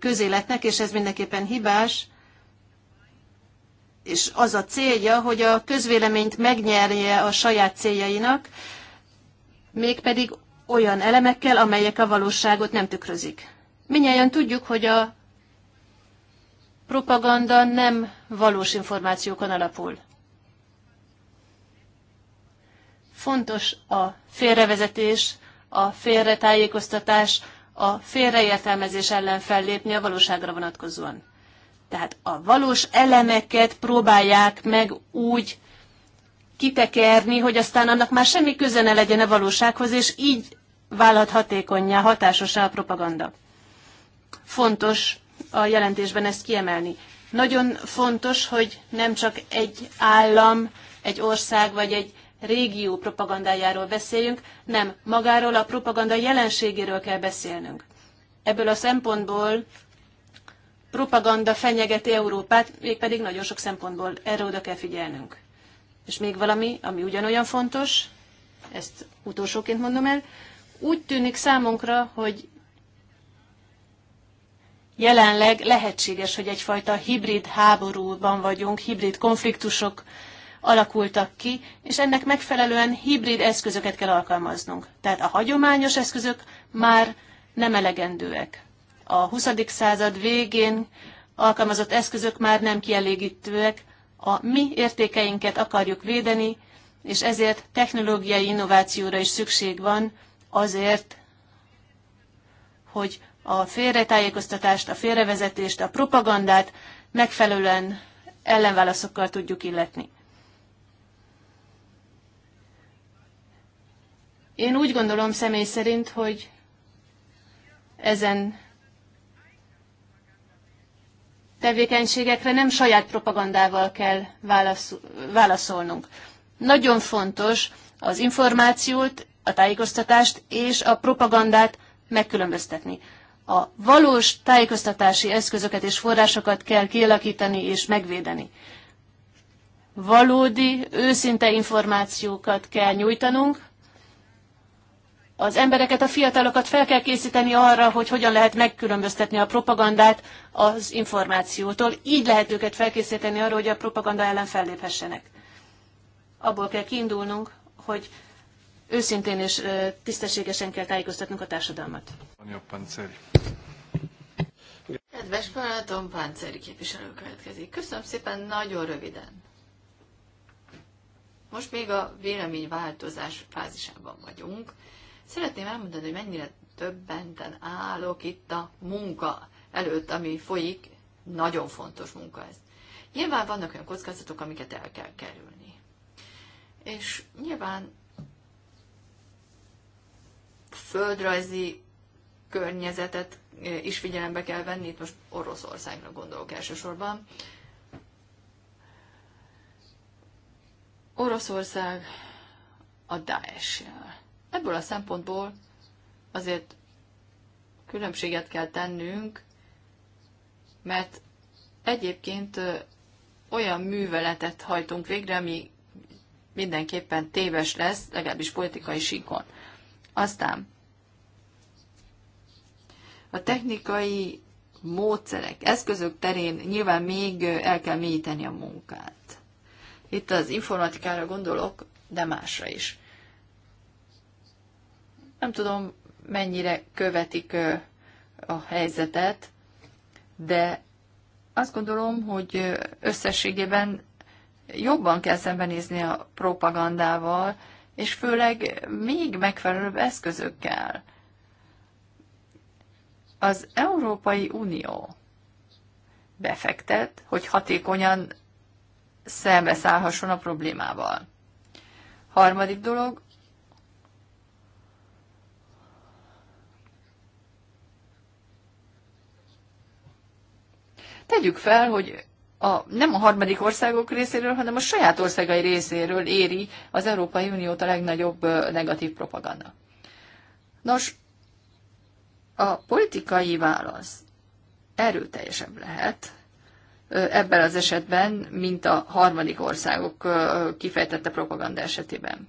közéletnek, és ez mindenképpen hibás, és az a célja, hogy a közvéleményt megnyerje a saját céljainak, mégpedig olyan elemekkel, amelyek a valóságot nem tükrözik. Minnyáján tudjuk, hogy a propaganda nem valós információkon alapul. Fontos a félrevezetés, a félretájékoztatás, a félreértelmezés ellen fellépni a valóságra vonatkozóan. Tehát a valós elemeket próbálják meg úgy kitekerni, hogy aztán annak már semmi köze ne legyen a valósághoz, és így válhat hatékonyá, hatásosá a propaganda. Fontos a jelentésben ezt kiemelni. Nagyon fontos, hogy nem csak egy állam, egy ország vagy egy régió propagandájáról beszéljünk, nem, magáról a propaganda jelenségéről kell beszélnünk. Ebből a szempontból propaganda fenyegeti Európát, mégpedig nagyon sok szempontból erre oda kell figyelnünk. És még valami, ami ugyanolyan fontos, ezt utolsóként mondom el, úgy tűnik számunkra, hogy jelenleg lehetséges, hogy egyfajta hibrid háborúban vagyunk, hibrid konfliktusok alakultak ki, és ennek megfelelően hibrid eszközöket kell alkalmaznunk. Tehát a hagyományos eszközök már nem elegendőek. A 20. század végén alkalmazott eszközök már nem kielégítőek, a mi értékeinket akarjuk védeni, és ezért technológiai innovációra is szükség van, azért, hogy a félretájékoztatást, a félrevezetést, a propagandát megfelelően ellenválaszokkal tudjuk illetni. Én úgy gondolom személy szerint, hogy ezen tevékenységekre nem saját propagandával kell válaszolnunk. Nagyon fontos az információt, a tájékoztatást és a propagandát megkülönböztetni a valós tájékoztatási eszközöket és forrásokat kell kialakítani és megvédeni. Valódi, őszinte információkat kell nyújtanunk. Az embereket, a fiatalokat fel kell készíteni arra, hogy hogyan lehet megkülönböztetni a propagandát az információtól. Így lehet őket felkészíteni arra, hogy a propaganda ellen felléphessenek. Abból kell kiindulnunk, hogy őszintén és tisztességesen kell tájékoztatnunk a társadalmat. Antonio Panceri. Kedves barátom, Páncéli képviselő következik. Köszönöm szépen, nagyon röviden. Most még a véleményváltozás fázisában vagyunk. Szeretném elmondani, hogy mennyire többenten állok itt a munka előtt, ami folyik. Nagyon fontos munka ez. Nyilván vannak olyan kockázatok, amiket el kell kerülni. És nyilván földrajzi környezetet is figyelembe kell venni, itt most Oroszországra gondolok elsősorban. Oroszország a daesh -jel. Ebből a szempontból azért különbséget kell tennünk, mert egyébként olyan műveletet hajtunk végre, ami mindenképpen téves lesz, legalábbis politikai síkon. Aztán a technikai módszerek, eszközök terén nyilván még el kell mélyíteni a munkát. Itt az informatikára gondolok, de másra is. Nem tudom, mennyire követik a helyzetet, de azt gondolom, hogy összességében jobban kell szembenézni a propagandával, és főleg még megfelelőbb eszközökkel. Az Európai Unió befektet, hogy hatékonyan szembeszállhasson a problémával. Harmadik dolog, tegyük fel, hogy a, nem a harmadik országok részéről, hanem a saját országai részéről éri az Európai Uniót a legnagyobb negatív propaganda. Nos, a politikai válasz erőteljesebb lehet ebben az esetben, mint a harmadik országok kifejtette propaganda esetében.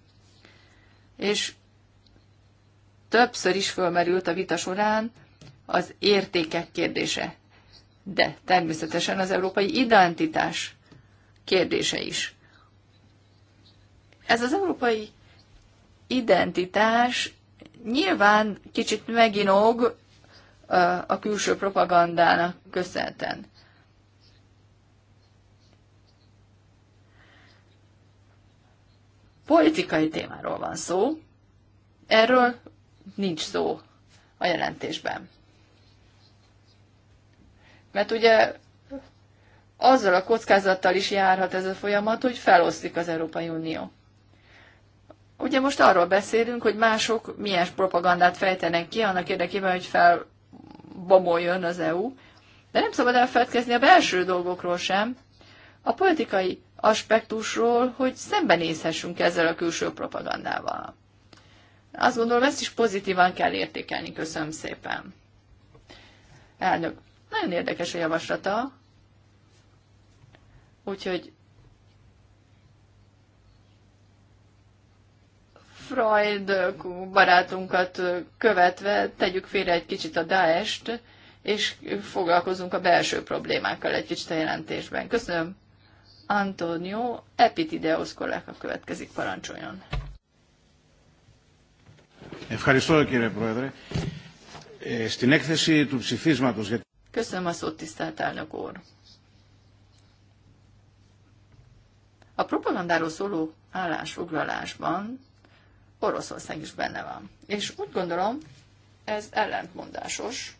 És többször is fölmerült a vita során az értékek kérdése, de természetesen az európai identitás kérdése is. Ez az európai identitás nyilván kicsit meginog a külső propagandának köszönten. Politikai témáról van szó, erről nincs szó a jelentésben. Mert ugye azzal a kockázattal is járhat ez a folyamat, hogy feloszlik az Európai Unió. Ugye most arról beszélünk, hogy mások milyen propagandát fejtenek ki annak érdekében, hogy felbomoljon az EU, de nem szabad elfeledkezni a belső dolgokról sem, a politikai aspektusról, hogy szembenézhessünk ezzel a külső propagandával. Azt gondolom, ezt is pozitívan kell értékelni. Köszönöm szépen. Elnök, nagyon érdekes a javaslata, úgyhogy Freud barátunkat követve tegyük félre egy kicsit a Daest, és foglalkozunk a belső problémákkal egy kicsit a jelentésben. Köszönöm. Antonio Epitideos kollega következik, parancsoljon. Köszönöm a szót, tisztelt elnök úr. A propagandáról szóló állásfoglalásban Oroszország is benne van. És úgy gondolom, ez ellentmondásos.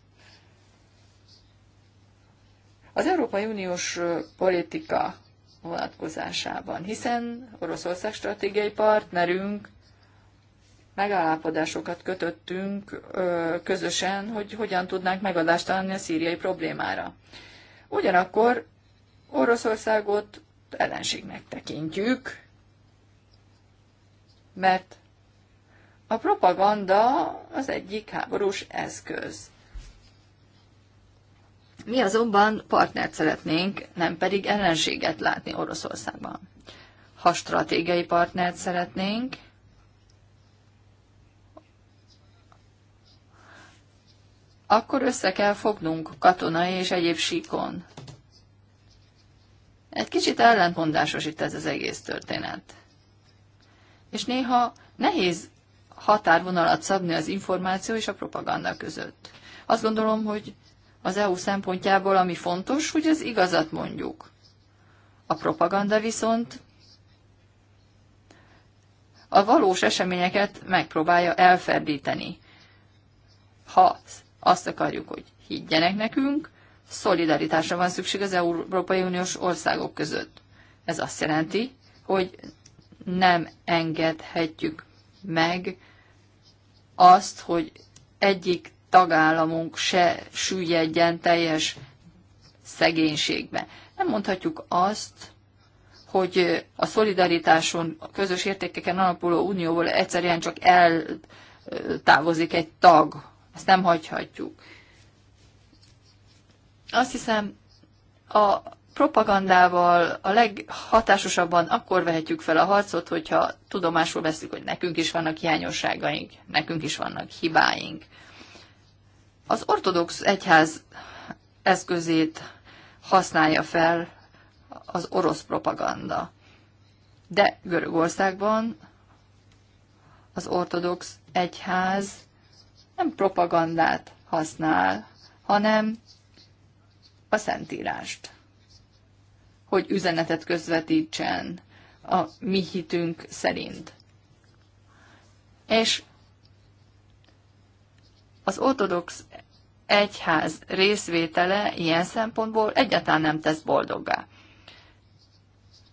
Az Európai Uniós politika vonatkozásában, hiszen Oroszország stratégiai partnerünk, megállapodásokat kötöttünk közösen, hogy hogyan tudnánk megoldást találni a szíriai problémára. Ugyanakkor Oroszországot ellenségnek tekintjük, mert a propaganda az egyik háborús eszköz. Mi azonban partnert szeretnénk, nem pedig ellenséget látni Oroszországban. Ha stratégiai partnert szeretnénk, akkor össze kell fognunk katonai és egyéb síkon. Egy kicsit ellentmondásos itt ez az egész történet. És néha nehéz határvonalat szabni az információ és a propaganda között. Azt gondolom, hogy az EU szempontjából ami fontos, hogy az igazat mondjuk. A propaganda viszont a valós eseményeket megpróbálja elferdíteni. Ha azt akarjuk, hogy higgyenek nekünk, szolidaritásra van szükség az Európai Uniós országok között. Ez azt jelenti, hogy nem engedhetjük meg azt, hogy egyik tagállamunk se süllyedjen teljes szegénységbe. Nem mondhatjuk azt, hogy a szolidaritáson, a közös értékeken alapuló unióból egyszerűen csak eltávozik egy tag. Ezt nem hagyhatjuk. Azt hiszem, a propagandával a leghatásosabban akkor vehetjük fel a harcot, hogyha tudomásul veszük, hogy nekünk is vannak hiányosságaink, nekünk is vannak hibáink. Az ortodox egyház eszközét használja fel az orosz propaganda. De Görögországban az ortodox egyház nem propagandát használ, hanem a szentírást hogy üzenetet közvetítsen a mi hitünk szerint. És az ortodox egyház részvétele ilyen szempontból egyáltalán nem tesz boldoggá.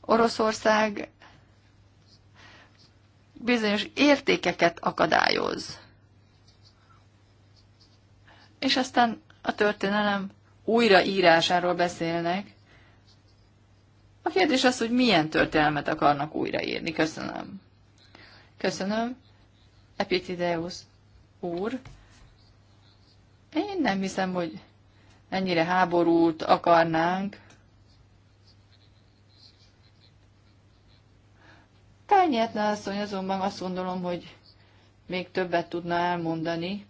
Oroszország bizonyos értékeket akadályoz. És aztán a történelem újraírásáról beszélnek, a kérdés az, hogy milyen történelmet akarnak újraírni. Köszönöm. Köszönöm. Epitideus úr. Én nem hiszem, hogy ennyire háborút akarnánk. Tányértne asszony azonban azt gondolom, hogy még többet tudna elmondani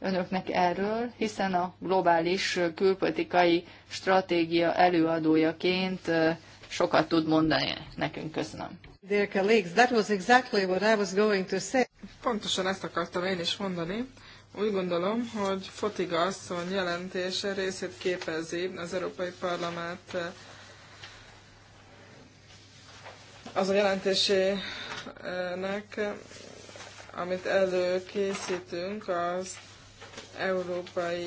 önöknek erről, hiszen a globális külpolitikai stratégia előadójaként sokat tud mondani nekünk. Köszönöm. Dear colleagues, that was exactly what I was going to say. Pontosan ezt akartam én is mondani. Úgy gondolom, hogy Fotiga asszony jelentése részét képezi az Európai Parlament eh, az a jelentésének, amit előkészítünk az európai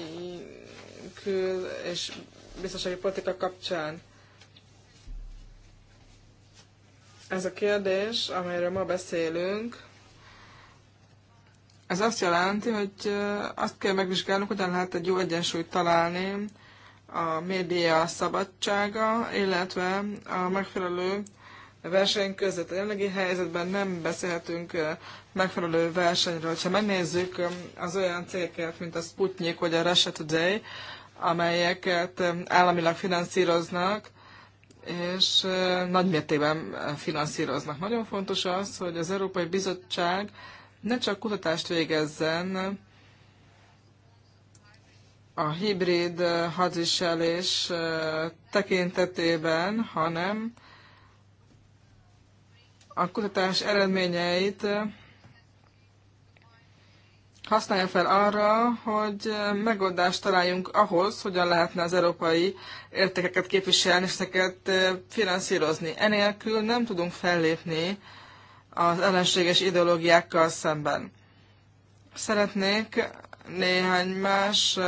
kül- és biztonsági politika kapcsán. Ez a kérdés, amelyről ma beszélünk, ez azt jelenti, hogy azt kell megvizsgálnunk, hogyan lehet egy jó egyensúlyt találni a média szabadsága, illetve a megfelelő verseny között. A jelenlegi helyzetben nem beszélhetünk megfelelő versenyről. Ha megnézzük az olyan cégeket, mint a Sputnik vagy a Russia Today, amelyeket államilag finanszíroznak, és nagy mértékben finanszíroznak. Nagyon fontos az, hogy az Európai Bizottság ne csak kutatást végezzen a hibrid hadviselés tekintetében, hanem a kutatás eredményeit használja fel arra, hogy megoldást találjunk ahhoz, hogyan lehetne az európai értékeket képviselni és ezeket finanszírozni. Enélkül nem tudunk fellépni az ellenséges ideológiákkal szemben. Szeretnék néhány más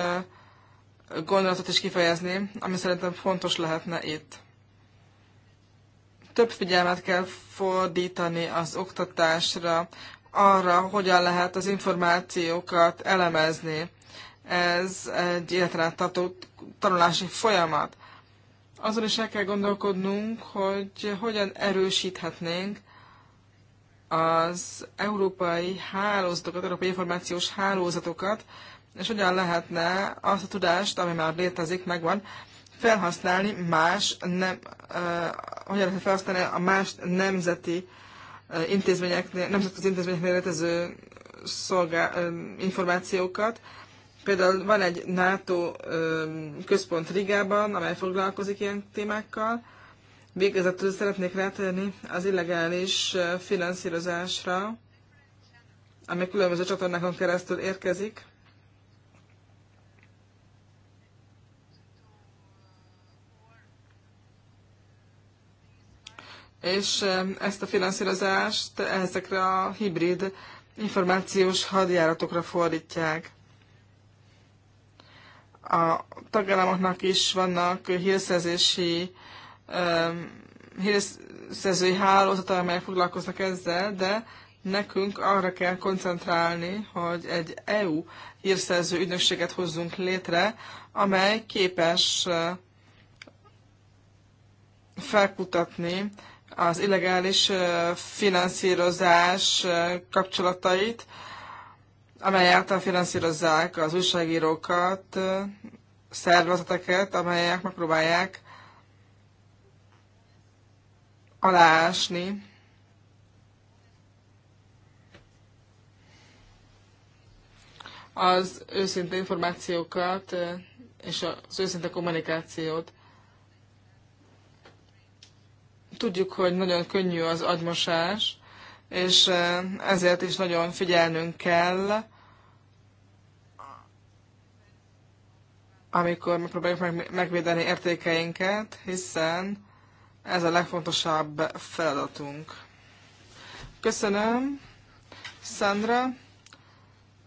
gondolatot is kifejezni, ami szerintem fontos lehetne itt. Több figyelmet kell fordítani az oktatásra, arra, hogyan lehet az információkat elemezni. Ez egy életrát tanulási folyamat. Azon is el kell gondolkodnunk, hogy hogyan erősíthetnénk az európai hálózatokat, európai információs hálózatokat, és hogyan lehetne azt a tudást, ami már létezik, megvan, felhasználni más, nem, uh, hogyan lehet felhasználni a más nemzeti uh, intézményeknél, nemzetközi intézményeknél létező szolgál, információkat. Például van egy NATO központ Rigában, amely foglalkozik ilyen témákkal. Végezetül szeretnék rátérni az illegális finanszírozásra, ami különböző csatornákon keresztül érkezik. és ezt a finanszírozást ezekre a hibrid információs hadjáratokra fordítják. A tagállamoknak is vannak hírszerzési hírszerzői hálózata, amelyek foglalkoznak ezzel, de nekünk arra kell koncentrálni, hogy egy EU hírszerző ügynökséget hozzunk létre, amely képes felkutatni az illegális finanszírozás kapcsolatait, amely által finanszírozzák az újságírókat, szervezeteket, amelyek megpróbálják alásni az őszinte információkat és az őszinte kommunikációt. Tudjuk, hogy nagyon könnyű az agymosás, és eh, ezért is nagyon figyelnünk kell, amikor megpróbáljuk megvédeni értékeinket, hiszen ez a legfontosabb feladatunk. Köszönöm, Sandra.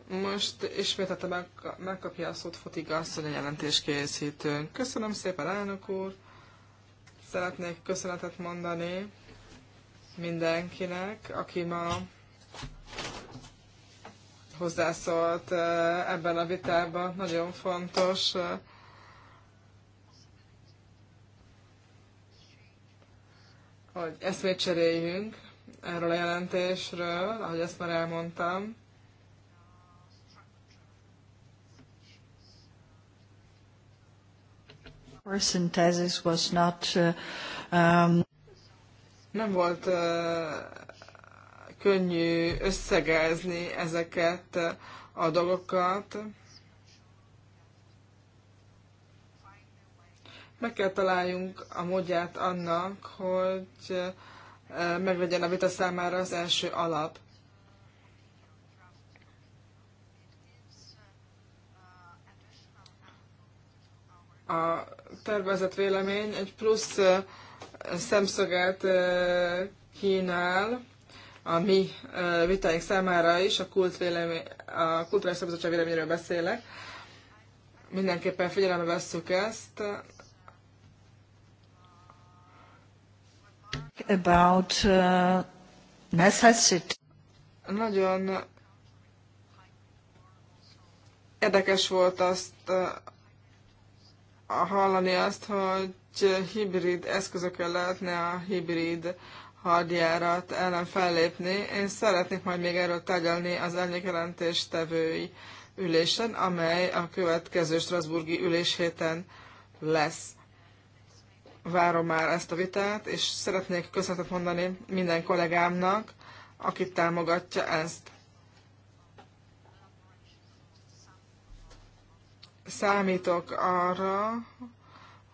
Most ismételte megkapja a szót Fotiga asszony jelentés készítőn. Köszönöm szépen, elnök úr. Szeretnék köszönetet mondani mindenkinek, aki ma hozzászólt eh, ebben a vitában. Nagyon fontos eh, hogy eszmét cseréljünk erről a jelentésről, ahogy ezt már elmondtam. Uh, um, Nem volt uh, könnyű összegezni ezeket uh, a dolgokat. Meg kell találjunk a módját annak, hogy uh, meglegyen a vita számára az első alap. a tervezett vélemény egy plusz szemszöget kínál a mi vitáink számára is, a, kult vélemény, a kulturális szabadság véleményről beszélek. Mindenképpen figyelembe vesszük ezt. About uh, necessity. Nagyon érdekes volt azt hallani azt, hogy hibrid eszközökkel lehetne a hibrid hadjárat ellen fellépni. Én szeretnék majd még erről tárgyalni az elnyékjelentés tevői ülésen, amely a következő Strasburgi ülés héten lesz. Várom már ezt a vitát, és szeretnék köszönetet mondani minden kollégámnak, akit támogatja ezt. számítok arra,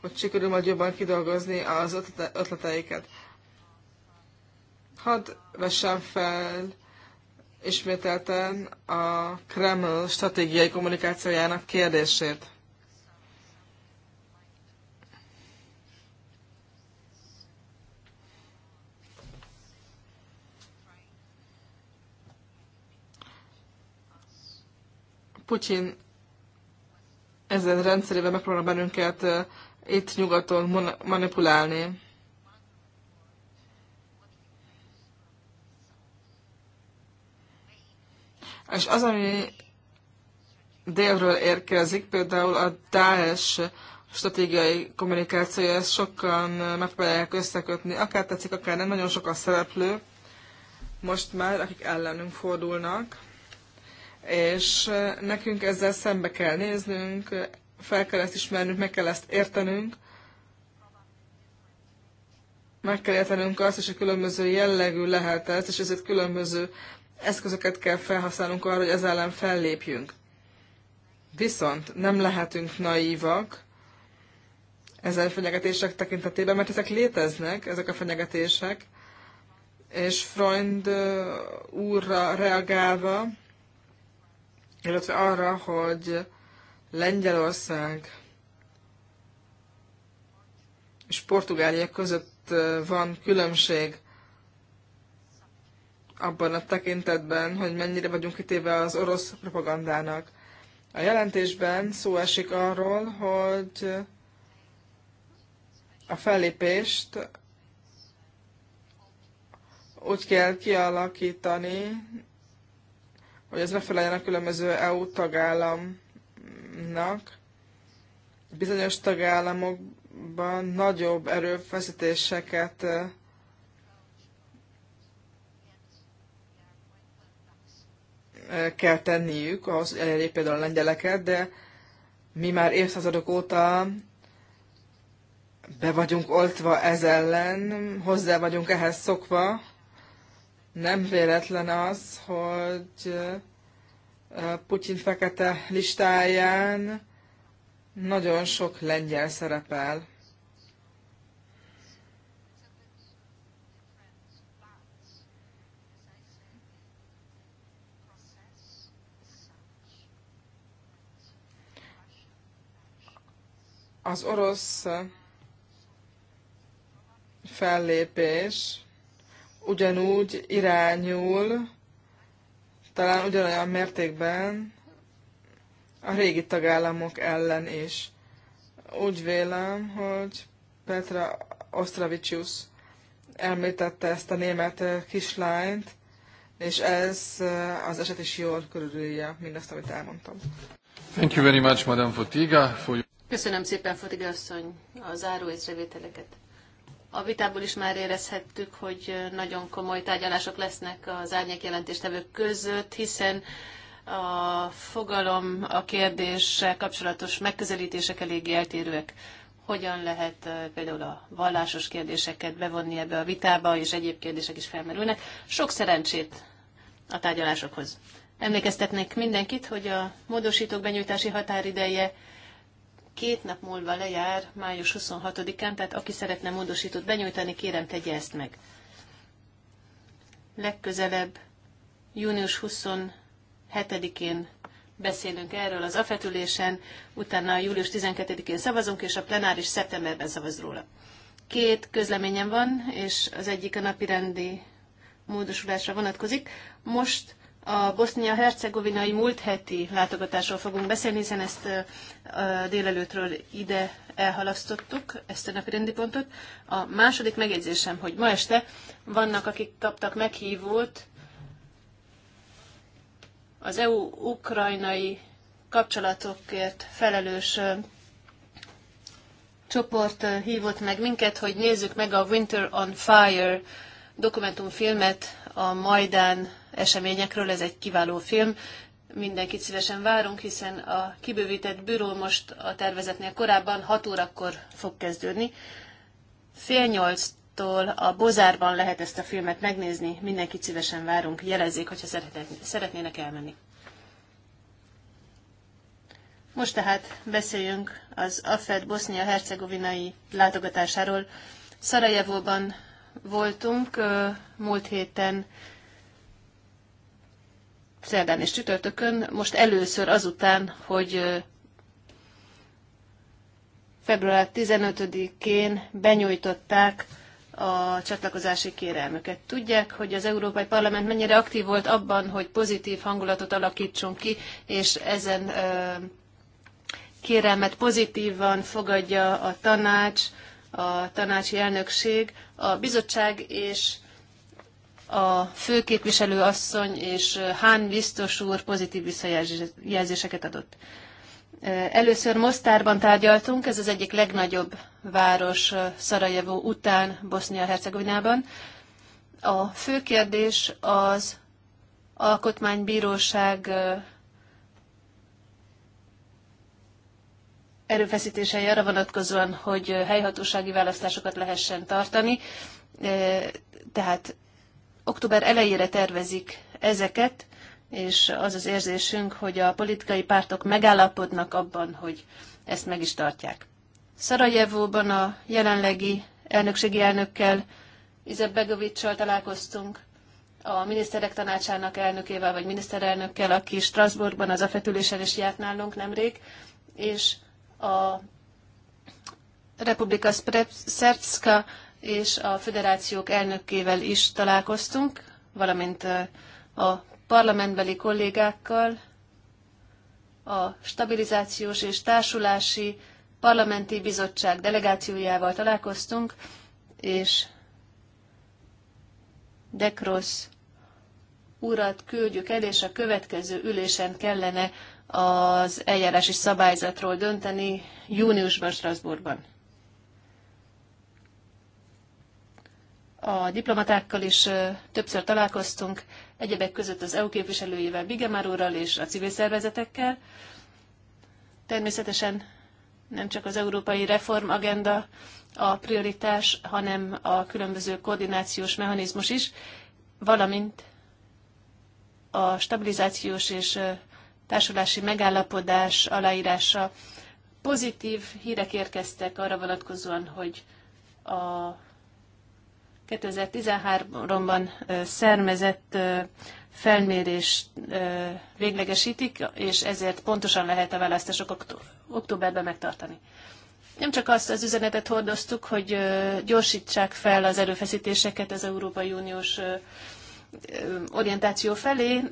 hogy sikerül majd jobban kidolgozni az ötleteiket. Hadd vessem fel ismételten a Kreml stratégiai kommunikációjának kérdését. Putyin ezen rendszerében megpróbálnak bennünket itt nyugaton manipulálni. És az, ami délről érkezik, például a Daesh stratégiai kommunikációja, ezt sokan megpróbálják összekötni, akár tetszik, akár nem, nagyon sok a szereplő most már, akik ellenünk fordulnak és nekünk ezzel szembe kell néznünk, fel kell ezt ismernünk, meg kell ezt értenünk, meg kell értenünk azt, és a különböző jellegű lehet ez, és ezért különböző eszközöket kell felhasználnunk arra, hogy ez ellen fellépjünk. Viszont nem lehetünk naívak ezen fenyegetések tekintetében, mert ezek léteznek, ezek a fenyegetések, és Freund úrra reagálva, illetve arra, hogy Lengyelország és Portugália között van különbség abban a tekintetben, hogy mennyire vagyunk kitéve az orosz propagandának. A jelentésben szó esik arról, hogy a fellépést úgy kell kialakítani, hogy az megfeleljen a különböző EU tagállamnak. Bizonyos tagállamokban nagyobb erőfeszítéseket kell tenniük ahhoz, hogy elérjék például a lengyeleket, de mi már évszázadok óta be vagyunk oltva ez ellen, hozzá vagyunk ehhez szokva, nem véletlen az, hogy Putyin fekete listáján nagyon sok lengyel szerepel. Az orosz fellépés ugyanúgy irányul, talán ugyanolyan mértékben a régi tagállamok ellen is. Úgy vélem, hogy Petra Ostravicius említette ezt a német kislányt, és ez az eset is jól körülülje mindazt, amit elmondtam. Thank you very much, Madame Fotiga. For... Köszönöm szépen, Fotiga asszony, a záró észrevételeket. A vitából is már érezhettük, hogy nagyon komoly tárgyalások lesznek az árnyék jelentéstevők között, hiszen a fogalom, a kérdéssel kapcsolatos megközelítések eléggé eltérőek. Hogyan lehet például a vallásos kérdéseket bevonni ebbe a vitába, és egyéb kérdések is felmerülnek. Sok szerencsét a tárgyalásokhoz. Emlékeztetnék mindenkit, hogy a módosítók benyújtási határideje két nap múlva lejár, május 26-án, tehát aki szeretne módosítót benyújtani, kérem tegye ezt meg. Legközelebb, június 27-én beszélünk erről az afetülésen, utána július 12-én szavazunk, és a plenáris szeptemberben szavaz róla. Két közleményem van, és az egyik a napirendi módosulásra vonatkozik. Most a bosznia-hercegovinai múlt heti látogatásról fogunk beszélni, hiszen ezt délelőtről ide elhalasztottuk, ezt a napi rendi pontot. A második megjegyzésem, hogy ma este vannak, akik kaptak meghívót az EU-ukrajnai kapcsolatokért felelős csoport hívott meg minket, hogy nézzük meg a Winter on Fire dokumentumfilmet a Majdán eseményekről. Ez egy kiváló film. Mindenkit szívesen várunk, hiszen a kibővített büró most a tervezetnél korábban 6 órakor fog kezdődni. Fél nyolctól a Bozárban lehet ezt a filmet megnézni. Mindenkit szívesen várunk. Jelezzék, hogyha szeretnének elmenni. Most tehát beszéljünk az AFED bosznia-hercegovinai látogatásáról. Szarajevóban voltunk múlt héten szerdán és csütörtökön, most először azután, hogy február 15-én benyújtották a csatlakozási kérelmüket. Tudják, hogy az Európai Parlament mennyire aktív volt abban, hogy pozitív hangulatot alakítsunk ki, és ezen kérelmet pozitívan fogadja a tanács, a tanácsi elnökség, a bizottság és a főképviselő asszony és Hán biztos úr pozitív visszajelzéseket adott. Először Mostárban tárgyaltunk, ez az egyik legnagyobb város Szarajevó után Bosznia-Hercegovinában. A fő kérdés az alkotmánybíróság erőfeszítései arra vonatkozóan, hogy helyhatósági választásokat lehessen tartani. Tehát október elejére tervezik ezeket, és az az érzésünk, hogy a politikai pártok megállapodnak abban, hogy ezt meg is tartják. Szarajevóban a jelenlegi elnökségi elnökkel, Izetbegovicsal találkoztunk, a miniszterek tanácsának elnökével, vagy miniszterelnökkel, aki Strasbourgban az afetülésen is járt nálunk nemrég, és a Republika Szerbszka és a federációk elnökével is találkoztunk, valamint a parlamentbeli kollégákkal, a stabilizációs és társulási parlamenti bizottság delegációjával találkoztunk, és Dekrosz urat küldjük el, és a következő ülésen kellene az eljárási szabályzatról dönteni júniusban Strasbourgban. A diplomatákkal is többször találkoztunk, egyebek között az EU képviselőjével, Bigemár úrral és a civil szervezetekkel. Természetesen nem csak az európai reformagenda a prioritás, hanem a különböző koordinációs mechanizmus is, valamint a stabilizációs és társulási megállapodás aláírása. Pozitív hírek érkeztek arra vonatkozóan, hogy a 2013-ban szermezett felmérést véglegesítik, és ezért pontosan lehet a választások októberben megtartani. Nem csak azt az üzenetet hordoztuk, hogy gyorsítsák fel az erőfeszítéseket az Európai Uniós orientáció felé,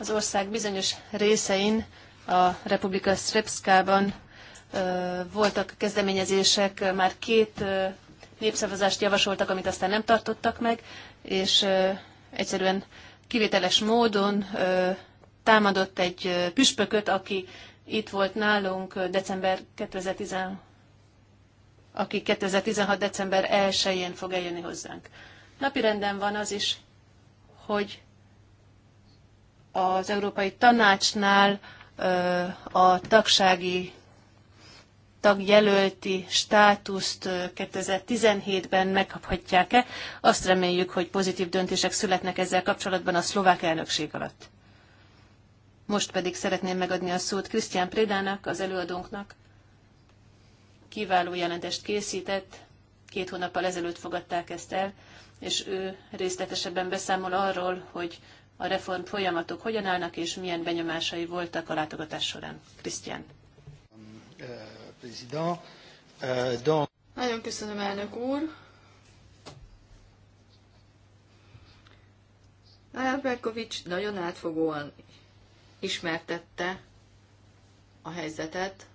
az ország bizonyos részein, a Republika Srpskában voltak kezdeményezések, már két népszavazást javasoltak, amit aztán nem tartottak meg, és egyszerűen kivételes módon támadott egy püspököt, aki itt volt nálunk december 2016, aki 2016. december 1-én fog eljönni hozzánk. Napirenden van az is, hogy az Európai Tanácsnál a tagsági tagjelölti státuszt 2017-ben megkaphatják-e. Azt reméljük, hogy pozitív döntések születnek ezzel kapcsolatban a szlovák elnökség alatt. Most pedig szeretném megadni a szót Krisztián Prédának, az előadónknak. Kiváló jelentést készített, két hónappal ezelőtt fogadták ezt el, és ő részletesebben beszámol arról, hogy a reform folyamatok hogyan állnak és milyen benyomásai voltak a látogatás során. Krisztián. Président. Euh, nagyon köszönöm, elnök úr. Elberkovics nagyon átfogóan ismertette a helyzetet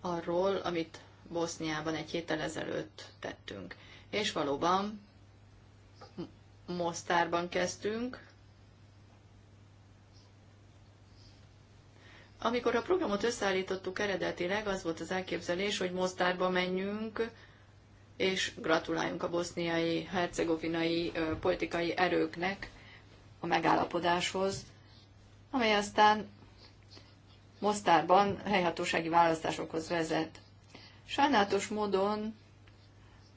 arról, amit Boszniában egy héttel ezelőtt tettünk. És valóban Mostárban kezdtünk, Amikor a programot összeállítottuk eredetileg, az volt az elképzelés, hogy Mostárba menjünk, és gratuláljunk a boszniai, hercegovinai politikai erőknek a megállapodáshoz, amely aztán Mostárban helyhatósági választásokhoz vezet. Sajnálatos módon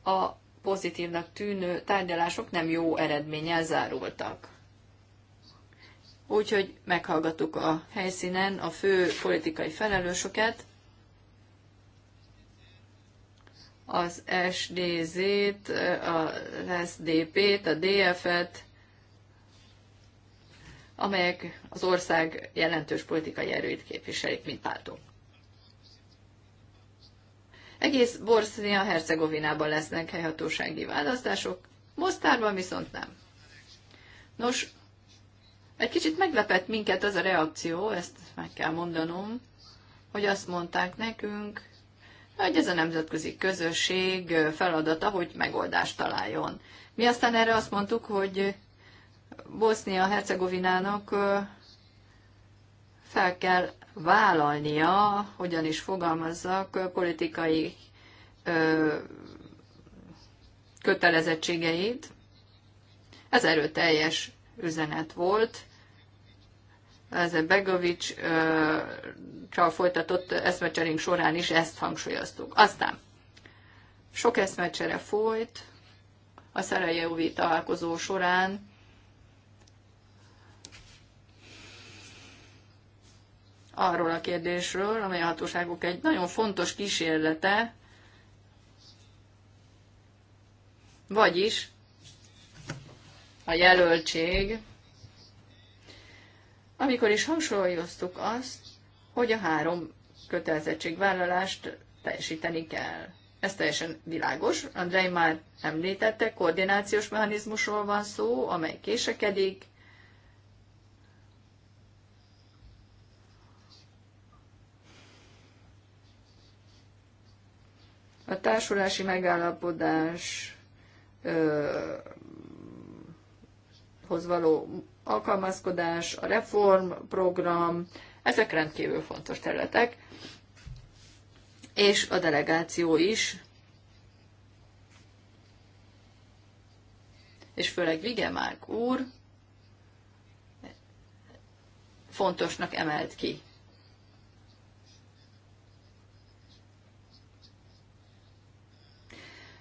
a pozitívnak tűnő tárgyalások nem jó eredménnyel zárultak. Úgyhogy meghallgattuk a helyszínen a fő politikai felelősöket, az SDZ-t, az SDP-t, a DF-et, amelyek az ország jelentős politikai erőit képviselik, mint pártok. Egész Bosznia-Hercegovinában lesznek helyhatósági választások, Mostárban viszont nem. Nos, egy kicsit meglepett minket az a reakció, ezt meg kell mondanom, hogy azt mondták nekünk, hogy ez a nemzetközi közösség feladata, hogy megoldást találjon. Mi aztán erre azt mondtuk, hogy Bosznia-Hercegovinának fel kell vállalnia, hogyan is fogalmazzak, politikai kötelezettségeit. Ez erőteljes üzenet volt. Ez a Begovics csal folytatott eszmecserénk során is ezt hangsúlyoztuk. Aztán sok eszmecsere folyt a Szerejeuvi találkozó során, arról a kérdésről, amely a hatóságok egy nagyon fontos kísérlete, vagyis a jelöltség, amikor is hangsúlyoztuk azt, hogy a három kötelezettségvállalást teljesíteni kell. Ez teljesen világos. Andrei már említette, koordinációs mechanizmusról van szó, amely késekedik. A társulási megállapodás hoz való alkalmazkodás, a reformprogram, ezek rendkívül fontos területek, és a delegáció is, és főleg Vigemárk úr fontosnak emelt ki.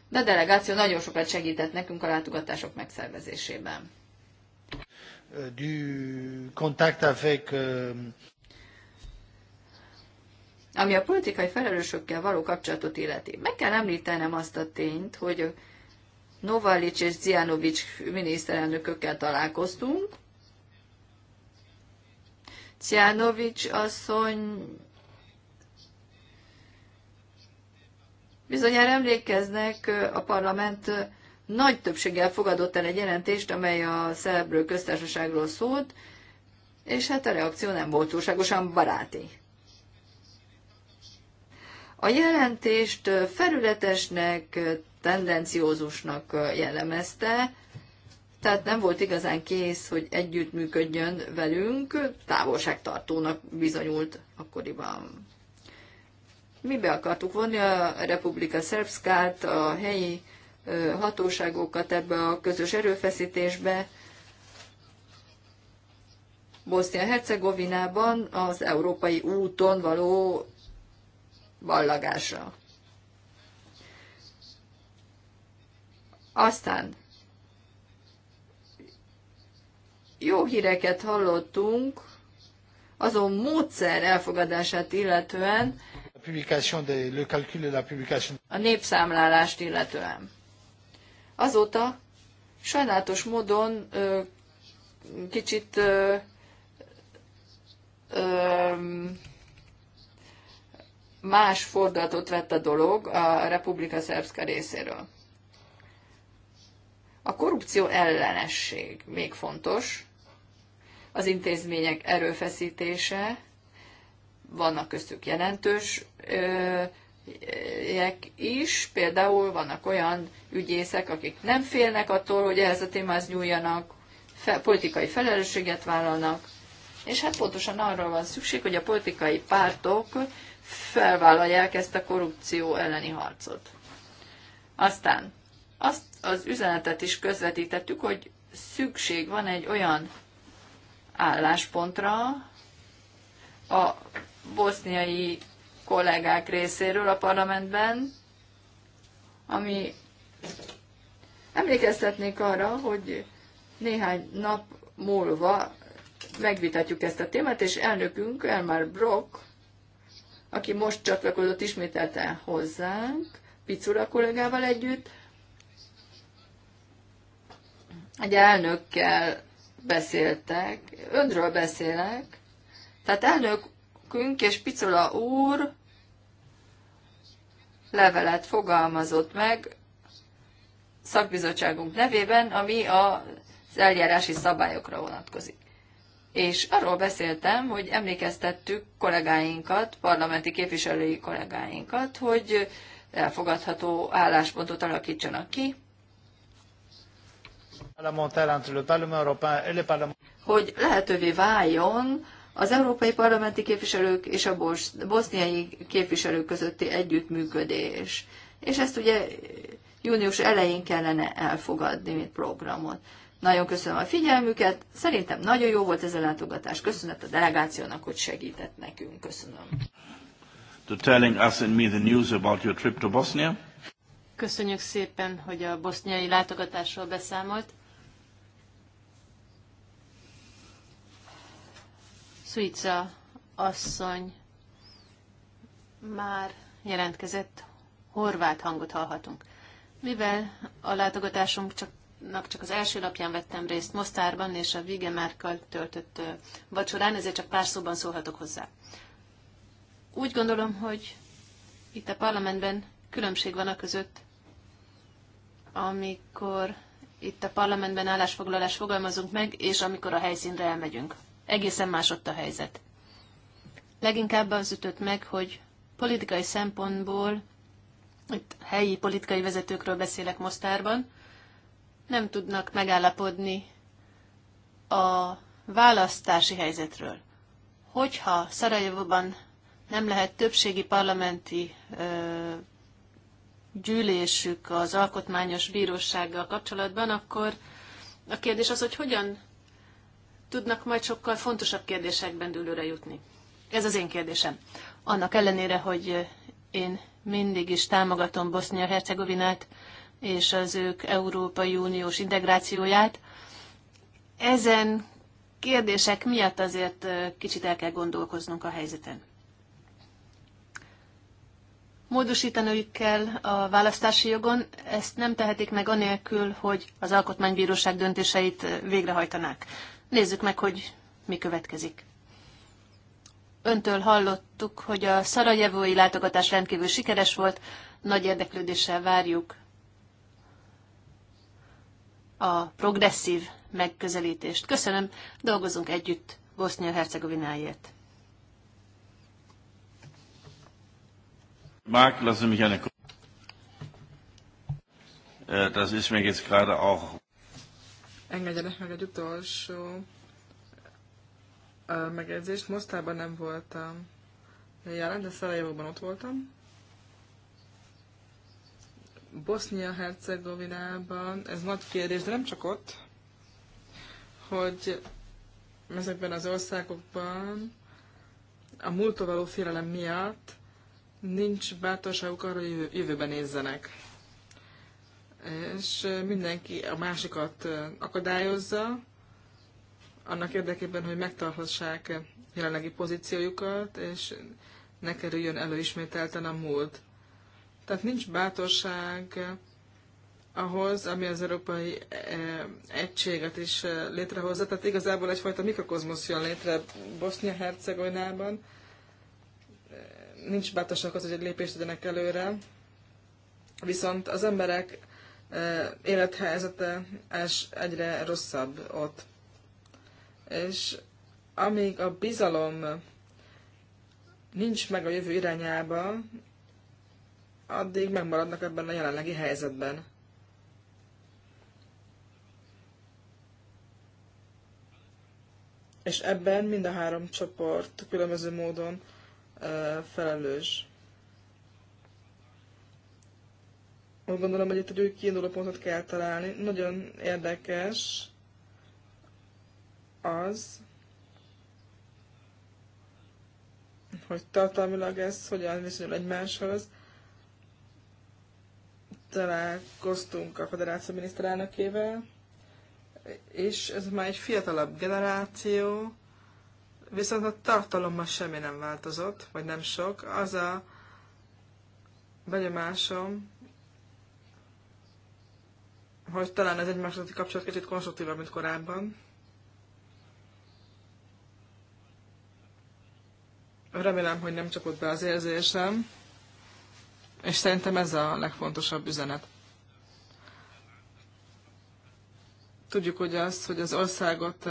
De a delegáció nagyon sokat segített nekünk a látogatások megszervezésében du contact avec euh, ami a politikai felelősökkel való kapcsolatot illeti. Meg kell említenem azt a tényt, hogy Novalics és Zianovics miniszterelnökökkel találkoztunk. Zianovics asszony bizonyára emlékeznek a parlament nagy többséggel fogadott el egy jelentést, amely a szerbrő köztársaságról szólt, és hát a reakció nem volt túlságosan baráti. A jelentést felületesnek, tendenciózusnak jellemezte, tehát nem volt igazán kész, hogy együttműködjön velünk, távolságtartónak bizonyult akkoriban. Mi be akartuk vonni a Republika Szerbszkát, a helyi hatóságokat ebbe a közös erőfeszítésbe. Bosznia-Hercegovinában az európai úton való ballagásra. Aztán jó híreket hallottunk azon módszer elfogadását illetően, a népszámlálást illetően. Azóta sajnálatos módon kicsit más fordulatot vett a dolog a Republika Szerbszka részéről. A korrupció ellenesség még fontos, az intézmények erőfeszítése, vannak köztük jelentős is, például vannak olyan ügyészek, akik nem félnek attól, hogy ehhez a témához nyúljanak, fe, politikai felelősséget vállalnak, és hát pontosan arra van szükség, hogy a politikai pártok felvállalják ezt a korrupció elleni harcot. Aztán azt az üzenetet is közvetítettük, hogy szükség van egy olyan álláspontra a boszniai kollégák részéről a parlamentben, ami emlékeztetnék arra, hogy néhány nap múlva megvitatjuk ezt a témát, és elnökünk, Elmar Brock, aki most csatlakozott ismételten hozzánk, Picula kollégával együtt, egy elnökkel beszéltek, önről beszélek, tehát elnök nekünk, és Picola úr levelet fogalmazott meg szakbizottságunk nevében, ami az eljárási szabályokra vonatkozik. És arról beszéltem, hogy emlékeztettük kollégáinkat, parlamenti képviselői kollégáinkat, hogy elfogadható álláspontot alakítsanak ki, hogy lehetővé váljon az európai parlamenti képviselők és a boszniai képviselők közötti együttműködés. És ezt ugye június elején kellene elfogadni, mint programot. Nagyon köszönöm a figyelmüket, szerintem nagyon jó volt ez a látogatás, köszönet a delegációnak, hogy segített nekünk, köszönöm. To telling us and me the news about your trip to Bosnia. Köszönjük szépen, hogy a boszniai látogatásról beszámolt. Suica asszony már jelentkezett, horvát hangot hallhatunk. Mivel a látogatásunk csak nap csak az első napján vettem részt Mostárban és a Vigemárkkal töltött vacsorán, ezért csak pár szóban szólhatok hozzá. Úgy gondolom, hogy itt a parlamentben különbség van a között, amikor itt a parlamentben állásfoglalást fogalmazunk meg, és amikor a helyszínre elmegyünk egészen másott a helyzet. Leginkább az ütött meg, hogy politikai szempontból, itt helyi politikai vezetőkről beszélek Mostárban, nem tudnak megállapodni a választási helyzetről. Hogyha Szarajevóban nem lehet többségi parlamenti ö, gyűlésük az alkotmányos bírósággal kapcsolatban, akkor a kérdés az, hogy hogyan tudnak majd sokkal fontosabb kérdésekben dőlőre jutni. Ez az én kérdésem. Annak ellenére, hogy én mindig is támogatom Bosznia-Hercegovinát és az ők Európai Uniós integrációját, ezen kérdések miatt azért kicsit el kell gondolkoznunk a helyzeten. Módosítaniuk kell a választási jogon, ezt nem tehetik meg anélkül, hogy az alkotmánybíróság döntéseit végrehajtanák. Nézzük meg, hogy mi következik. Öntől hallottuk, hogy a szarajevói látogatás rendkívül sikeres volt, nagy érdeklődéssel várjuk a progresszív megközelítést. Köszönöm, dolgozunk együtt Bosznia-Hercegovináért. Mark, lassen mich eine äh, Das ist mir jetzt gerade auch Engedjenek meg egy utolsó megjegyzést. Mostában nem voltam jelen, de Szarajevóban ott voltam. Bosznia-Hercegovinában, ez nagy kérdés, de nem csak ott, hogy ezekben az országokban a múltól való félelem miatt nincs bátorságuk arra, hogy jövőben nézzenek és mindenki a másikat akadályozza, annak érdekében, hogy megtarthassák jelenlegi pozíciójukat, és ne kerüljön elő ismételten a múlt. Tehát nincs bátorság ahhoz, ami az európai egységet is létrehozza. Tehát igazából egyfajta mikrokozmosz jön létre Bosznia-Hercegovinában. Nincs bátorság az, hogy egy lépést tegyenek előre. Viszont az emberek élethelyzete és egyre rosszabb ott. És amíg a bizalom nincs meg a jövő irányába, addig megmaradnak ebben a jelenlegi helyzetben. És ebben mind a három csoport különböző módon felelős. Úgy gondolom, hogy itt egy új kiinduló pontot kell találni. Nagyon érdekes az, hogy tartalmilag ez hogyan viszonyul egymáshoz. Találkoztunk a federáció miniszterelnökével, és ez már egy fiatalabb generáció, viszont a tartalommal semmi nem változott, vagy nem sok. Az a benyomásom, hogy talán ez egy második kapcsolat kicsit konstruktívabb, mint korábban. Remélem, hogy nem csapott be az érzésem, és szerintem ez a legfontosabb üzenet. Tudjuk hogy azt, hogy az országot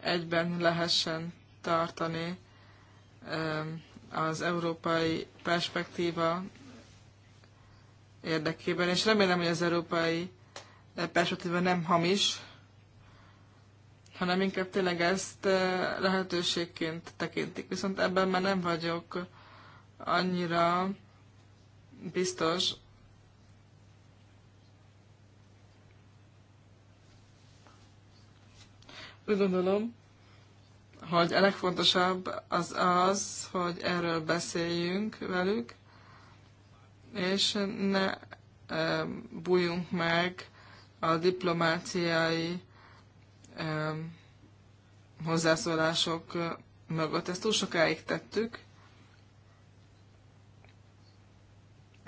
egyben lehessen tartani az európai perspektíva érdekében, és remélem, hogy az európai perspektíva nem hamis, hanem inkább tényleg ezt eh, lehetőségként tekintik. Viszont ebben már nem vagyok annyira biztos, úgy gondolom, hogy a legfontosabb az az, hogy erről beszéljünk velük, és ne eh, bújjunk meg a diplomáciai um, hozzászólások mögött. Ezt túl sokáig tettük.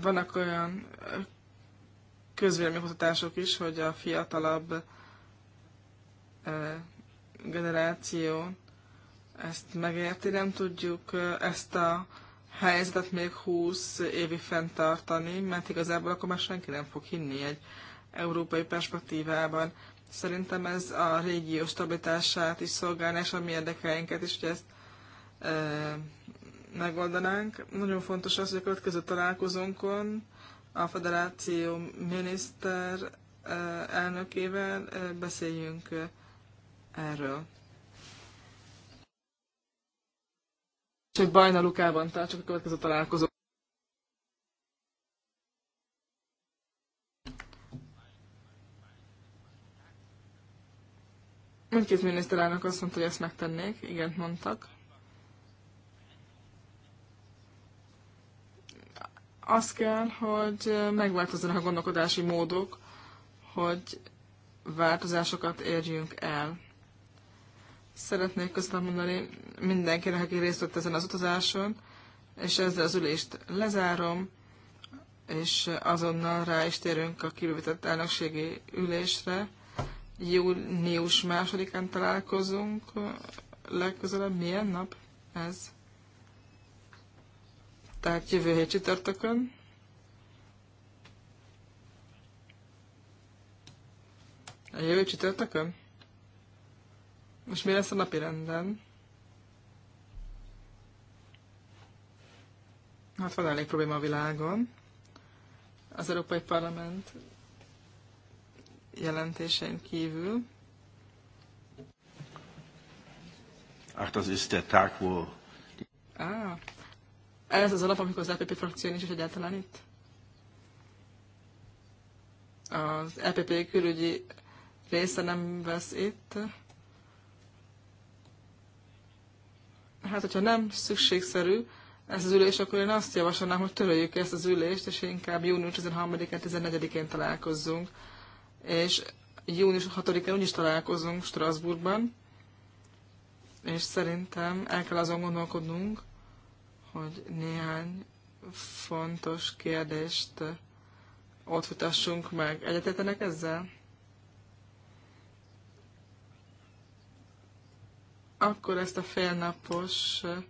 Vannak olyan közvéleménykutatások is, hogy a fiatalabb eh, generáció ezt megérti, nem tudjuk eh, ezt a helyzetet még 20 évig fenntartani, mert igazából akkor már senki nem fog hinni egy európai perspektívában. Szerintem ez a régió stabilitását is szolgálná, és a mi érdekeinket is, hogy ezt e, megoldanánk. Nagyon fontos az, hogy a következő találkozónkon a federáció miniszter elnökével beszéljünk erről. Csak Bajna Lukában tartsuk a következő találkozót. Mindkét miniszterelnök azt mondta, hogy ezt megtennék, igen mondtak. Az kell, hogy megváltozzanak a gondolkodási módok, hogy változásokat érjünk el. Szeretnék köszönöm mondani mindenkinek, aki részt vett ezen az utazáson, és ezzel az ülést lezárom, és azonnal rá is térünk a kibővített elnökségi ülésre június másodikán találkozunk legközelebb. Milyen nap ez? Tehát jövő hét csütörtökön. A jövő csütörtökön? Most mi lesz a napi renden? Hát van elég probléma a világon. Az Európai Parlament Jelentésen kívül. Ach, das ist der Tag, wo... Ah, ez az alap, amikor az LPP e frakció nincs is egyáltalán itt? Az LPP e külügyi része nem vesz itt. Hát, hogyha nem szükségszerű ez az ülés, akkor én azt javasolnám, hogy töröljük ezt az ülést, és inkább június 13-án, 14-én találkozzunk és június 6-án úgyis találkozunk Strasbourgban, és szerintem el kell azon gondolkodnunk, hogy néhány fontos kérdést eh, ott futassunk meg. Egyetetenek ezzel? Akkor ezt a félnapos eh,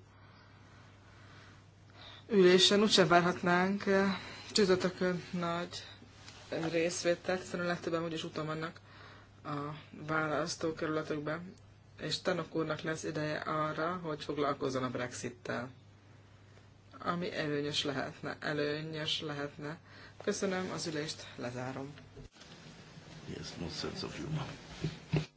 ülésen úgysem várhatnánk eh, csütörtökön nagy részvételt, hiszen a legtöbben úgyis úton vannak a választókerületekben, és Tanok úrnak lesz ideje arra, hogy foglalkozzon a Brexittel, ami előnyös lehetne, előnyös lehetne. Köszönöm, az ülést lezárom. Yes, no sense of humor.